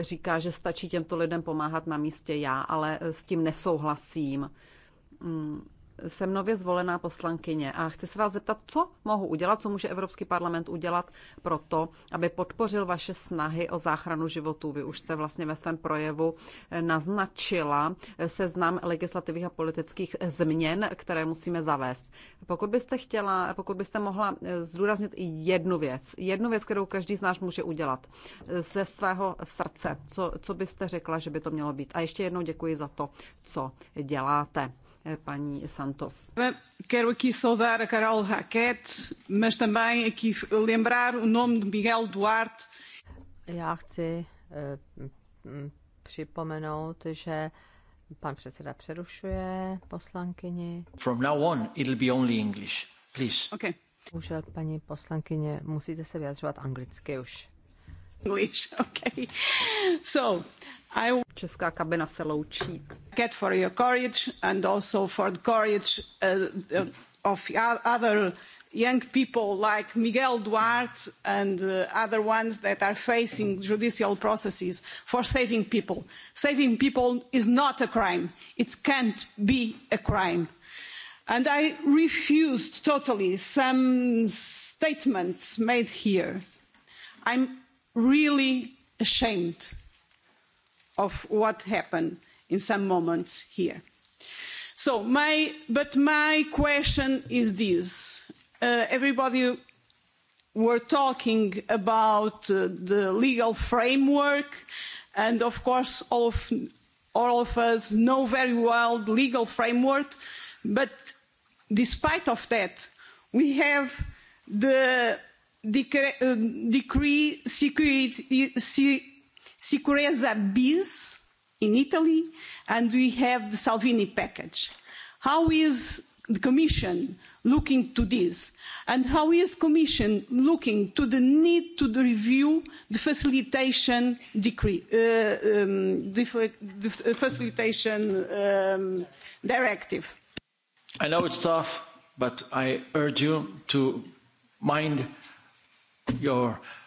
říká, že stačí těmto lidem pomáhat na místě já, ale s tím nesouhlasím mm jsem nově zvolená poslankyně a chci se vás zeptat, co mohu udělat, co může Evropský parlament udělat pro to, aby podpořil vaše snahy o záchranu životů. Vy už jste vlastně ve svém projevu naznačila seznam legislativních a politických změn, které musíme zavést. Pokud byste chtěla, pokud byste mohla zdůraznit i jednu věc, jednu věc, kterou každý z nás může udělat ze svého srdce, co, co byste řekla, že by to mělo být. A ještě jednou děkuji za to, co děláte paní Santos. Quero aqui saudar a Carol mas também aqui lembrar o nome de Miguel Duarte. Já chci eh, připomenout, že pan předseda přerušuje poslankyni. From now on it'll be only English, please. Okay. Bohužel, paní poslankyně, musíte se vyjadřovat anglicky už. English, okay. So, Česká kabina se loučí. Get for your courage and also for the courage uh, of other young people like Miguel Duarte and uh, other ones that are facing judicial processes for saving people. Saving people is not a crime. It can't be a crime. And I refused totally some statements made here. I'm really ashamed of what happened in some moments here. So my, but my question is this. Uh, everybody were talking about uh, the legal framework and of course all of, us know very well the legal framework, but despite of that, we have the decree, uh, decree security, Sicurezza Bis in Italy, and we have the Salvini package. How is the Commission looking to this? And how is the Commission looking to the need to review the facilitation decree, uh, um, the uh, facilitation um, directive? I know it's tough, but I urge you to mind your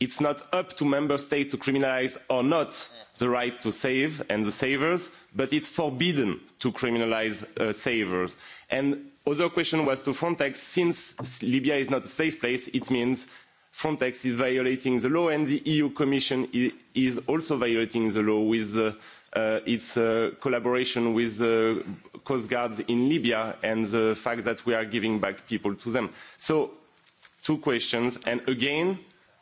it's not up to member states to criminalise or not the right to save and the savers, but it's forbidden to criminalise uh, savers. And other question was to Frontex, since Libya is not a safe place, it means Frontex is violating the law and the EU Commission is also violating the law with uh, uh, its uh, collaboration with uh, coast guards in Libya and the fact that we are giving back people to them. So two questions. And again,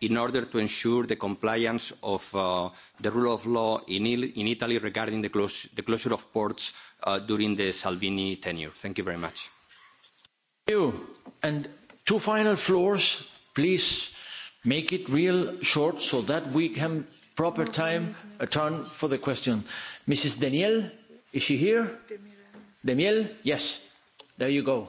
in order to ensure the compliance of uh, the rule of law in, Il in Italy regarding the, clos the closure of ports uh, during the Salvini tenure. Thank you very much. Thank you. And two final floors, please make it real short so that we can proper time a turn for the question. Mrs. Daniel, is she here? Demiel, yes. There you go.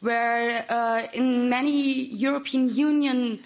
where uh, in many European Union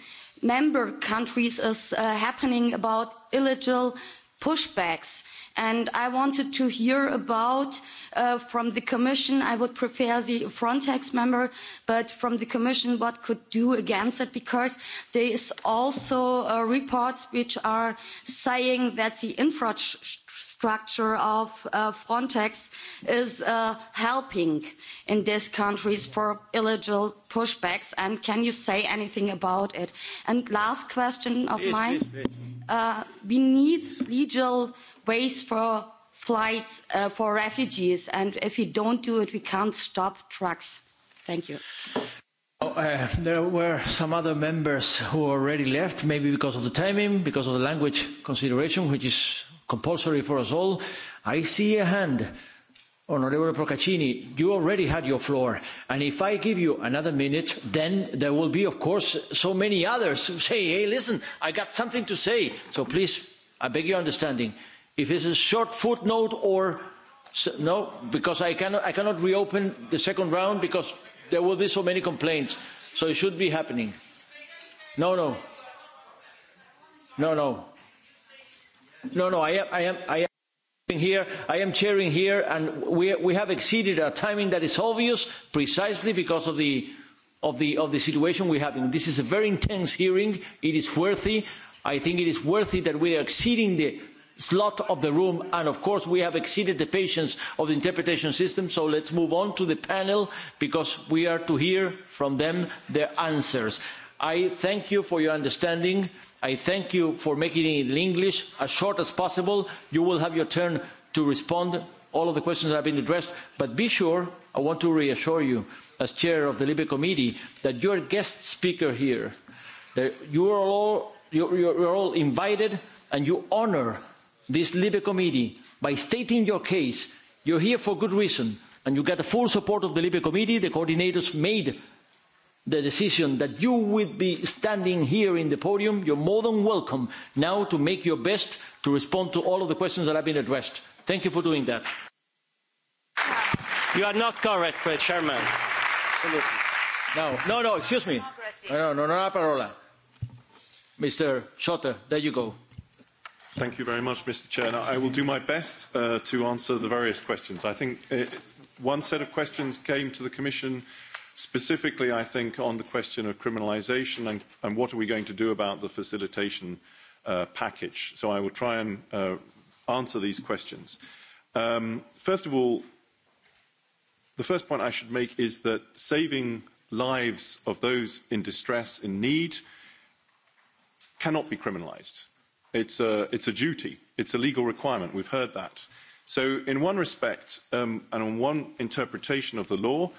member countries is uh, happening about illegal pushbacks. And I wanted to hear about uh, from the Commission, I would prefer the Frontex member, but from the Commission what could do against it because there is also uh, reports which are saying that the infrastructure structure of uh, Frontex is uh, helping in these countries for illegal pushbacks? And can you say anything about it? And last question of please, mine. Please, please. Uh, we need legal ways for flights uh, for refugees. And if we don't do it, we can't stop trucks. Thank you. Oh, uh, there were some other members who already left, maybe because of the timing, because of the language consideration, which is compulsory for us all. I see a hand. Honorable Procaccini, you already had your floor. And if I give you another minute, then there will be, of course, so many others who say, hey, listen, I got something to say. So please, I beg your understanding. If it's a short footnote or no, because I cannot, I cannot reopen the second round because there will be so many complaints so it should be happening no no no no no no i am i am i am here i am chairing here and we we have exceeded our timing that is obvious precisely because of the of the of the situation we have this is a very intense hearing it is worthy i think it is worthy that we are exceeding the slot of the room and of course we have exceeded the patience of the interpretation system so let's move on to the panel because we are to hear from them their answers. i thank you for your understanding i thank you for making it in english as short as possible. you will have your turn to respond all of the questions have been addressed but be sure i want to reassure you as chair of the libe committee that your guest speaker here that you are all you're, you're all invited and you honour this libe committee by stating your case you're here for good reason and you get the full support of the libe committee the coordinators made the decision that you would be standing here in the podium you're more than welcome now to make your best to respond to all of the questions that have been addressed thank you for doing that you are not correct chairman absolutely no no no excuse me no no no la parola mr schotter there you go Thank you very much, Mr. Chair. Now, I will do my best uh, to answer the various questions. I think it, uh, one set of questions came to the Commission specifically, I think, on the question of criminalisation and, and what are we going to do about the facilitation uh, package. So I will try and uh, answer these questions. Um, first of all, the first point I should make is that saving lives of those in distress, in need, cannot be criminalised It's a, duty. It's a legal requirement. We've heard that. So in one respect um, and on one interpretation of the law,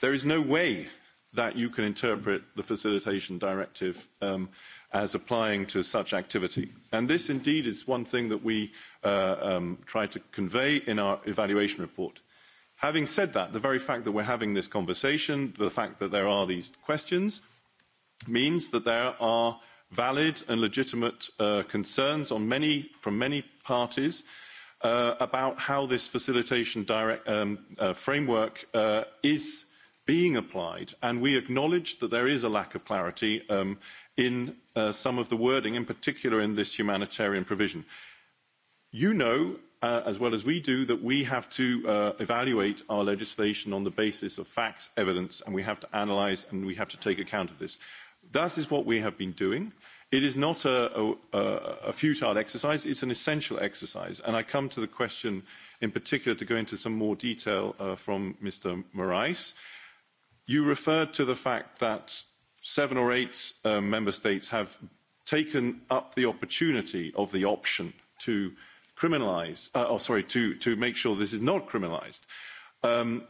there is no way that you can interpret the facilitation directive um, as applying to such activity. And this indeed is one thing that we uh, um, try to convey in our evaluation report. Having said that, the very fact that we're having this conversation, the fact that there are these questions, means that there are valid and legitimate uh, concerns from many parties uh, about how this facilitation um, uh, framework is being applied. And we acknowledge that there is a lack of clarity um, in some of the wording, in particular in this humanitarian provision. You know, as well as we do, that we have to evaluate our legislation on the basis of facts, evidence, and we have to analyse and we have to take account of this That is what we have been doing. It is not a, a, a futile exercise, it's an essential exercise. And I come to the question in particular to go into some more detail uh, from Mr. Morais. You referred to the fact that seven or eight uh, member states have taken up the opportunity of the option to criminalise, uh, oh, sorry, to, to make sure this is not criminalised. Um,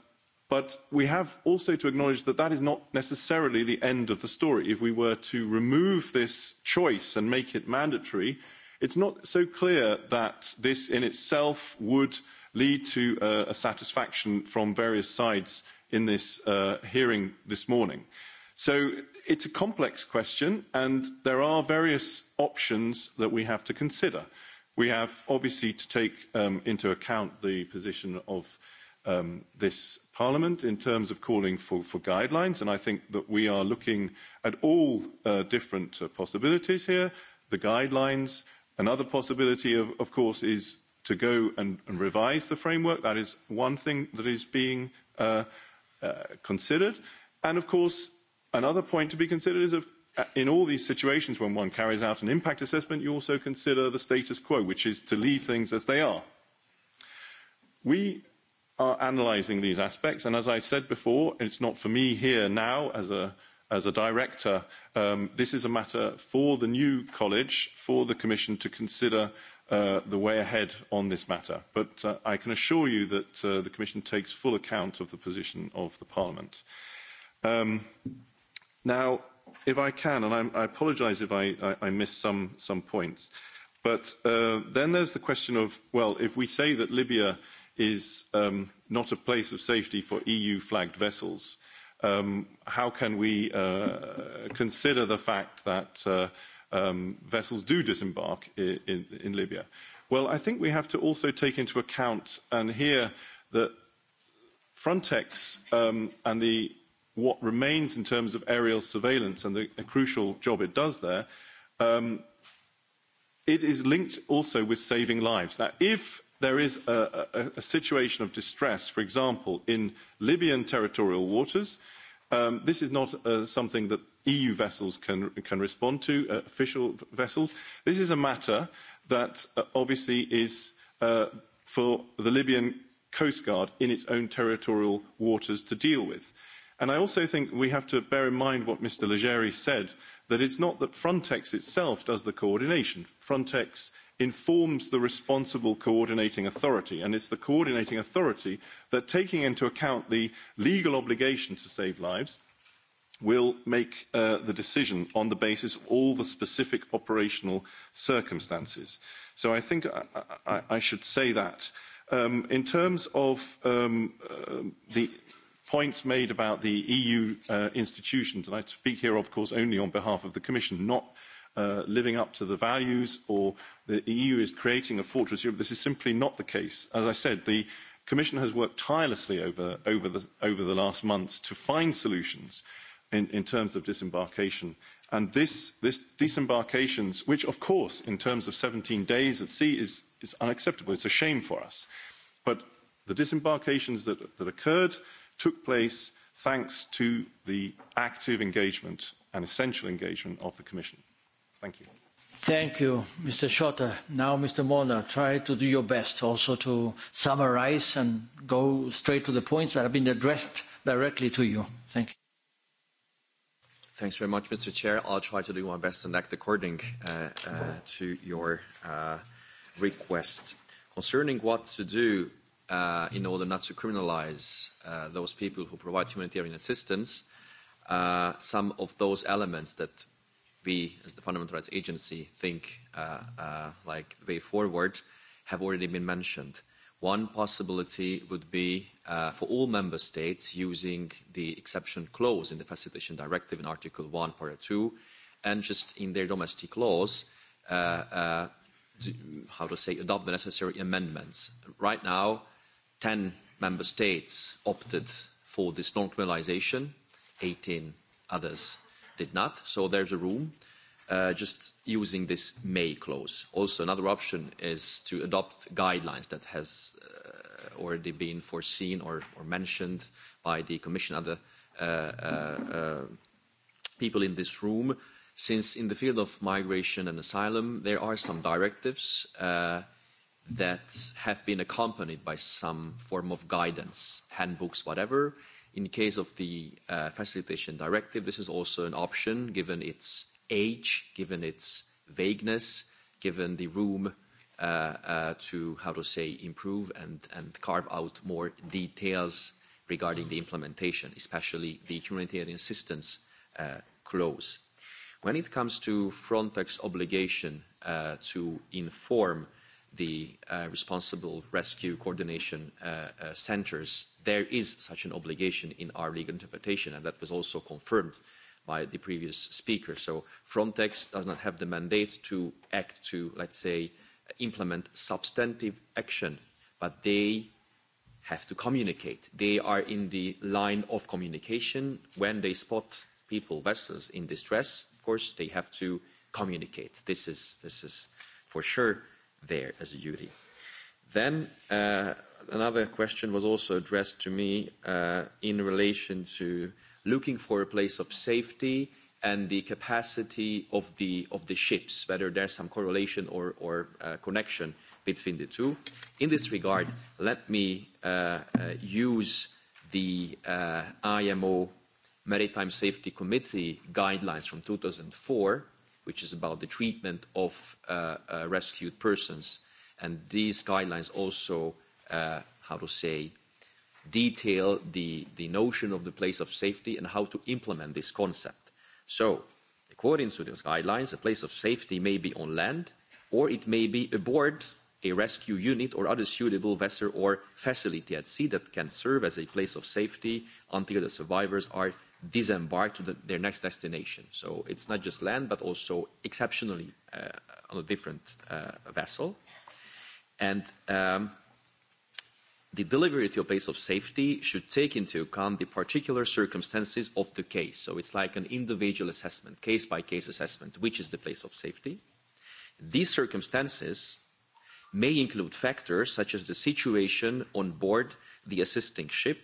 But we have also to acknowledge that that is not necessarily the end of the story. If we were to remove this choice and make it mandatory, it's not so clear that this in itself would lead to uh, a satisfaction from various sides in this uh, hearing this morning. So it's a complex question, and there are various options that we have to consider. We have obviously to take um, into account the position of um, this Parliament in terms of calling for, for guidelines. And I think that we are looking at all uh, different uh, possibilities here, the guidelines. Another possibility, of, of course, is to go and, and revise the framework. That is one thing that is being uh, uh, considered. And of course, another point to be considered is of uh, in all these situations when one carries out an impact assessment you also consider the status quo which is to leave things as they are. we are analysing these aspects. And as I said before, it's not for me here now as a as a director, um, this is a matter for the new college, for the Commission to consider uh, the way ahead on this matter. But uh, I can assure you that uh, the Commission takes full account of the position of the Parliament. Um, now, if I can, and I, I apologise if I, I, I some, some points, but uh, then there's the question of, well, if we say that Libya is um, not a place of safety for EU-flagged vessels. Um, how can we uh, consider the fact that uh, um, vessels do disembark in, in, in Libya? Well, I think we have to also take into account, and here, that Frontex um, and the, what remains in terms of aerial surveillance and the, the crucial job it does there, um, it is linked also with saving lives. Now, if there is a, a, a situation of distress, for example, in Libyan territorial waters. Um, this is not uh, something that EU vessels can, can respond to, uh, official vessels. This is a matter that uh, obviously is uh, for the Libyan Coast Guard in its own territorial waters to deal with. And I also think we have to bear in mind what Mr. Legeri said, that it's not that Frontex itself does the coordination. Frontex informs the responsible coordinating authority and it's the coordinating authority that taking into account the legal obligation to save lives will make uh, the decision on the basis of all the specific operational circumstances. So I think I, I, I should say that. Um, in terms of um, uh, the points made about the EU uh, institutions, and I speak here, of course, only on behalf of the Commission, not uh, living up to the values or the eu is creating a fortress europe. this is simply not the case. as i said the commission has worked tirelessly over, over, the, over the last months to find solutions in, in terms of disembarkation and this, this disembarkations which of course in terms of 17 days at sea is, is unacceptable it's a shame for us but the disembarkations that, that occurred took place thanks to the active engagement and essential engagement of the commission. thank you. Thank you, Mr. Schotter. Now, Mr. Molnar, try to do your best also to summarize and go straight to the points that have been addressed directly to you. Thank you. Thanks very much, Mr. Chair. I'll try to do my best and act according uh, uh, to your uh, request. Concerning what to do uh, in order not to criminalize uh, those people who provide humanitarian assistance, uh, some of those elements that we, as the Fundamental Rights Agency, think uh, uh, like the way forward have already been mentioned. One possibility would be uh, for all member states using the exception clause in the Facilitation Directive in Article 1, Part 2, and just in their domestic laws, uh, uh, how to say, adopt the necessary amendments. Right now, 10 member states opted for this non-criminalization, 18 others did not, so there's a room. Uh, just using this may clause. Also, another option is to adopt guidelines that has uh, already been foreseen or, or mentioned by the Commission, other uh, uh, uh people in this room. Since in the field of migration and asylum, there are some directives uh, that have been accompanied by some form of guidance, handbooks, whatever, uh, In case of the uh, facilitation directive, this is also an option given its age, given its vagueness, given the room uh, uh, to, how to say, improve and, and carve out more details regarding the implementation, especially the humanitarian assistance uh, clause. When it comes to Frontex obligation uh, to inform uh, the uh, responsible rescue coordination uh, uh, centres, there is such an obligation in our legal interpretation, and that was also confirmed by the previous speaker. So Frontex does not have the mandate to act to, let's say, implement substantive action, but they have to communicate. They are in the line of communication. When they spot people, vessels in distress, of course, they have to communicate. This is, this is for sure there as a duty. Then uh, another question was also addressed to me uh, in relation to looking for a place of safety and the capacity of the, of the ships, whether there's some correlation or, or uh, connection between the two. In this regard, let me uh, uh, use the uh, IMO Maritime Safety Committee guidelines from 2004 which is about the treatment of uh, uh, rescued persons. And these guidelines also, uh, how to say, detail the, the notion of the place of safety and how to implement this concept. So, according to these guidelines, a place of safety may be on land or it may be aboard a rescue unit or other suitable vessel or facility at sea that can serve as a place of safety until the survivors are disembark to the, their next destination. So it's not just land, but also exceptionally uh, on a different uh, vessel. And um, the delivery to a place of safety should take into account the particular circumstances of the case. So it's like an individual assessment, case by case assessment, which is the place of safety. These circumstances may include factors such as the situation on board the assisting ship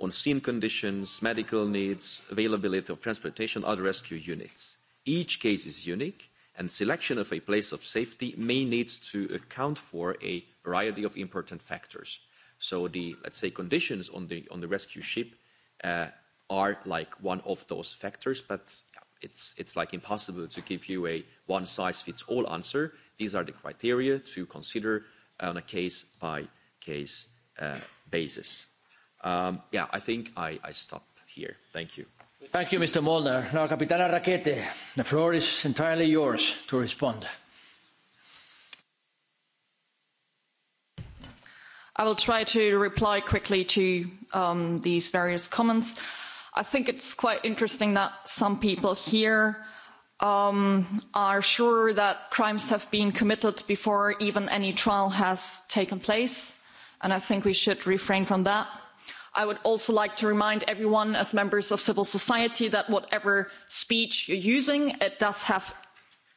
on scene conditions medical needs availability of transportation other rescue units. each case is unique and selection of a place of safety may need to account for a variety of important factors. so the let's say conditions on the on the rescue ship uh, are like one of those factors but it's it's like impossible to give you a one size fits all answer these are the criteria to consider on a case by case uh, basis Um, yeah, I think I, I stop here. Thank you. Thank you, Mr. Molnar. Now, Capitana Raquete, the floor is entirely yours to respond. I will try to reply quickly to um, these various comments. I think it's quite interesting that some people here um, are sure that crimes have been committed before even any trial has taken place, and I think we should refrain from that i would also like to remind everyone as members of civil society that whatever speech you're using it does have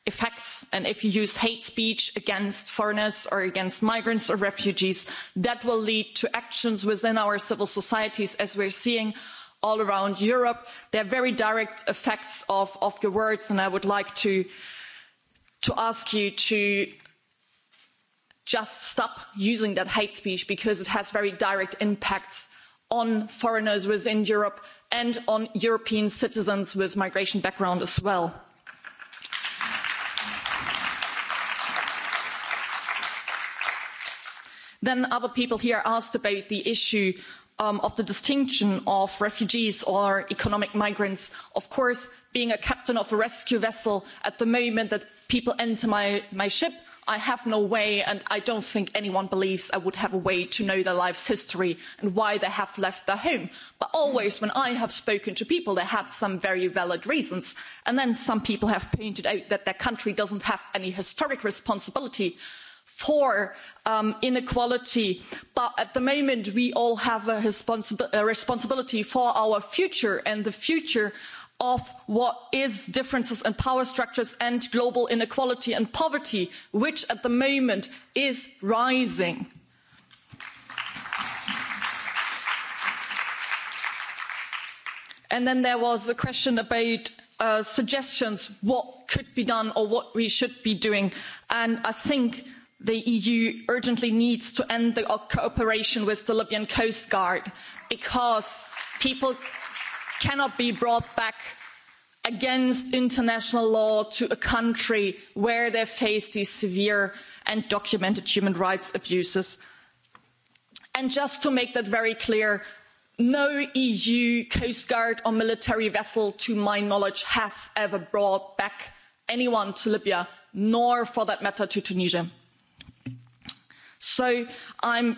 effects and if you use hate speech against foreigners or against migrants or refugees that will lead to actions within our civil societies as we're seeing all around europe. There are very direct effects of, your words and i would like to, to ask you to just stop using that hate speech because it has very direct impacts on foreigners within europe and on european citizens with migration background as well. then other people here asked about the issue um, of the distinction of refugees or economic migrants. Of course, being a captain of a rescue vessel at the moment that people enter my, my ship, i have no way, and I don't think anyone believes I would have a way to know their life's history and why they have left their home. But always, when I have spoken to people, they had some very valid reasons. And then some people have pointed out that their country doesn't have any historic responsibility for um, inequality. But at the moment, we all have a, a responsibility for our future, and the future of what is differences in power structures and global inequality and poverty, which at the moment is rising. and then there was a question about uh, suggestions what could be done or what we should be doing and i think the eu urgently needs to end the cooperation with the libyan coast guard because people cannot be brought back against international law to a country where they face these severe and documented human rights abuses. And just to make that very clear, no EU Coast Guard or military vessel, to my knowledge, has ever brought back anyone to Libya, nor for that matter to Tunisia. So I'm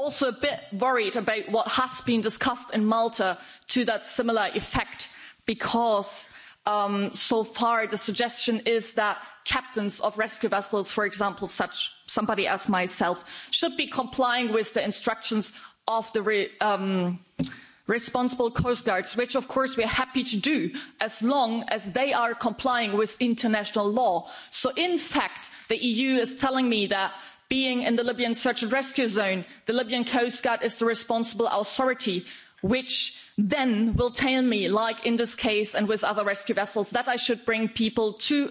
also a bit worried about what has been discussed in malta to that similar effect because um, so far the suggestion is that captains of rescue vessels for example such somebody as myself should be complying with the instructions of the um, responsible coastguards which of course we are happy to do as long as they are complying with international law. so in fact the eu is telling me that being in the libyan search and rescue zone the libyan coast guard is the responsible authority which then will tell me like in this case and with other rescue vessels that i should bring people to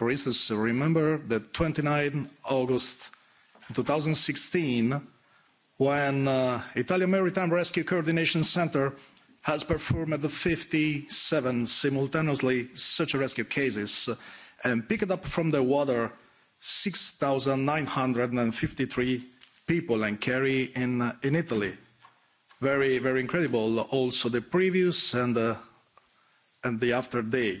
For instance, remember that 29 August 2016, when uh, Italian Maritime Rescue Coordination Center has performed 57 simultaneously and rescue cases and picked up from the water 6,953 people and carry in, uh, in Italy. Very, very incredible. Also the previous and, uh, and the after day.